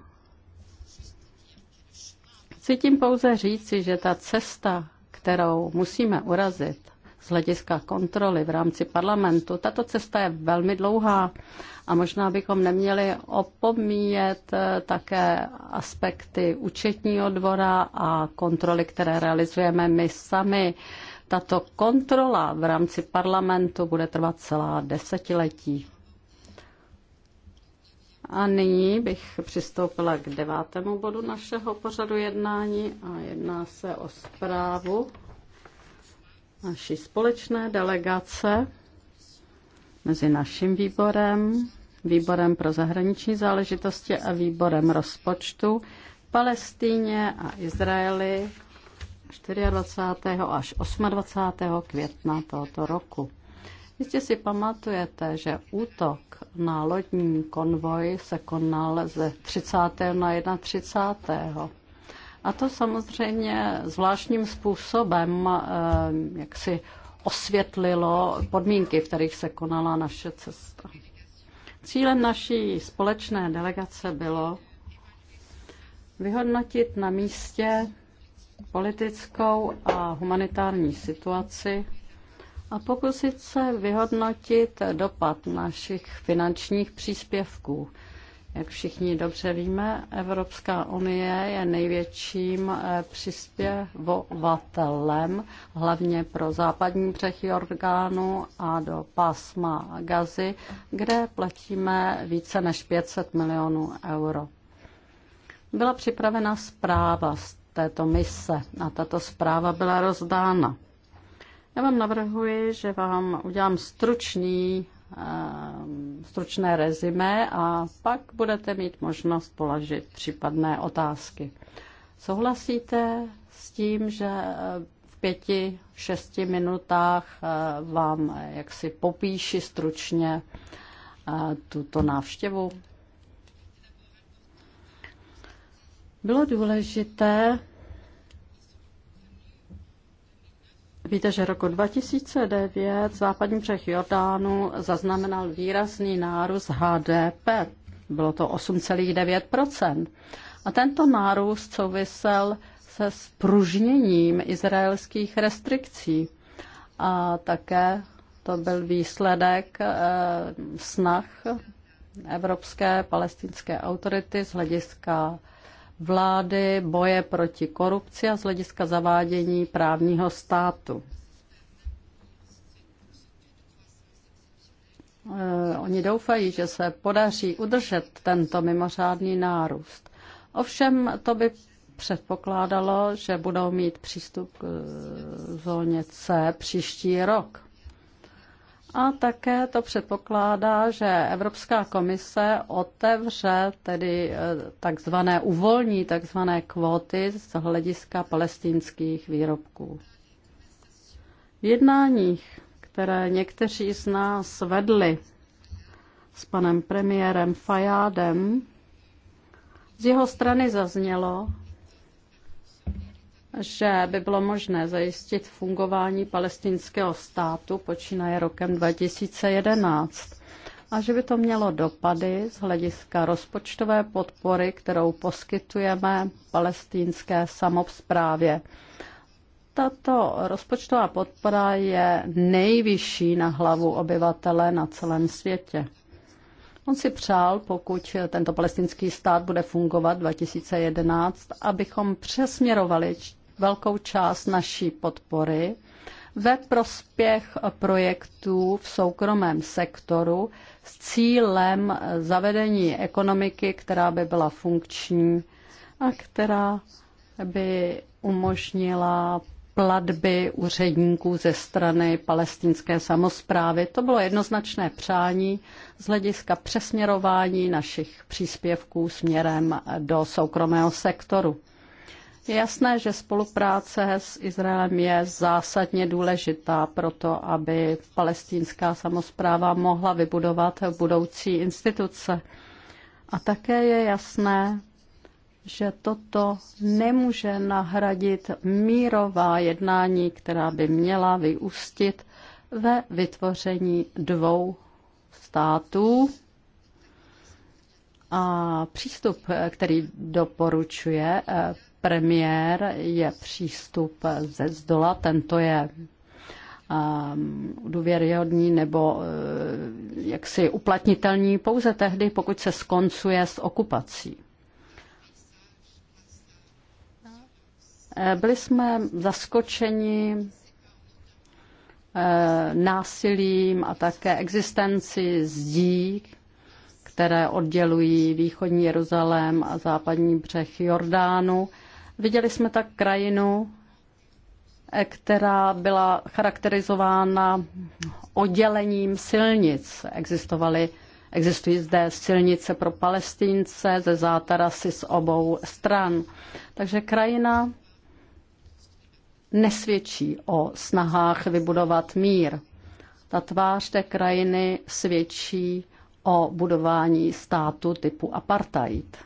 Chci tím pouze říci, že ta cesta, kterou musíme urazit z hlediska kontroly v rámci parlamentu, tato cesta je velmi dlouhá a možná bychom neměli opomíjet eh, také aspekty účetního dvora a kontroly, které realizujeme my sami. Tato kontrola v rámci parlamentu bude trvat celá desetiletí. A nyní bych přistoupila k devátému bodu našeho pořadu jednání a jedná se o zprávu naší společné delegace mezi naším výborem, výborem pro zahraniční záležitosti a výborem rozpočtu v Palestíně a Izraeli 24. až 28. května tohoto roku. Jistě si pamatujete, že útok na lodní konvoj se konal ze 30. na 31. A to samozřejmě zvláštním způsobem eh, jak si osvětlilo podmínky, v kterých se konala naše cesta. Cílem naší společné delegace bylo vyhodnotit na místě politickou a humanitární situaci a pokusit se vyhodnotit dopad našich finančních příspěvků. Jak všichni dobře víme, Evropská unie je největším eh, přispěvovatelem, hlavně pro západní břeh Jordánu a do pásma Gazy, kde platíme více než 500 milionů euro. Byla připravena zpráva z této mise a tato zpráva byla rozdána. Já vám navrhuji, že vám udělám stručný, eh, stručné rezime a pak budete mít možnost položit případné otázky. Souhlasíte s tím, že eh, v pěti, šesti minutách eh, vám jaksi popíši stručně tuto návštěvu? Bylo důležité Víte, že roku 2009 západní břeh Jordánu zaznamenal výrazný nárůst HDP. Bylo to 8,9 A tento nárůst souvisel se spružněním izraelských restrikcí. A také to byl výsledek eh, snah Evropské palestinské autority z hlediska vlády, boje proti korupci a z hlediska zavádění právního státu. Eh, oni doufají, že se podaří udržet tento mimořádný nárůst. Ovšem to by předpokládalo, že budou mít přístup k eh, zóně C příští rok. A také to předpokládá, že Evropská komise otevře, tedy eh, takzvané uvolní takzvané kvóty z hlediska palestinských výrobků. V jednáních, které někteří z nás vedli s panem premiérem Fajádem, z jeho strany zaznělo, že by bylo možné zajistit fungování palestinského státu počínaje rokem 2011 a že by to mělo dopady z hlediska rozpočtové podpory, kterou poskytujeme palestinské samozprávě. Tato rozpočtová podpora je nejvyšší na hlavu obyvatele na celém světě. On si přál, pokud tento palestinský stát bude fungovat 2011, abychom přesměrovali velkou část naší podpory ve prospěch projektů v soukromém sektoru s cílem zavedení ekonomiky, která by byla funkční a která by umožnila platby úředníků ze strany palestinské samozprávy. To bylo jednoznačné přání z hlediska přesměrování našich příspěvků směrem do soukromého sektoru. Je jasné, že spolupráce s Izraelem je zásadně důležitá pro to, aby palestinská samozpráva mohla vybudovat budoucí instituce. A také je jasné, že toto nemůže nahradit mírová jednání, která by měla vyústit ve vytvoření dvou států. A přístup, který doporučuje eh, premiér je přístup ze zdola, tento je um, důvěryhodný nebo uh, jaksi uplatnitelný pouze tehdy, pokud se skoncuje s okupací. Eh, byli jsme zaskočeni eh, násilím a také existenci zdí, které oddělují východní Jeruzalém a západní břeh Jordánu. Viděli jsme tak krajinu, e, která byla charakterizována oddělením silnic. Existovaly Existují zde silnice pro palestince ze zátarasy z obou stran. Takže krajina nesvědčí o snahách vybudovat mír. Ta tvář té krajiny svědčí o budování státu typu apartheid.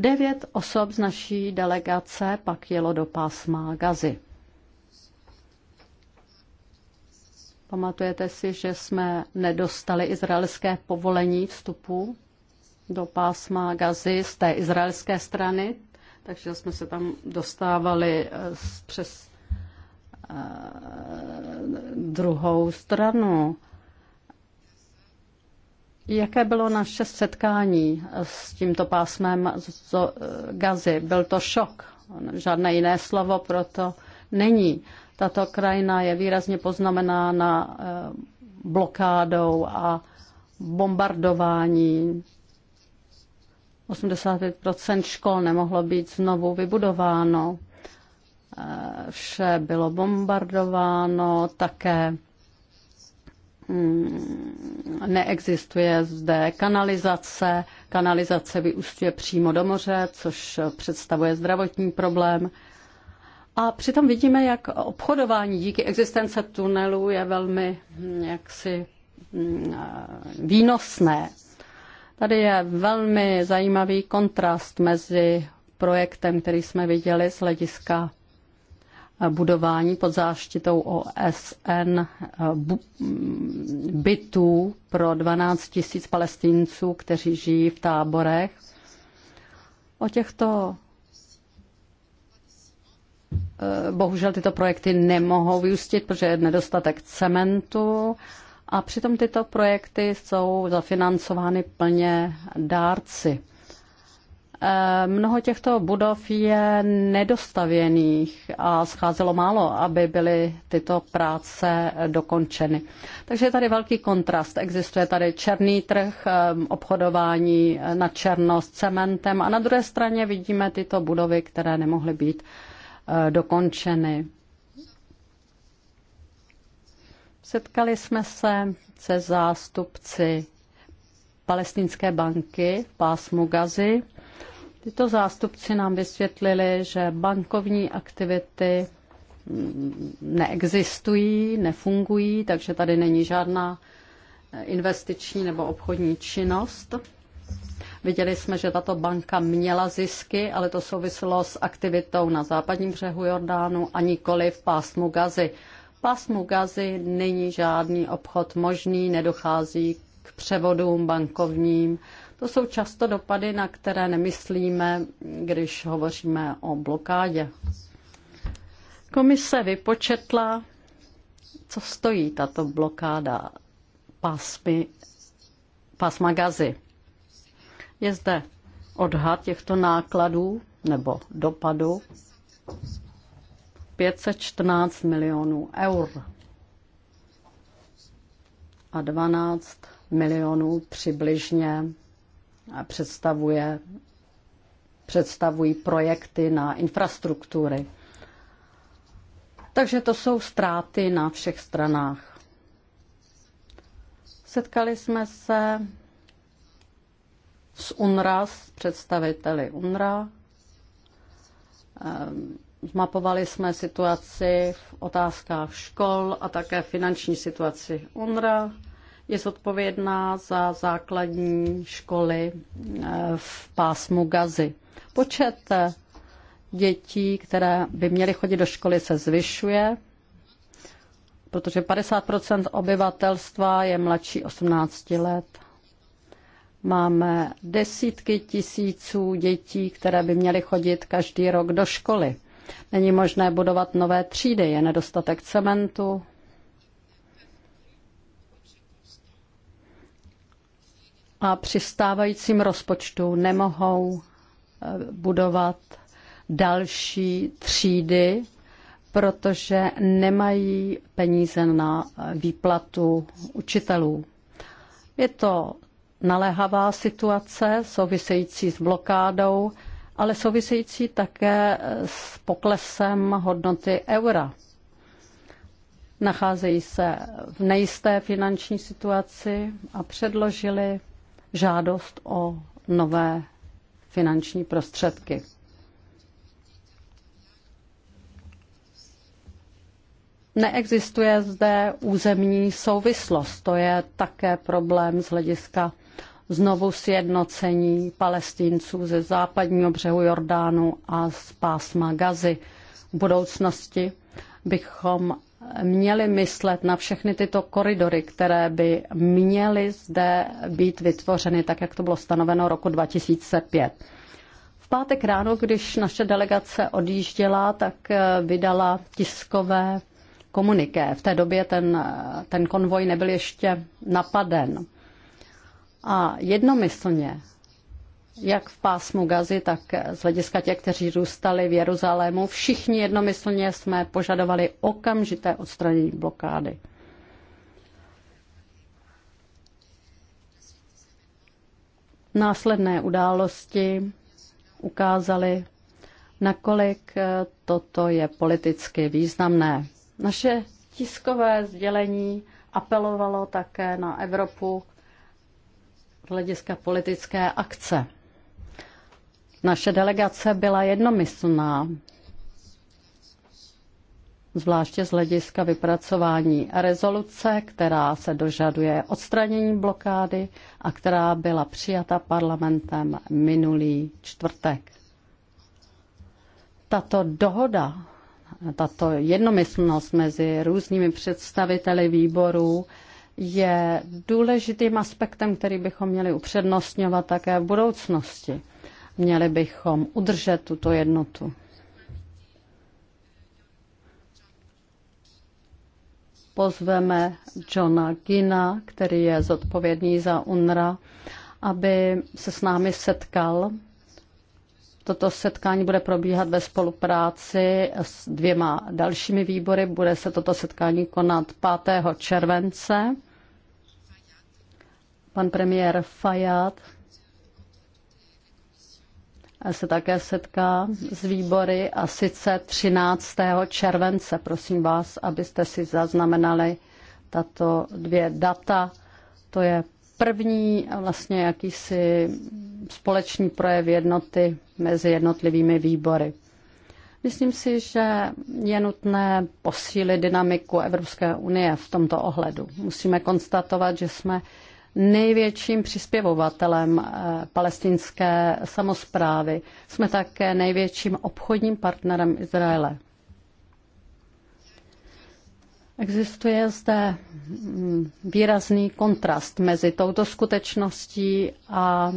Devět osob z naší delegace pak jelo do pásma Gazy. Pamatujete si, že jsme nedostali izraelské povolení vstupu do pásma Gazy z té izraelské strany, takže jsme se tam dostávali eh, přes eh, druhou stranu. Jaké bylo naše setkání s tímto pásmem z Gazy? Byl to šok, žádné jiné slovo proto není. Tato krajina je výrazně poznamenána eh, blokádou a bombardování. 85 škol nemohlo být znovu vybudováno. Eh, vše bylo bombardováno, také Mm, neexistuje zde kanalizace, kanalizace vyústuje přímo do moře, což představuje zdravotní problém. A přitom vidíme, jak obchodování díky existence tunelů je velmi mm, jaksi mm, výnosné. Tady je velmi zajímavý kontrast mezi projektem, který jsme viděli z hlediska budování pod záštitou OSN bytů pro 12 tisíc palestinců, kteří žijí v táborech. O těchto eh, bohužel tyto projekty nemohou vyústit, protože je nedostatek cementu a přitom tyto projekty jsou zafinancovány plně dárci. Eh, mnoho těchto budov je nedostavěných a scházelo málo, aby byly tyto práce dokončeny. Takže je tady velký kontrast. Existuje tady černý trh, eh, obchodování na černo s cementem a na druhé straně vidíme tyto budovy, které nemohly být eh, dokončeny. Setkali jsme se se zástupci palestinské banky v pásmu Gazy Tyto zástupci nám vysvětlili, že bankovní aktivity neexistují, nefungují, takže tady není žádná investiční nebo obchodní činnost. Viděli jsme, že tato banka měla zisky, ale to souviselo s aktivitou na západním břehu Jordánu a nikoli v pásmu Gazy. V pásmu Gazy není žádný obchod možný, nedochází k převodům bankovním to jsou často dopady, na které nemyslíme, když hovoříme o blokádě. Komise vypočetla, co stojí tato blokáda pásmy, pásma gazy. Je zde odhad těchto nákladů nebo dopadu 514 milionů eur a 12 milionů přibližně představuje, představují projekty na infrastruktury. Takže to jsou ztráty na všech stranách. Setkali jsme se s UNRA, s představiteli UNRA. Ehm, zmapovali jsme situaci v otázkách škol a také finanční situaci UNRA je zodpovědná za základní školy eh, v pásmu Gazy. Počet eh, dětí, které by měly chodit do školy, se zvyšuje, protože 50 obyvatelstva je mladší 18 let. Máme desítky tisíců dětí, které by měly chodit každý rok do školy. Není možné budovat nové třídy, je nedostatek cementu, a při stávajícím rozpočtu nemohou eh, budovat další třídy, protože nemají peníze na eh, výplatu učitelů. Je to naléhavá situace související s blokádou, ale související také eh, s poklesem hodnoty eura. Nacházejí se v nejisté finanční situaci a předložili žádost o nové finanční prostředky. Neexistuje zde územní souvislost. To je také problém z hlediska znovu sjednocení palestinců ze západního břehu Jordánu a z pásma Gazy. V budoucnosti bychom měli myslet na všechny tyto koridory, které by měly zde být vytvořeny, tak jak to bylo stanoveno roku 2005. V pátek ráno, když naše delegace odjížděla, tak eh, vydala tiskové komuniké. V té době ten, ten konvoj nebyl ještě napaden. A jednomyslně jak v pásmu Gazy, tak z hlediska těch, kteří zůstali v Jeruzalému, všichni jednomyslně jsme požadovali okamžité odstranění blokády. Následné události ukázaly, nakolik toto je politicky významné. Naše tiskové sdělení apelovalo také na Evropu z hlediska politické akce. Naše delegace byla jednomyslná, zvláště z hlediska vypracování rezoluce, která se dožaduje odstranění blokády a která byla přijata parlamentem minulý čtvrtek. Tato dohoda, tato jednomyslnost mezi různými představiteli výborů je důležitým aspektem, který bychom měli upřednostňovat také v budoucnosti. Měli bychom udržet tuto jednotu. Pozveme Johna Gina, který je zodpovědný za UNRA, aby se s námi setkal Toto setkání bude probíhat ve spolupráci s dvěma dalšími výbory. Bude se toto setkání konat 5. července. Pan premiér Fayad se také setká s výbory a sice 13. července. Prosím vás, abyste si zaznamenali tato dvě data. To je první vlastně jakýsi společný projev jednoty mezi jednotlivými výbory. Myslím si, že je nutné posílit dynamiku Evropské unie v tomto ohledu. Musíme konstatovat, že jsme největším přispěvovatelem eh, palestinské samozprávy. Jsme také největším obchodním partnerem Izraele. Existuje zde hm, výrazný kontrast mezi touto skutečností a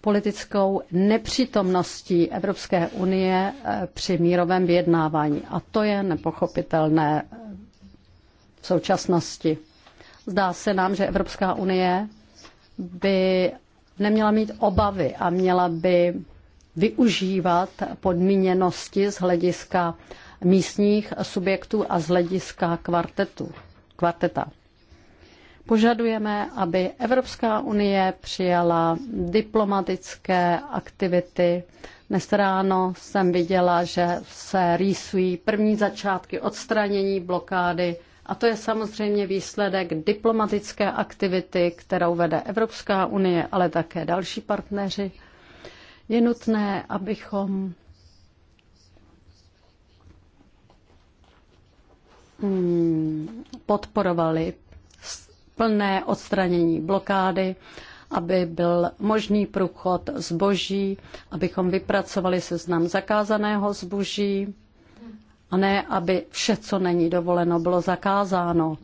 politickou nepřítomností Evropské unie eh, při mírovém vyjednávání. A to je nepochopitelné eh, v současnosti. Zdá se nám, že Evropská unie by neměla mít obavy a měla by využívat podmíněnosti z hlediska místních subjektů a z hlediska kvartetu, kvarteta. Požadujeme, aby Evropská unie přijala diplomatické aktivity. Dnes ráno jsem viděla, že se rýsují první začátky odstranění blokády a to je samozřejmě výsledek diplomatické aktivity, kterou vede Evropská unie, ale také další partneři. Je nutné, abychom mm, podporovali plné odstranění blokády, aby byl možný průchod zboží, abychom vypracovali seznam zakázaného zboží, a ne, aby vše, co není dovoleno, bylo zakázáno.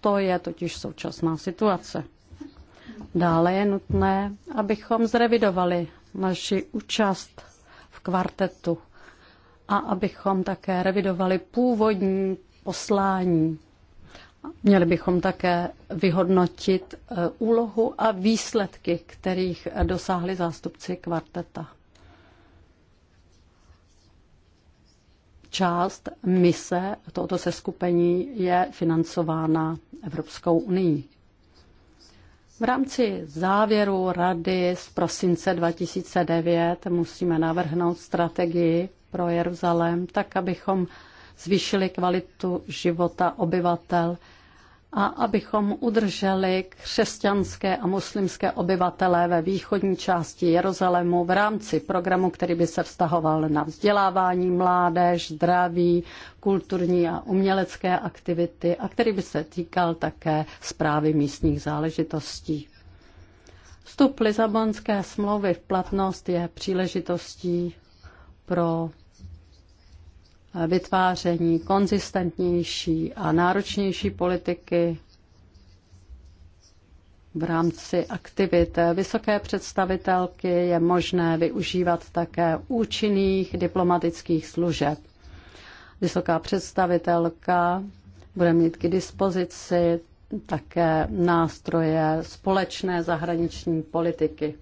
To je totiž současná situace. Dále je nutné, abychom zrevidovali naši účast v kvartetu a abychom také revidovali původní poslání. Měli bychom také vyhodnotit eh, úlohu a výsledky, kterých dosáhli zástupci kvarteta. Část mise tohoto seskupení je financována Evropskou unii. V rámci závěru Rady z prosince 2009 musíme navrhnout strategii pro Jeruzalém, tak abychom zvýšili kvalitu života obyvatel a abychom udrželi křesťanské a muslimské obyvatele ve východní části Jeruzalému v rámci programu, který by se vztahoval na vzdělávání mládež, zdraví, kulturní a umělecké aktivity a který by se týkal také zprávy místních záležitostí. Vstup Lizabonské smlouvy v platnost je příležitostí pro vytváření konzistentnější a náročnější politiky v rámci aktivit vysoké představitelky je možné využívat také účinných diplomatických služeb. Vysoká představitelka bude mít k dispozici také nástroje společné zahraniční politiky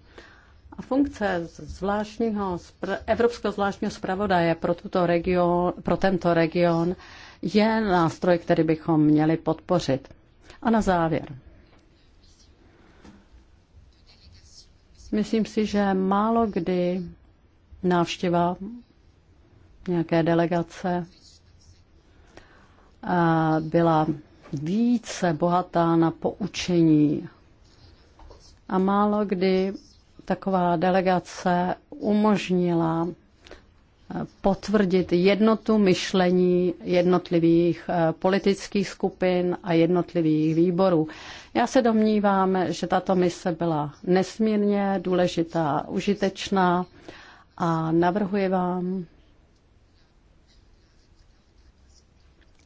funkce zvláštního, evropského zvláštního zpravodaje pro, tuto region, pro tento region je nástroj, který bychom měli podpořit. A na závěr. Myslím si, že málo kdy návštěva nějaké delegace eh, byla více bohatá na poučení a málo kdy taková delegace umožnila eh, potvrdit jednotu myšlení jednotlivých eh, politických skupin a jednotlivých výborů. Já se domnívám, že tato mise byla nesmírně důležitá, užitečná a navrhuji vám,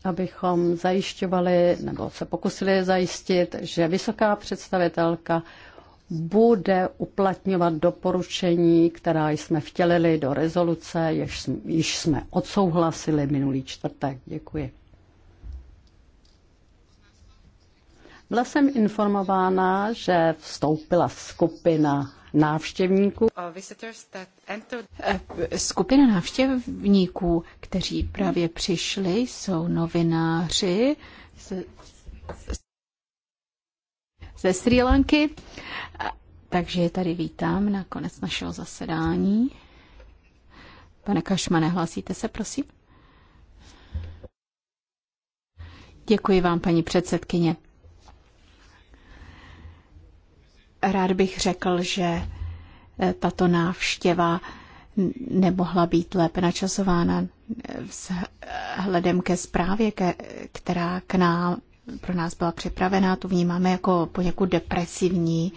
abychom zajišťovali nebo se pokusili zajistit, že vysoká představitelka bude uplatňovat doporučení, která jsme vtělili do rezoluce, jež jsme, již jsme odsouhlasili minulý čtvrtek. Děkuji. Byla jsem informována, že vstoupila skupina návštěvníků. Uh, eh, skupina návštěvníků, kteří právě přišli, jsou novináři z ze Sri Lanky. Takže je tady vítám na konec našeho zasedání. Pane Kašmane, hlásíte se, prosím? Děkuji vám, paní předsedkyně. Rád bych řekl, že eh, tato návštěva nemohla být lépe načasována eh, eh, vzhledem ke zprávě, která k nám pro nás byla připravená, tu vnímáme jako poněkud depresivní,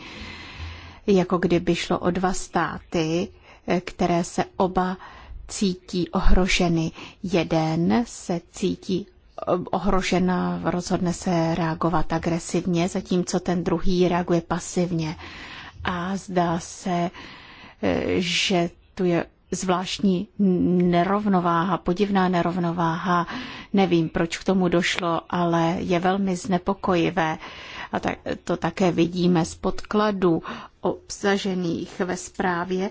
jako kdyby šlo o dva státy, které se oba cítí ohroženy. Jeden se cítí eh, ohrožena, rozhodne se reagovat agresivně, zatímco ten druhý reaguje pasivně. A zdá se, eh, že tu je zvláštní nerovnováha, podivná nerovnováha. Nevím, proč k tomu došlo, ale je velmi znepokojivé. A tak, to také vidíme z podkladů obsažených ve zprávě,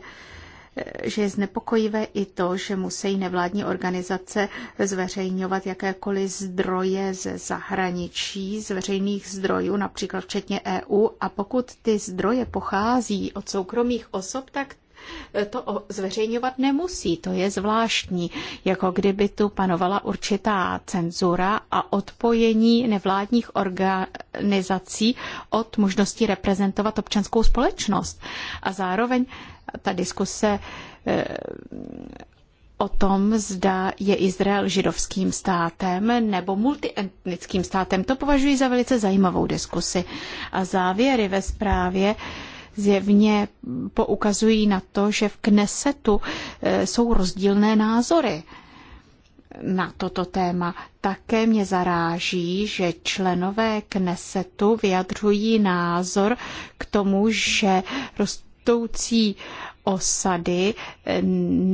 že je znepokojivé i to, že musí nevládní organizace zveřejňovat jakékoliv zdroje ze zahraničí, z veřejných zdrojů, například včetně EU. A pokud ty zdroje pochází od soukromých osob, tak to zveřejňovat nemusí. To je zvláštní, jako kdyby tu panovala určitá cenzura a odpojení nevládních organizací od možnosti reprezentovat občanskou společnost. A zároveň ta diskuse eh, o tom, zda je Izrael židovským státem nebo multietnickým státem. To považuji za velice zajímavou diskusi. A závěry ve zprávě zjevně poukazují na to, že v Knesetu eh, jsou rozdílné názory na toto téma. Také mě zaráží, že členové Knesetu vyjadřují názor k tomu, že rostoucí osady eh,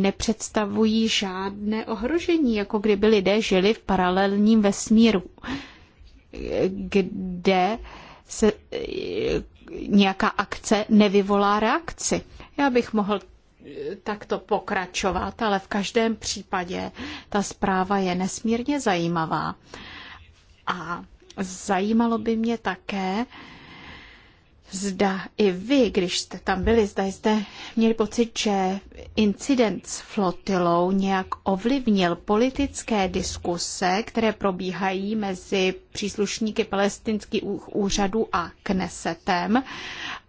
nepředstavují žádné ohrožení, jako kdyby lidé žili v paralelním vesmíru, eh, kde se nějaká akce nevyvolá reakci. Já bych mohl eh, takto pokračovat, ale v každém případě ta zpráva je nesmírně zajímavá. A zajímalo by mě také, Zda i vy, když jste tam byli, zda jste měli pocit, že incident s flotilou nějak ovlivnil politické diskuse, které probíhají mezi příslušníky palestinských úřadů a Knesetem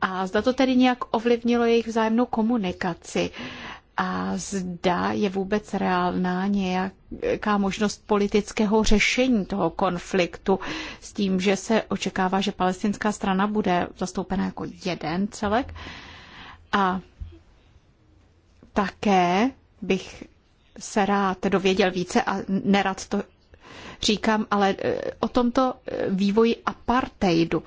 a zda to tedy nějak ovlivnilo jejich vzájemnou komunikaci a zda je vůbec reálná nějaká možnost politického řešení toho konfliktu s tím, že se očekává, že palestinská strana bude zastoupena jako jeden celek. A také bych se rád dověděl více a nerad to říkám, ale e, o tomto e, vývoji apartheidu,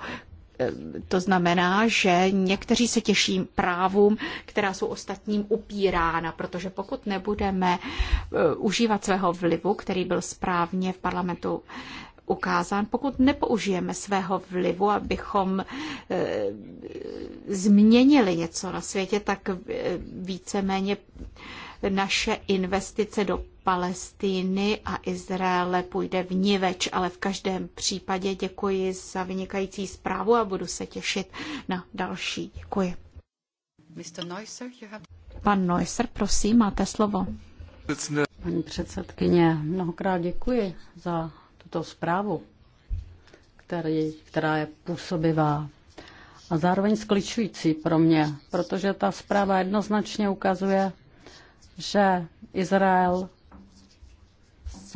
to znamená, že někteří se těší právům, která jsou ostatním upírána, protože pokud nebudeme eh, užívat svého vlivu, který byl správně v parlamentu ukázán, pokud nepoužijeme svého vlivu, abychom eh, změnili něco na světě, tak eh, víceméně naše investice do Palestíny a Izraele půjde v niveč, ale v každém případě děkuji za vynikající zprávu a budu se těšit na další. Děkuji. Pan Neusser, prosím, máte slovo. Paní předsedkyně, mnohokrát děkuji za tuto zprávu, který, která je působivá a zároveň skličující pro mě, protože ta zpráva jednoznačně ukazuje, že Izrael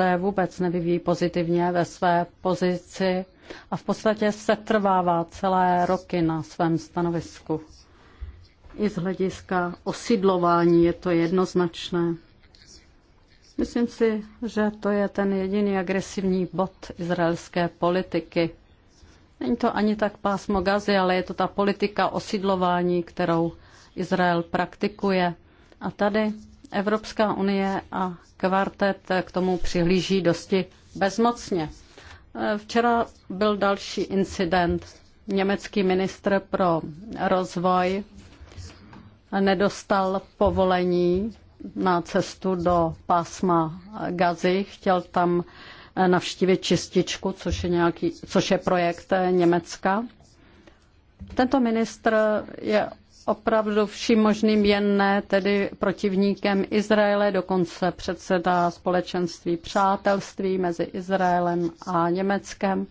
se vůbec nevyvíjí pozitivně ve své pozici a v podstatě se trvává celé roky na svém stanovisku. I z hlediska osidlování je to jednoznačné. Myslím si, že to je ten jediný agresivní bod izraelské politiky. Není to ani tak pásmo Gazy, ale je to ta politika osidlování, kterou Izrael praktikuje. A tady Evropská unie a kvartet k tomu přihlíží dosti bezmocně. Včera byl další incident. Německý ministr pro rozvoj nedostal povolení na cestu do pásma Gazy. Chtěl tam eh, navštívit čističku, což je, nějaký, což je projekt eh, Německa. Tento ministr je opravdu vším možným jen ne, tedy protivníkem Izraele, dokonce předseda společenství přátelství mezi Izraelem a Německem.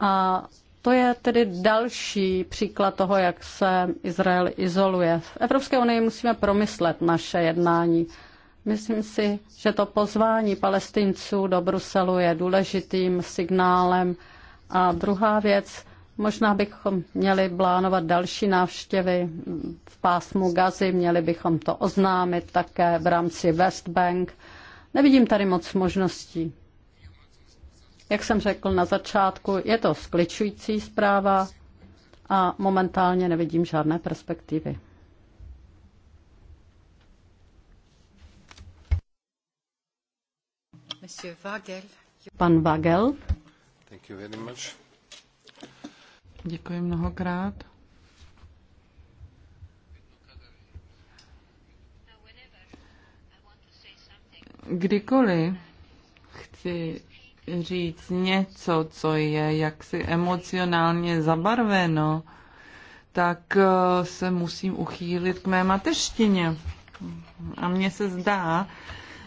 A to je tedy další příklad toho, jak se Izrael izoluje. V Evropské unii musíme promyslet naše jednání. Myslím si, že to pozvání palestinců do Bruselu je důležitým signálem. A druhá věc, Možná bychom měli plánovat další návštěvy v pásmu Gazy, měli bychom to oznámit také v rámci West Bank. Nevidím tady moc možností. Jak jsem řekl na začátku, je to skličující zpráva a momentálně nevidím žádné perspektivy. Pan Vagel. Thank you very much. Děkuji mnohokrát. Kdykoliv chci říct něco, co je jaksi emocionálně zabarveno, tak eh, se musím uchýlit k mé mateštině. A mně se zdá,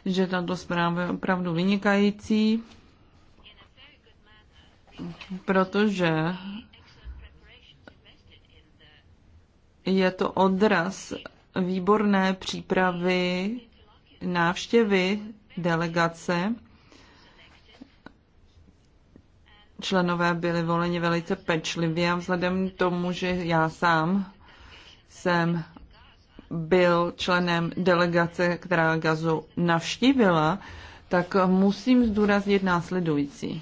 že tato zpráva je opravdu vynikající, protože Je to odraz výborné přípravy návštěvy delegace. Členové byli voleni velice pečlivě a vzhledem k tomu, že já sám jsem byl členem delegace, která Gazu navštívila, tak musím zdůraznit následující.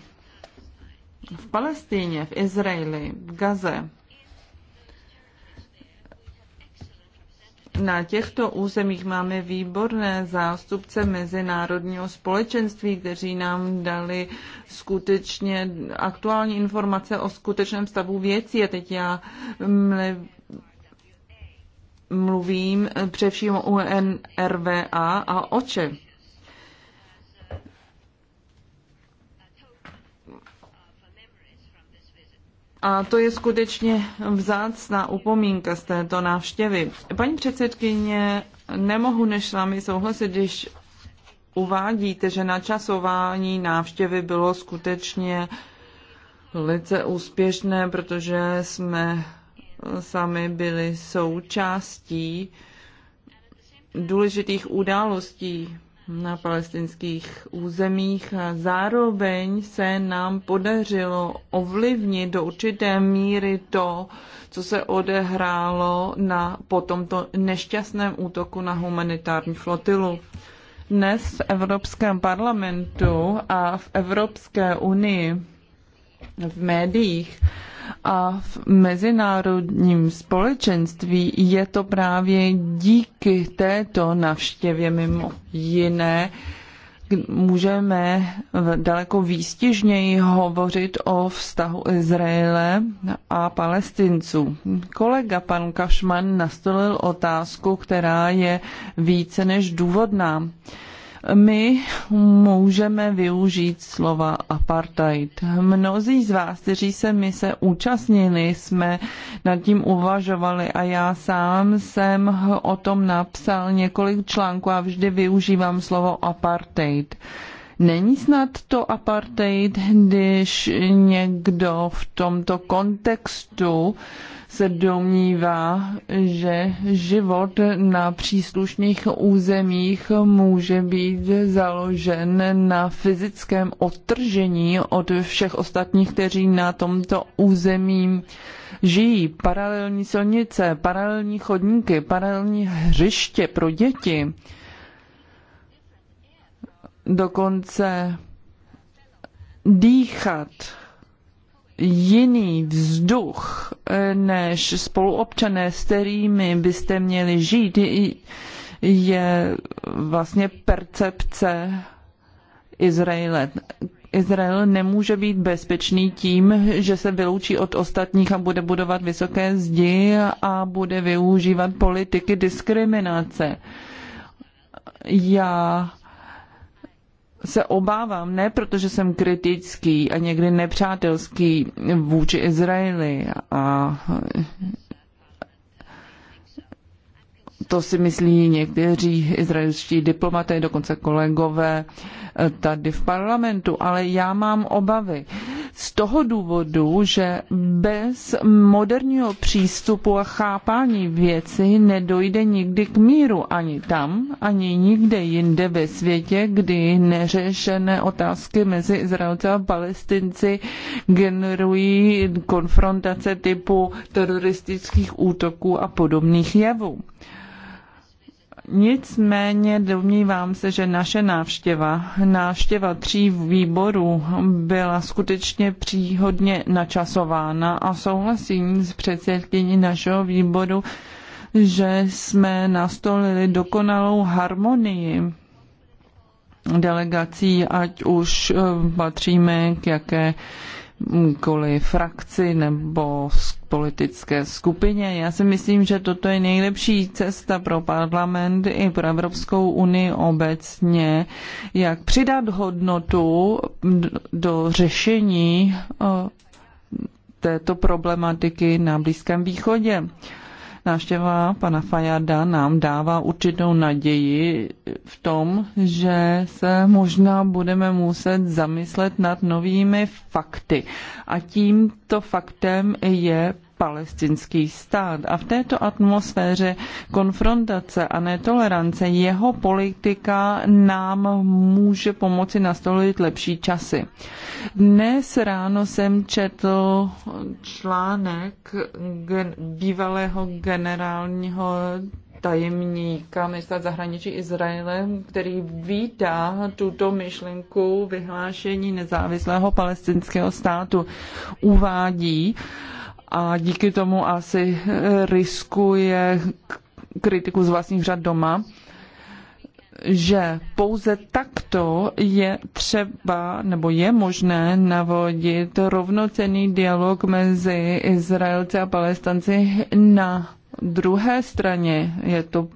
V Palestíně, v Izraeli, v Gaze na těchto územích máme výborné zástupce mezinárodního společenství, kteří nám dali skutečně aktuální informace o skutečném stavu věcí. A teď já mluvím především o UNRWA a OČE. A to je skutečně vzácná upomínka z této návštěvy. Paní předsedkyně, nemohu než s vámi souhlasit, když uvádíte, že načasování návštěvy bylo skutečně velice úspěšné, protože jsme sami byli součástí důležitých událostí na palestinských územích a zároveň se nám podařilo ovlivnit do určité míry to, co se odehrálo na, po tomto nešťastném útoku na humanitární flotilu. Dnes v Evropském parlamentu a v Evropské unii v médiích a v mezinárodním společenství je to právě díky této navštěvě mimo jiné, můžeme daleko výstižněji hovořit o vztahu Izraele a Palestinců. Kolega pan Kašman nastolil otázku, která je více než důvodná. My můžeme využít slova apartheid. Mnozí z vás, kteří se my se účastnili, jsme nad tím uvažovali a já sám jsem o tom napsal několik článků a vždy využívám slovo apartheid. Není snad to apartheid, když někdo v tomto kontextu uh, se domnívá, že život na příslušných územích může být založen na fyzickém odtržení od všech ostatních, kteří na tomto území žijí. Paralelní silnice, paralelní chodníky, paralelní hřiště pro děti. Dokonce dýchat jiný vzduch eh, než spoluobčané, s kterými byste měli žít, je vlastně percepce Izraele. Izrael nemůže být bezpečný tím, že se vyloučí od ostatních a bude budovat vysoké zdi a bude využívat politiky diskriminace. Já se obávám, ne protože jsem kritický a někdy nepřátelský vůči Izraeli a to si myslí někteří izraelští diplomaté, dokonce kolegové eh, tady v parlamentu, ale já mám obavy z toho důvodu, že bez moderního přístupu a chápání věci nedojde nikdy k míru ani tam, ani nikde jinde ve světě, kdy neřešené otázky mezi Izraelci a Palestinci generují konfrontace typu teroristických útoků a podobných jevů. Nicméně domnívám se, že naše návštěva, návštěva tří výborů byla skutečně příhodně načasována a souhlasím s předsedkyní našeho výboru, že jsme nastolili dokonalou harmonii delegací, ať už eh, patříme k jaké kvůli frakci nebo politické skupině. Já si myslím, že toto je nejlepší cesta pro parlament i pro Evropskou unii obecně, jak přidat hodnotu do řešení eh, této problematiky na Blízkém východě. Návštěva pana Fajarda nám dává určitou naději v tom, že se možná budeme muset zamyslet nad novými fakty. A tímto faktem je palestinský stát. A v této atmosféře konfrontace a netolerance jeho politika nám může pomoci nastolit lepší časy. Dnes ráno jsem četl článek gen- bývalého generálního tajemníka města zahraničí Izraele, který vítá tuto myšlenku vyhlášení nezávislého palestinského státu. Uvádí, uh, a díky tomu asi eh, riskuje kritiku z vlastních řad doma, že pouze takto je třeba nebo je možné navodit rovnocený dialog mezi Izraelci a Palestinci na druhé straně. Je to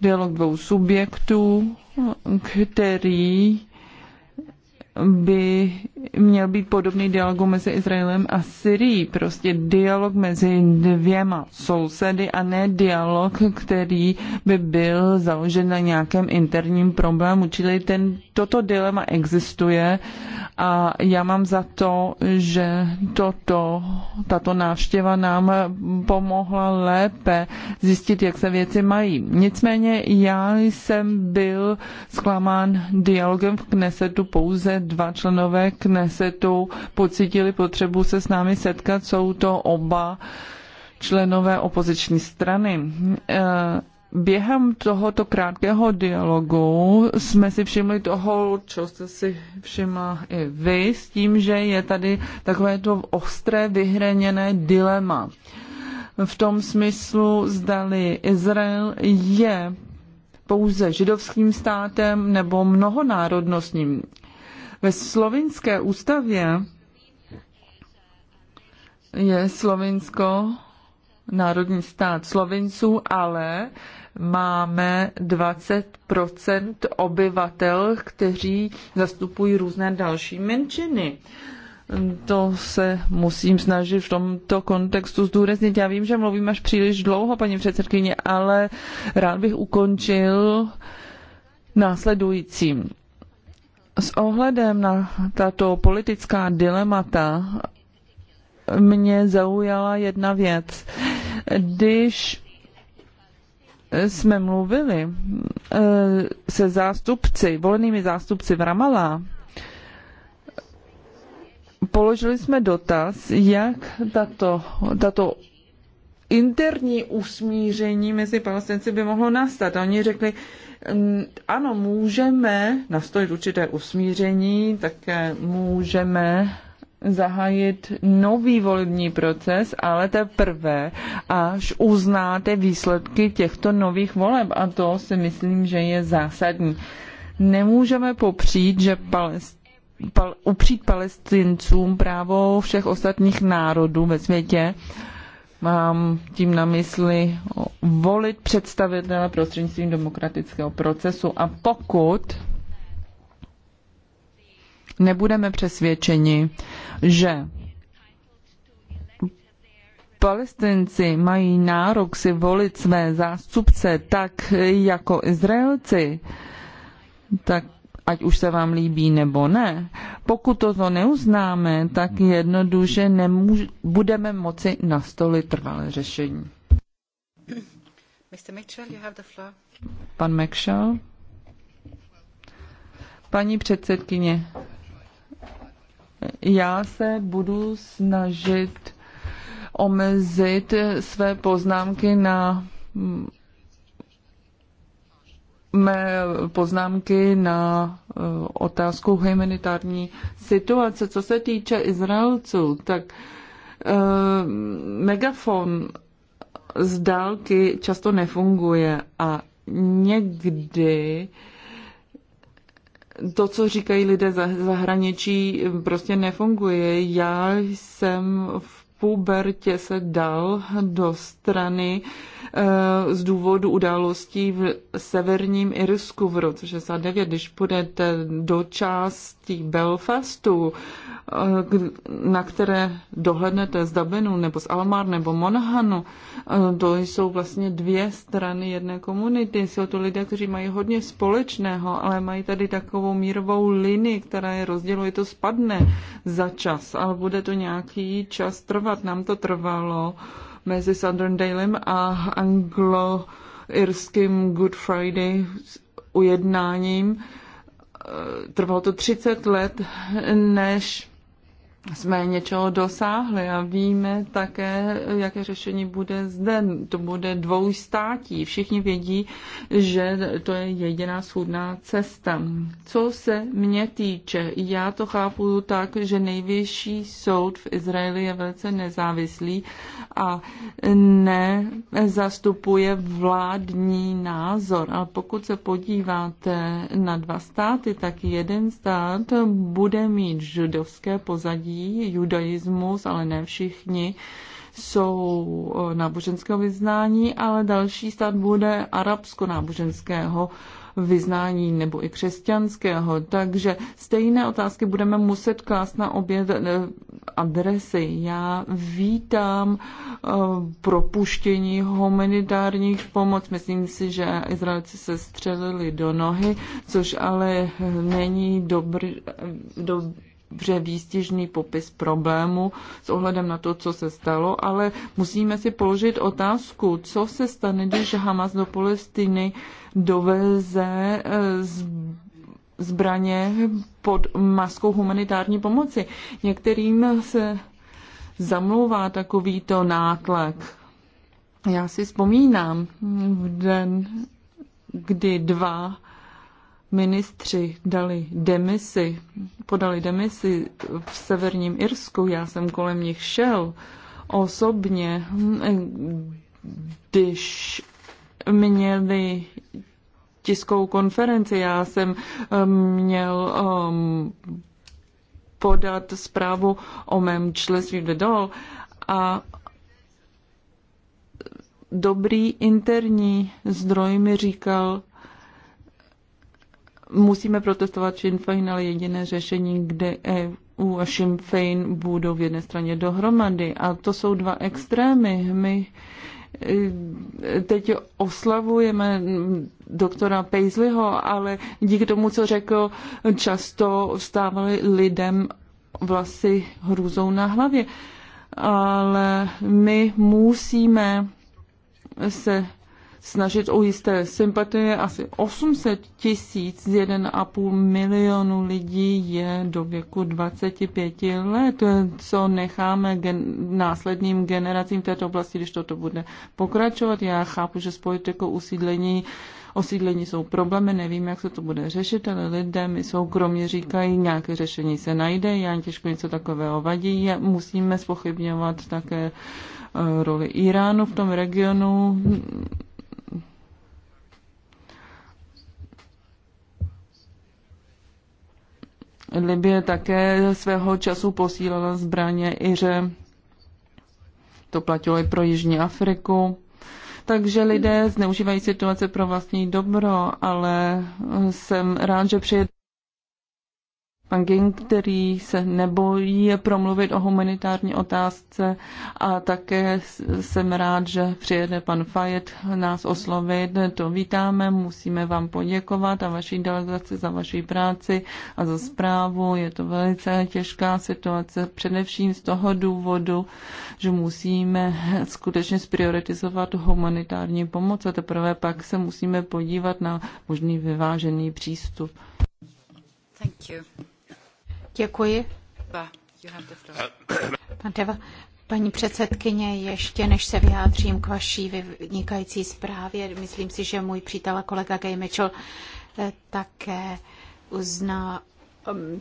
dialog dvou subjektů, který by měl být podobný dialogu mezi Izraelem a Syrií. Prostě dialog mezi dvěma sousedy a ne dialog, který by byl založen na nějakém interním problému. Čili ten, toto dilema existuje a já mám za to, že toto, tato návštěva nám pomohla lépe zjistit, jak se věci mají. Nicméně já jsem byl zklamán dialogem v Knesetu pouze dva členové Knesetu pocítili potřebu se s námi setkat. Jsou to oba členové opoziční strany. E, během tohoto krátkého dialogu jsme si všimli toho, co jste si všimla i vy, s tím, že je tady takové to ostré, vyhraněné dilema. V tom smyslu, zdali Izrael je pouze židovským státem nebo mnohonárodnostním. Ve slovinské ústavě je Slovinsko národní stát Slovinců, ale máme 20 obyvatel, kteří zastupují různé další menšiny. To se musím snažit v tomto kontextu zdůraznit. Já vím, že mluvím až příliš dlouho, paní předsedkyně, ale rád bych ukončil následujícím. S ohledem na tato politická dilemata mě zaujala jedna věc. Když jsme mluvili eh, se zástupci, volenými zástupci v Ramala, položili jsme dotaz, jak tato, tato interní usmíření mezi palestinci by mohlo nastat. A oni řekli, ano, můžeme nastolit určité usmíření, také můžeme zahájit nový volební proces, ale teprve, až uznáte výsledky těchto nových voleb. A to si myslím, že je zásadní. Nemůžeme popřít, že Palestina upřít palestincům právo všech ostatních národů ve světě Mám tím na mysli volit představitele prostřednictvím demokratického procesu a pokud nebudeme přesvědčeni, že Palestinci mají nárok si volit své zástupce tak jako Izraelci, tak ať už se vám líbí nebo ne. Pokud toto neuznáme, tak jednoduše nemůž, budeme moci nastolit trvalé řešení. Mr. Mitchell, you have the floor. Pan McShall. Paní předsedkyně, já se budu snažit omezit své poznámky na mé poznámky na eh, otázku humanitární situace. Co se týče Izraelců, tak eh, megafon z dálky často nefunguje a někdy to, co říkají lidé za zahraničí, prostě nefunguje. Já jsem v pubertě se dal do strany uh, z důvodu událostí v severním Irsku v roce 69, když půjdete do části Belfastu, eh, na které dohlednete z Dublinu nebo z Almar nebo Monahanu, eh, to jsou vlastně dvě strany jedné komunity. Jsou to lidé, kteří mají hodně společného, ale mají tady takovou mírovou linii, která je rozděluje, to spadne za čas, ale bude to nějaký čas trvat. Nám to trvalo mezi Sunderdalem a anglo-irským Good Friday ujednáním. Eh, trvalo to 30 let, než jsme něčeho dosáhli a víme také, jaké řešení bude zde. To bude dvou státí. Všichni vědí, že to je jediná soudná cesta. Co se mě týče, já to chápu tak, že nejvyšší soud v Izraeli je velice nezávislý a nezastupuje vládní názor. A pokud se podíváte na dva státy, tak jeden stát bude mít židovské pozadí mají judaismus, ale ne všichni jsou eh, náboženského vyznání, ale další stát bude arabsko-náboženského vyznání nebo i křesťanského. Takže stejné otázky budeme muset klást na obě eh, adresy. Já vítám eh, propuštění humanitárních pomoc. Myslím si, že Izraelci se střelili do nohy, což ale není dobrý, dobrý dobře výstižný popis problému s ohledem na to, co se stalo, ale musíme si položit otázku, co se stane, když Hamas do Palestiny doveze eh, z zbraně pod maskou humanitární pomoci. Některým se zamlouvá takovýto nátlak. Já si vzpomínám v den, kdy dva ministři dali demisi, podali demisi v severním Irsku, já jsem kolem nich šel osobně, když měli tiskovou konferenci, já jsem eh, měl um, podat zprávu o mém členství v Dedol a dobrý interní zdroj mi říkal, Musíme protestovat Sinn Féin, ale jediné řešení, kde EU a Sinn Féin budou v jedné straně dohromady. A to jsou dva extrémy. My e, teď oslavujeme doktora Paisleyho, ale díky tomu, co řekl, často vstávali lidem vlasy hrůzou na hlavě. Ale my musíme se snažit o jisté sympatie. Asi 800 tisíc z 1,5 milionu lidí je do věku 25 let, co necháme gen- následným generacím této oblasti, když toto bude pokračovat. Já chápu, že spojit jako usídlení osídlení jsou problémy, nevím, jak se to bude řešit, ale lidé mi soukromě říkají, nějaké řešení se najde, já těžko něco takového vadí, musíme spochybňovat také eh, roli Iránu v tom regionu, Libie také svého času posílala zbraně Iře. To platilo i pro Jižní Afriku. Takže lidé zneužívají situace pro vlastní dobro, ale jsem rád, že při Pan Ging, který se nebojí promluvit o humanitární otázce a také jsem rád, že přijede pan Fajet nás oslovit. To vítáme, musíme vám poděkovat a vaší delegaci za vaší práci a za zprávu. Je to velice těžká situace, především z toho důvodu, že musíme skutečně sprioritizovat humanitární pomoc a teprve pak se musíme podívat na možný vyvážený přístup. Thank you. Děkuji. Pan paní předsedkyně, ještě než se vyjádřím k vaší vynikající zprávě, myslím si, že můj přítel a kolega Gay Mitchell eh, také uzná um,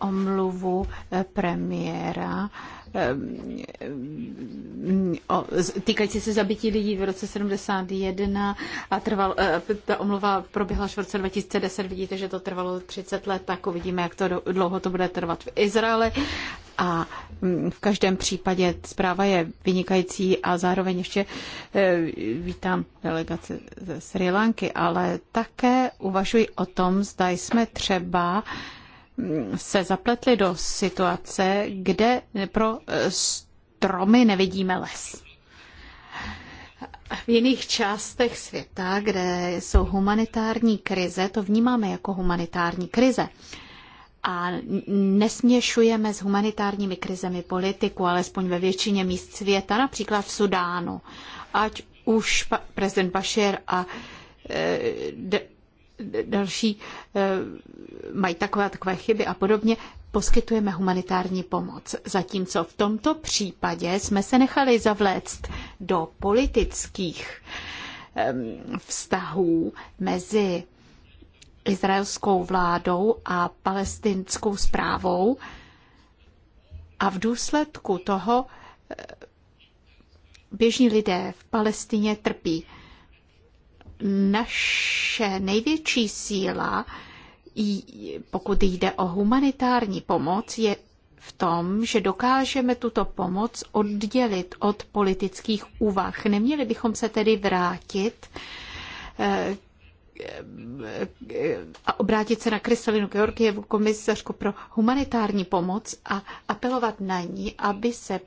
omluvu eh, premiéra eh, týkající se zabití lidí v roce 71 a trval, eh, ta omluva proběhla až v roce 2010. Vidíte, že to trvalo 30 let, tak uvidíme, jak to dlouho to bude trvat v Izraeli. A mm, v každém případě zpráva je vynikající a zároveň ještě vítám delegace ze Sri Lanky, ale také uvažuji o tom, zda jsme třeba se zapletli do situace, kde pro eh, stromy nevidíme les. V jiných částech světa, kde jsou humanitární krize, to vnímáme jako humanitární krize. A nesměšujeme s humanitárními krizemi politiku, alespoň ve většině míst světa, například v Sudánu. Ať už prezident Bashir a eh, de, další eh, mají takové takové chyby a podobně, poskytujeme humanitární pomoc. Zatímco v tomto případě jsme se nechali zavléct do politických ehm, vztahů mezi izraelskou vládou a palestinskou zprávou a v důsledku toho eh, běžní lidé v Palestině trpí naše největší síla, pokud jde o humanitární pomoc, je v tom, že dokážeme tuto pomoc oddělit od politických úvah. Neměli bychom se tedy vrátit eh, a obrátit se na Kristalinu Georgievu, komisařku pro humanitární pomoc a apelovat na ní, aby se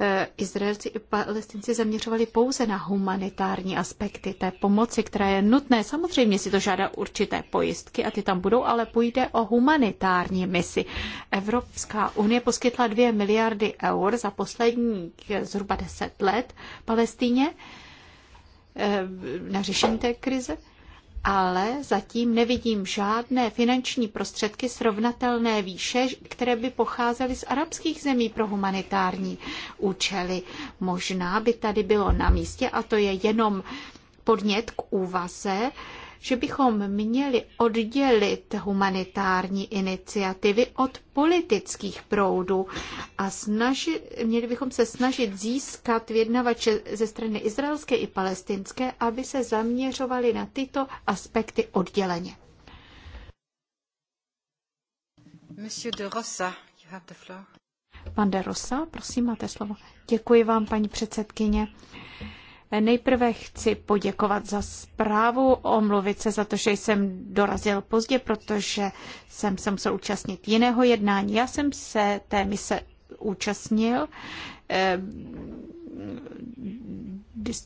eh, Izraelci i Palestinci zaměřovali pouze na humanitární aspekty té pomoci, která je nutné. Samozřejmě si to žádá určité pojistky a ty tam budou, ale půjde o humanitární misi. Evropská unie poskytla 2 miliardy eur za posledních zhruba 10 let Palestíně eh, na řešení té krize ale zatím nevidím žádné finanční prostředky srovnatelné výše, které by pocházely z arabských zemí pro humanitární účely. Možná by tady bylo na místě, a to je jenom podnět k úvaze, že bychom měli oddělit humanitární iniciativy od politických proudů a snažit, měli bychom se snažit získat vědnavače ze strany izraelské i palestinské, aby se zaměřovali na tyto aspekty odděleně. Monsieur de Rosa, you have the floor. Pan de Rosa, prosím, máte slovo. Děkuji vám, paní předsedkyně. Nejprve chci poděkovat za zprávu, omluvit se za to, že jsem dorazil pozdě, protože jsem se musel účastnit jiného jednání. Já jsem se té mise účastnil eh,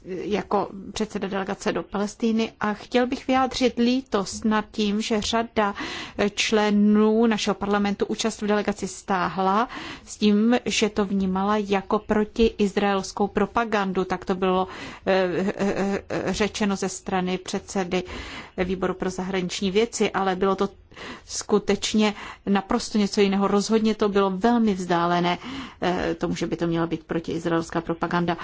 jako předseda delegace do Palestíny a chtěl bych vyjádřit lítost nad tím, že řada členů našeho parlamentu účast v delegaci stáhla s tím, že to vnímala jako izraelskou propagandu. Tak to bylo eh, eh, eh, řečeno ze strany předsedy výboru pro zahraniční věci, ale bylo to skutečně naprosto něco jiného. Rozhodně to bylo velmi vzdálené eh, tomu, že by to měla být protiizraelská propaganda.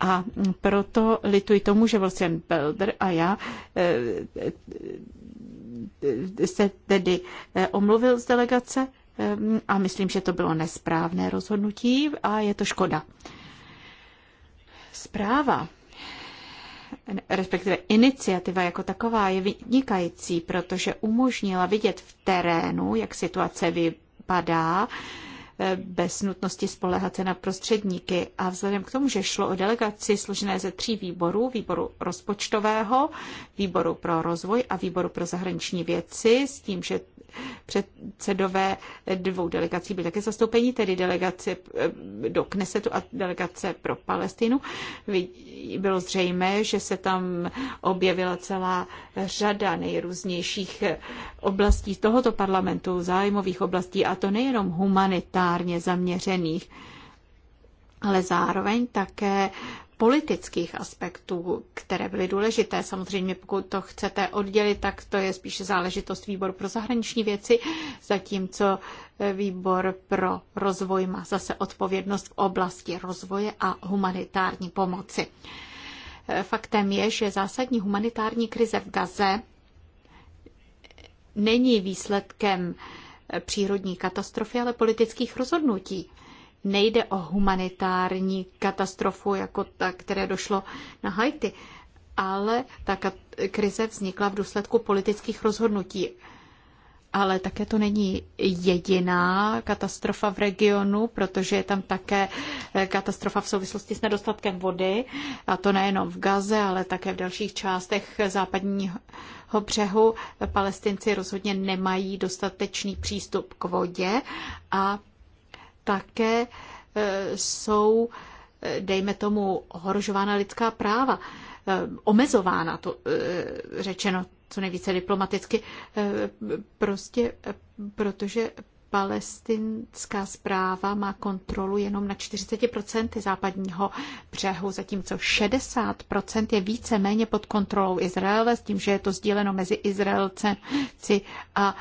A proto lituji tomu, že Wilson Belder a já eh, se tedy eh, omluvil z delegace a myslím, že to bylo nesprávné rozhodnutí a je to škoda. Zpráva respektive iniciativa jako taková je vynikající, protože umožnila vidět v terénu, jak situace vypadá, eh, bez nutnosti spolehat se na prostředníky. A vzhledem k tomu, že šlo o delegaci složené ze tří výborů, výboru rozpočtového, výboru pro rozvoj a výboru pro zahraniční věci, s tím, že Předsedové dvou delegací byli také zastoupení tedy delegace eh, do Knesetu a delegace pro Palestinu. Bylo zřejmé, že se tam objevila celá řada nejrůznějších oblastí tohoto parlamentu, zájmových oblastí, a to nejenom humanitárně zaměřených, ale zároveň také politických aspektů, které byly důležité. Samozřejmě, pokud to chcete oddělit, tak to je spíše záležitost výboru pro zahraniční věci, zatímco výbor pro rozvoj má zase odpovědnost v oblasti rozvoje a humanitární pomoci. Faktem je, že zásadní humanitární krize v Gaze není výsledkem přírodní katastrofy, ale politických rozhodnutí. Nejde o humanitární katastrofu, jako ta, které došlo na Haiti, ale ta krize vznikla v důsledku politických rozhodnutí. Ale také to není jediná katastrofa v regionu, protože je tam také eh, katastrofa v souvislosti s nedostatkem vody, a to nejenom v Gaze, ale také v dalších částech západního břehu. Palestinci rozhodně nemají dostatečný přístup k vodě a také e, jsou, e, dejme tomu, ohrožována lidská práva, e, omezována, to řečeno co nejvíce diplomaticky, prostě protože palestinská zpráva má kontrolu jenom na 40% západního břehu, zatímco 60% je více méně pod kontrolou Izraele, s tím, že je to sdíleno mezi Izraelci a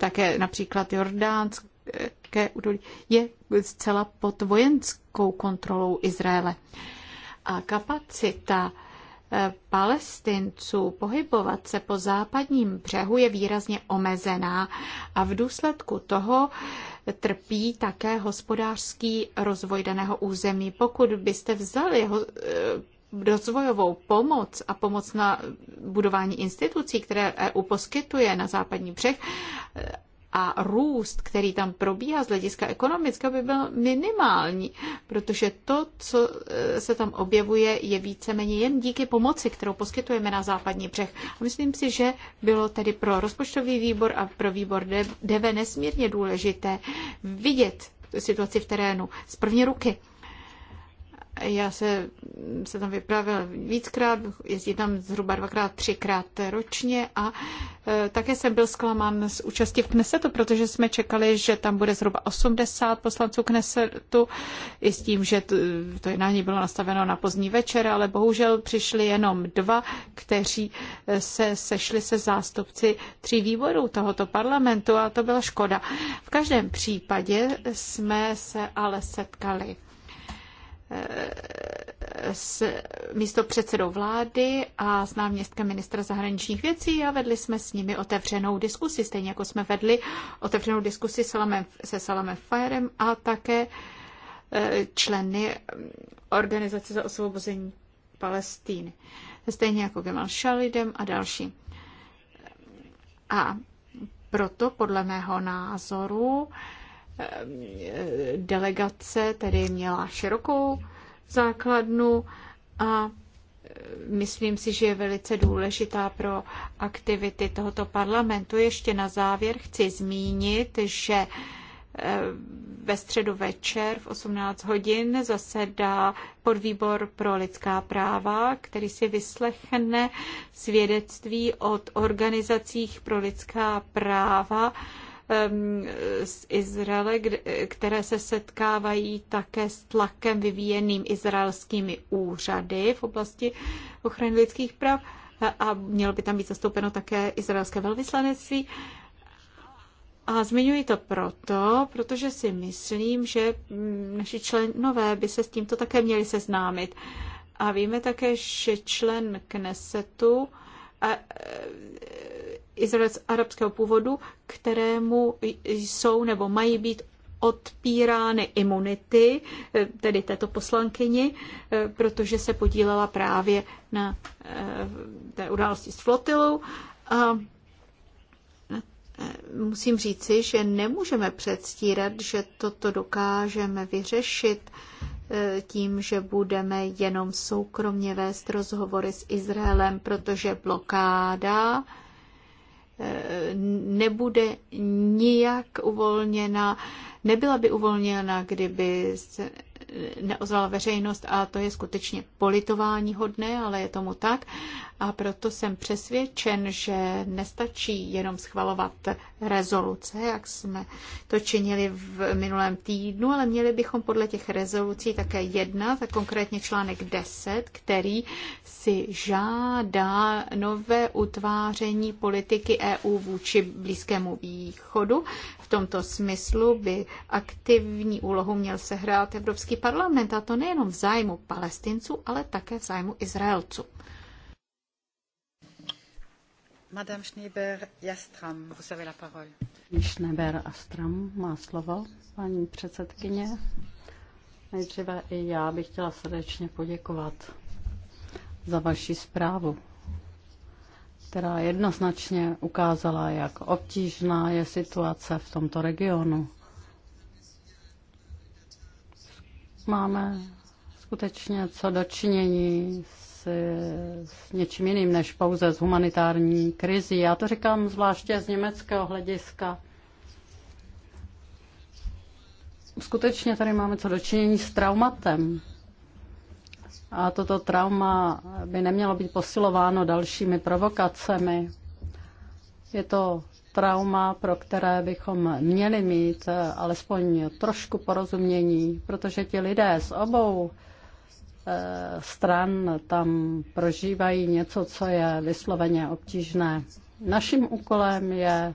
také například Jordánsk, Jordánské údolí je zcela pod vojenskou kontrolou Izraele. A kapacita eh, Palestinců pohybovat se po západním břehu je výrazně omezená a v důsledku toho trpí také hospodářský rozvoj daného území. Pokud byste vzali eh, rozvojovou pomoc a pomoc na budování institucí, které EU poskytuje na západní břeh a růst, který tam probíhá z hlediska ekonomického, by byl minimální, protože to, co e, se tam objevuje, je víceméně jen díky pomoci, kterou poskytujeme na západní břeh. A myslím si, že bylo tedy pro rozpočtový výbor a pro výbor DEVE nesmírně důležité vidět situaci v terénu z první ruky. Já se, se tam vypravil víckrát, jezdí tam zhruba dvakrát, třikrát ročně a e, také jsem byl zklamán z účasti v Knesetu, protože jsme čekali, že tam bude zhruba 80 poslanců Knesetu i s tím, že to, to jednání bylo nastaveno na pozdní večer, ale bohužel přišli jenom dva, kteří e, se sešli se zástupci tří výborů tohoto parlamentu a to byla škoda. V každém případě jsme se ale setkali s místo předsedou vlády a s náměstkem ministra zahraničních věcí a vedli jsme s nimi otevřenou diskusi, stejně jako jsme vedli otevřenou diskusi se Salamem Fajerem a také eh, členy mm, Organizace za osvobození Palestíny, stejně jako Gemal Shalidem a další. A proto podle mého názoru Ehm, delegace tedy měla širokou základnu a ehm, myslím si, že je velice důležitá pro aktivity tohoto parlamentu. Ještě na závěr chci zmínit, že ehm, ve středu večer v 18 hodin zasedá podvýbor pro lidská práva, který si vyslechne svědectví od organizacích pro lidská práva z Izraele, které se setkávají také s tlakem vyvíjeným izraelskými úřady v oblasti ochrany lidských práv a mělo by tam být zastoupeno také izraelské velvyslanectví. A zmiňuji to proto, protože si myslím, že mm, naši členové by se s tímto také měli seznámit. A víme také, že člen Knesetu Izraelec arabského původu, kterému jsou nebo mají být odpírány imunity, eh, tedy této poslankyni, eh, protože se podílela právě na eh, té události s flotilou. A musím říci, že nemůžeme předstírat, že toto dokážeme vyřešit tím, že budeme jenom soukromně vést rozhovory s Izraelem, protože blokáda nebude nijak uvolněna, nebyla by uvolněna, kdyby se neozvala veřejnost a to je skutečně politování hodné, ale je tomu tak. A proto jsem přesvědčen, že nestačí jenom schvalovat rezoluce, jak jsme to činili v minulém týdnu, ale měli bychom podle těch rezolucí také jednat, a konkrétně článek 10, který si žádá nové utváření politiky EU vůči Blízkému východu, tomto smyslu by aktivní úlohu měl sehrát Evropský parlament, a to nejenom v zájmu palestinců, ale také v zájmu Izraelců. Madame Schneeber-Jastram, vous avez la parole. Schneeber-Jastram má slovo, paní předsedkyně. Nejdříve i já bych chtěla srdečně poděkovat za vaši zprávu která jednoznačně ukázala, jak obtížná je situace v tomto regionu. Máme skutečně co dočinění s, s něčím jiným než pouze s humanitární krizí. Já to říkám zvláště z německého hlediska. Skutečně tady máme co dočinění s traumatem a toto trauma by nemělo být posilováno dalšími provokacemi. Je to trauma, pro které bychom měli mít eh, alespoň trošku porozumění, protože ti lidé z obou eh, stran tam prožívají něco, co je vysloveně obtížné. Naším úkolem je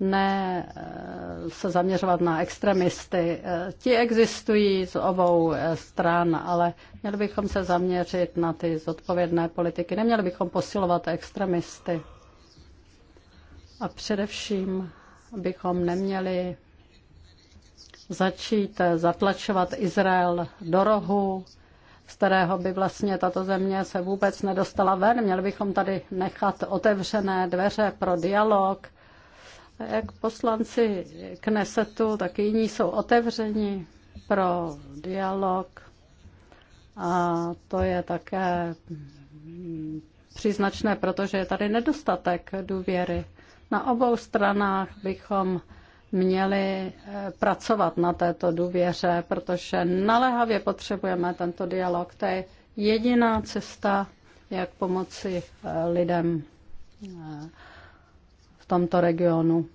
ne eh, se zaměřovat na extremisty. Eh, ti existují z obou eh, stran, ale měli bychom se zaměřit na ty zodpovědné politiky. Neměli bychom posilovat extremisty. A především bychom neměli začít zatlačovat Izrael do rohu, z kterého by vlastně tato země se vůbec nedostala ven. Měli bychom tady nechat otevřené dveře pro dialog jak poslanci Knesetu, tak i jiní jsou otevřeni pro dialog a to je také příznačné, protože je tady nedostatek důvěry. Na obou stranách bychom měli eh, pracovat na této důvěře, protože naléhavě potřebujeme tento dialog. To je jediná cesta, jak pomoci eh, lidem eh, tomto regionu.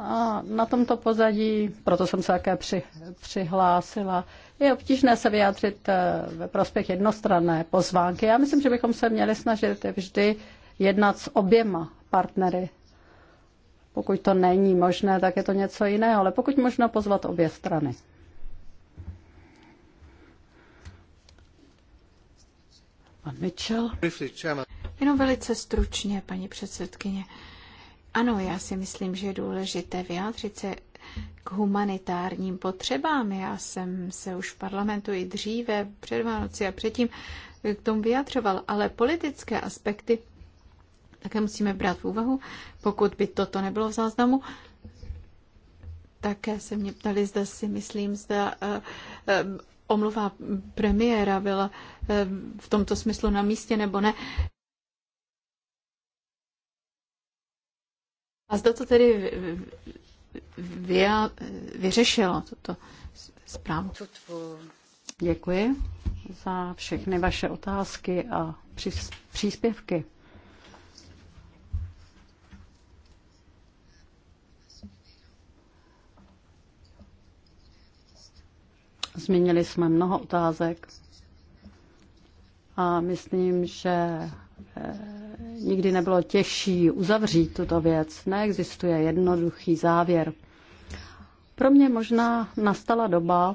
A na tomto pozadí, proto jsem se také při, přihlásila, je obtížné se vyjádřit eh, ve prospěch jednostranné pozvánky. Já myslím, že bychom se měli snažit vždy jednat s oběma partnery. Pokud to není možné, tak je to něco jiného, ale pokud možno pozvat obě strany. Pan Mitchell. Jenom velice stručně, paní předsedkyně. Ano, já si myslím, že je důležité vyjádřit se k humanitárním potřebám. Já jsem se už v parlamentu i dříve, před Vánoci a předtím k tomu vyjadřoval, ale politické aspekty také musíme brát v úvahu. Pokud by toto nebylo v záznamu, také se mě ptali, zda si myslím, zda uh, uh, omluva premiéra byla uh, v tomto smyslu na místě nebo ne. A zda to tedy vy, vyřešilo tuto zprávu. Děkuji za všechny vaše otázky a příspěvky. Zmínili jsme mnoho otázek a myslím, že Eh, nikdy nebylo těžší uzavřít tuto věc. Neexistuje jednoduchý závěr. Pro mě možná nastala doba,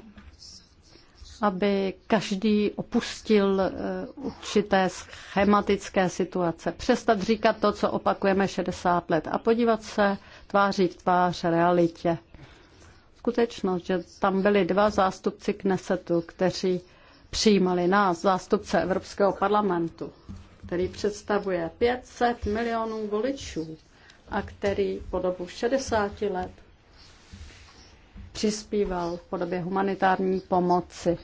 aby každý opustil eh, určité schematické situace. Přestat říkat to, co opakujeme 60 let a podívat se tváří v tvář realitě. Skutečnost, že tam byli dva zástupci Knesetu, kteří přijímali nás, zástupce Evropského parlamentu který představuje 500 milionů voličů a který po dobu 60 let přispíval v podobě humanitární pomoci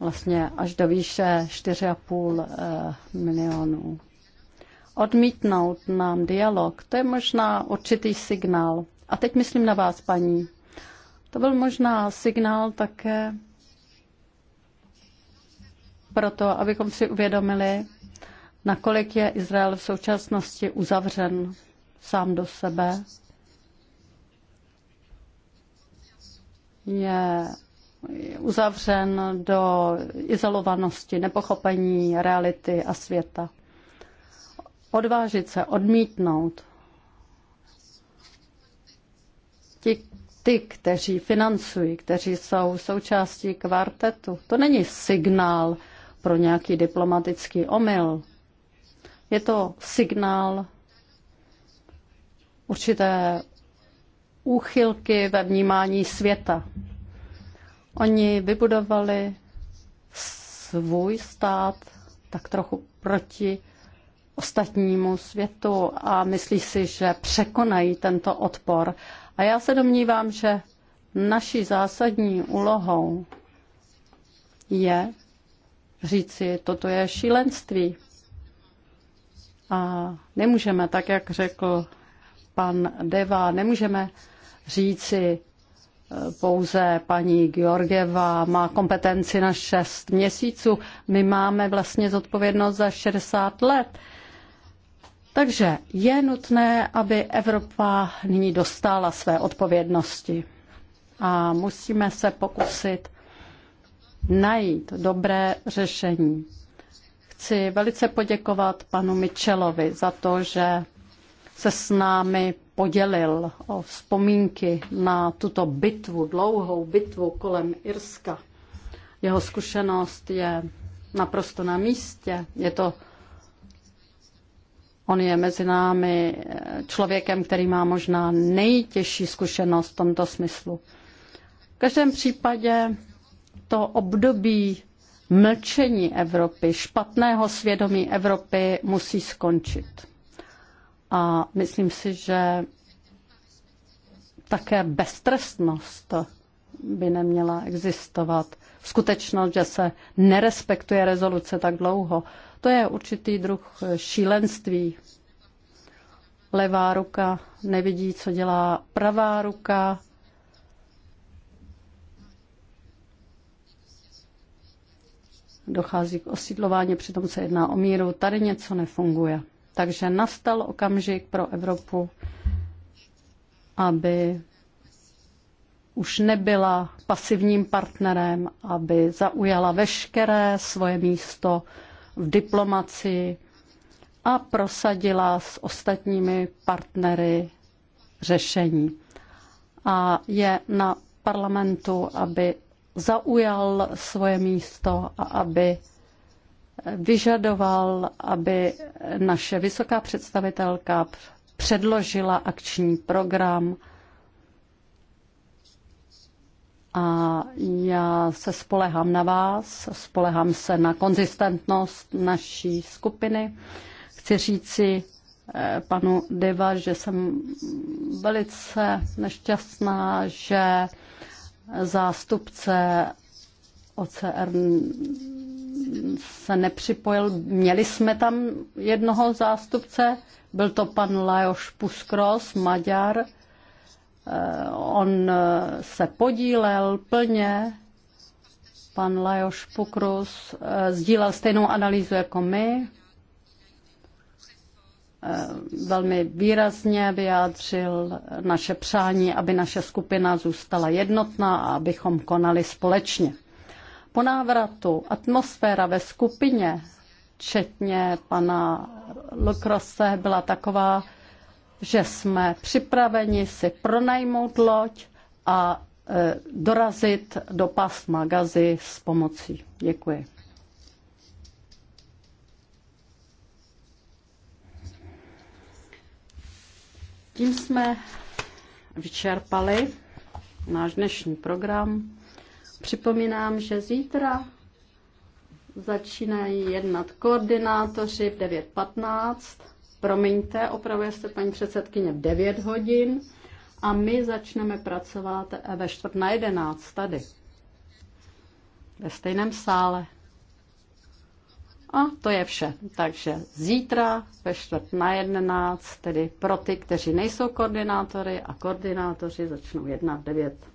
vlastně až do výše 4,5 eh, milionů. Odmítnout nám dialog, to je možná určitý signál. A teď myslím na vás, paní. To byl možná signál také proto, abychom si uvědomili, nakolik je Izrael v současnosti uzavřen sám do sebe. Je uzavřen do izolovanosti, nepochopení reality a světa. Odvážit se, odmítnout. Ti, ty, kteří financují, kteří jsou součástí kvartetu, to není signál pro nějaký diplomatický omyl. Je to signál určité úchylky ve vnímání světa. Oni vybudovali svůj stát tak trochu proti ostatnímu světu a myslí si, že překonají tento odpor. A já se domnívám, že naší zásadní úlohou je říci, toto je šílenství. A nemůžeme, tak jak řekl pan Deva, nemůžeme říci e, pouze paní Georgieva má kompetenci na 6 měsíců. My máme vlastně zodpovědnost za 60 let. Takže je nutné, aby Evropa nyní dostala své odpovědnosti. A musíme se pokusit najít dobré řešení chci velice poděkovat panu Michelovi za to, že se s námi podělil o vzpomínky na tuto bitvu, dlouhou bitvu kolem Irska. Jeho zkušenost je naprosto na místě. Je to On je mezi námi eh, člověkem, který má možná nejtěžší zkušenost v tomto smyslu. V každém případě to období mlčení Evropy, špatného svědomí Evropy musí skončit. A myslím si, že také beztrestnost by neměla existovat. Skutečnost, že se nerespektuje rezoluce tak dlouho, to je určitý druh šílenství. Levá ruka nevidí, co dělá pravá ruka, dochází k osídlování, přitom se jedná o míru, tady něco nefunguje. Takže nastal okamžik pro Evropu, aby už nebyla pasivním partnerem, aby zaujala veškeré svoje místo v diplomacii a prosadila s ostatními partnery řešení. A je na parlamentu, aby zaujal svoje místo a aby vyžadoval, aby naše vysoká představitelka předložila akční program. A já se spolehám na vás, spolehám se na konzistentnost naší skupiny. Chci říci eh, panu Deva, že jsem velice nešťastná, že zástupce OCR se nepřipojil. Měli jsme tam jednoho zástupce, byl to pan Lajos Puskros, Maďar. Eh, on eh, se podílel plně, pan Lajos Pukrus eh, sdílel stejnou analýzu jako my, Eh, velmi výrazně vyjádřil naše přání, aby naše skupina zůstala jednotná a abychom konali společně. Po návratu atmosféra ve skupině, včetně pana Lukrose, byla taková, že jsme připraveni si pronajmout loď a eh, dorazit do pásma Gazy s pomocí. Děkuji. Tím jsme vyčerpali náš dnešní program. Připomínám, že zítra začínají jednat koordinátoři v 9.15. Promiňte, opravuje se paní předsedkyně v 9 hodin a my začneme pracovat ve čtvrt na 11 tady, ve stejném sále. A to je vše. Takže zítra ve čtvrt na jedenáct, tedy pro ty, kteří nejsou koordinátory a koordinátoři začnou jednat v devět.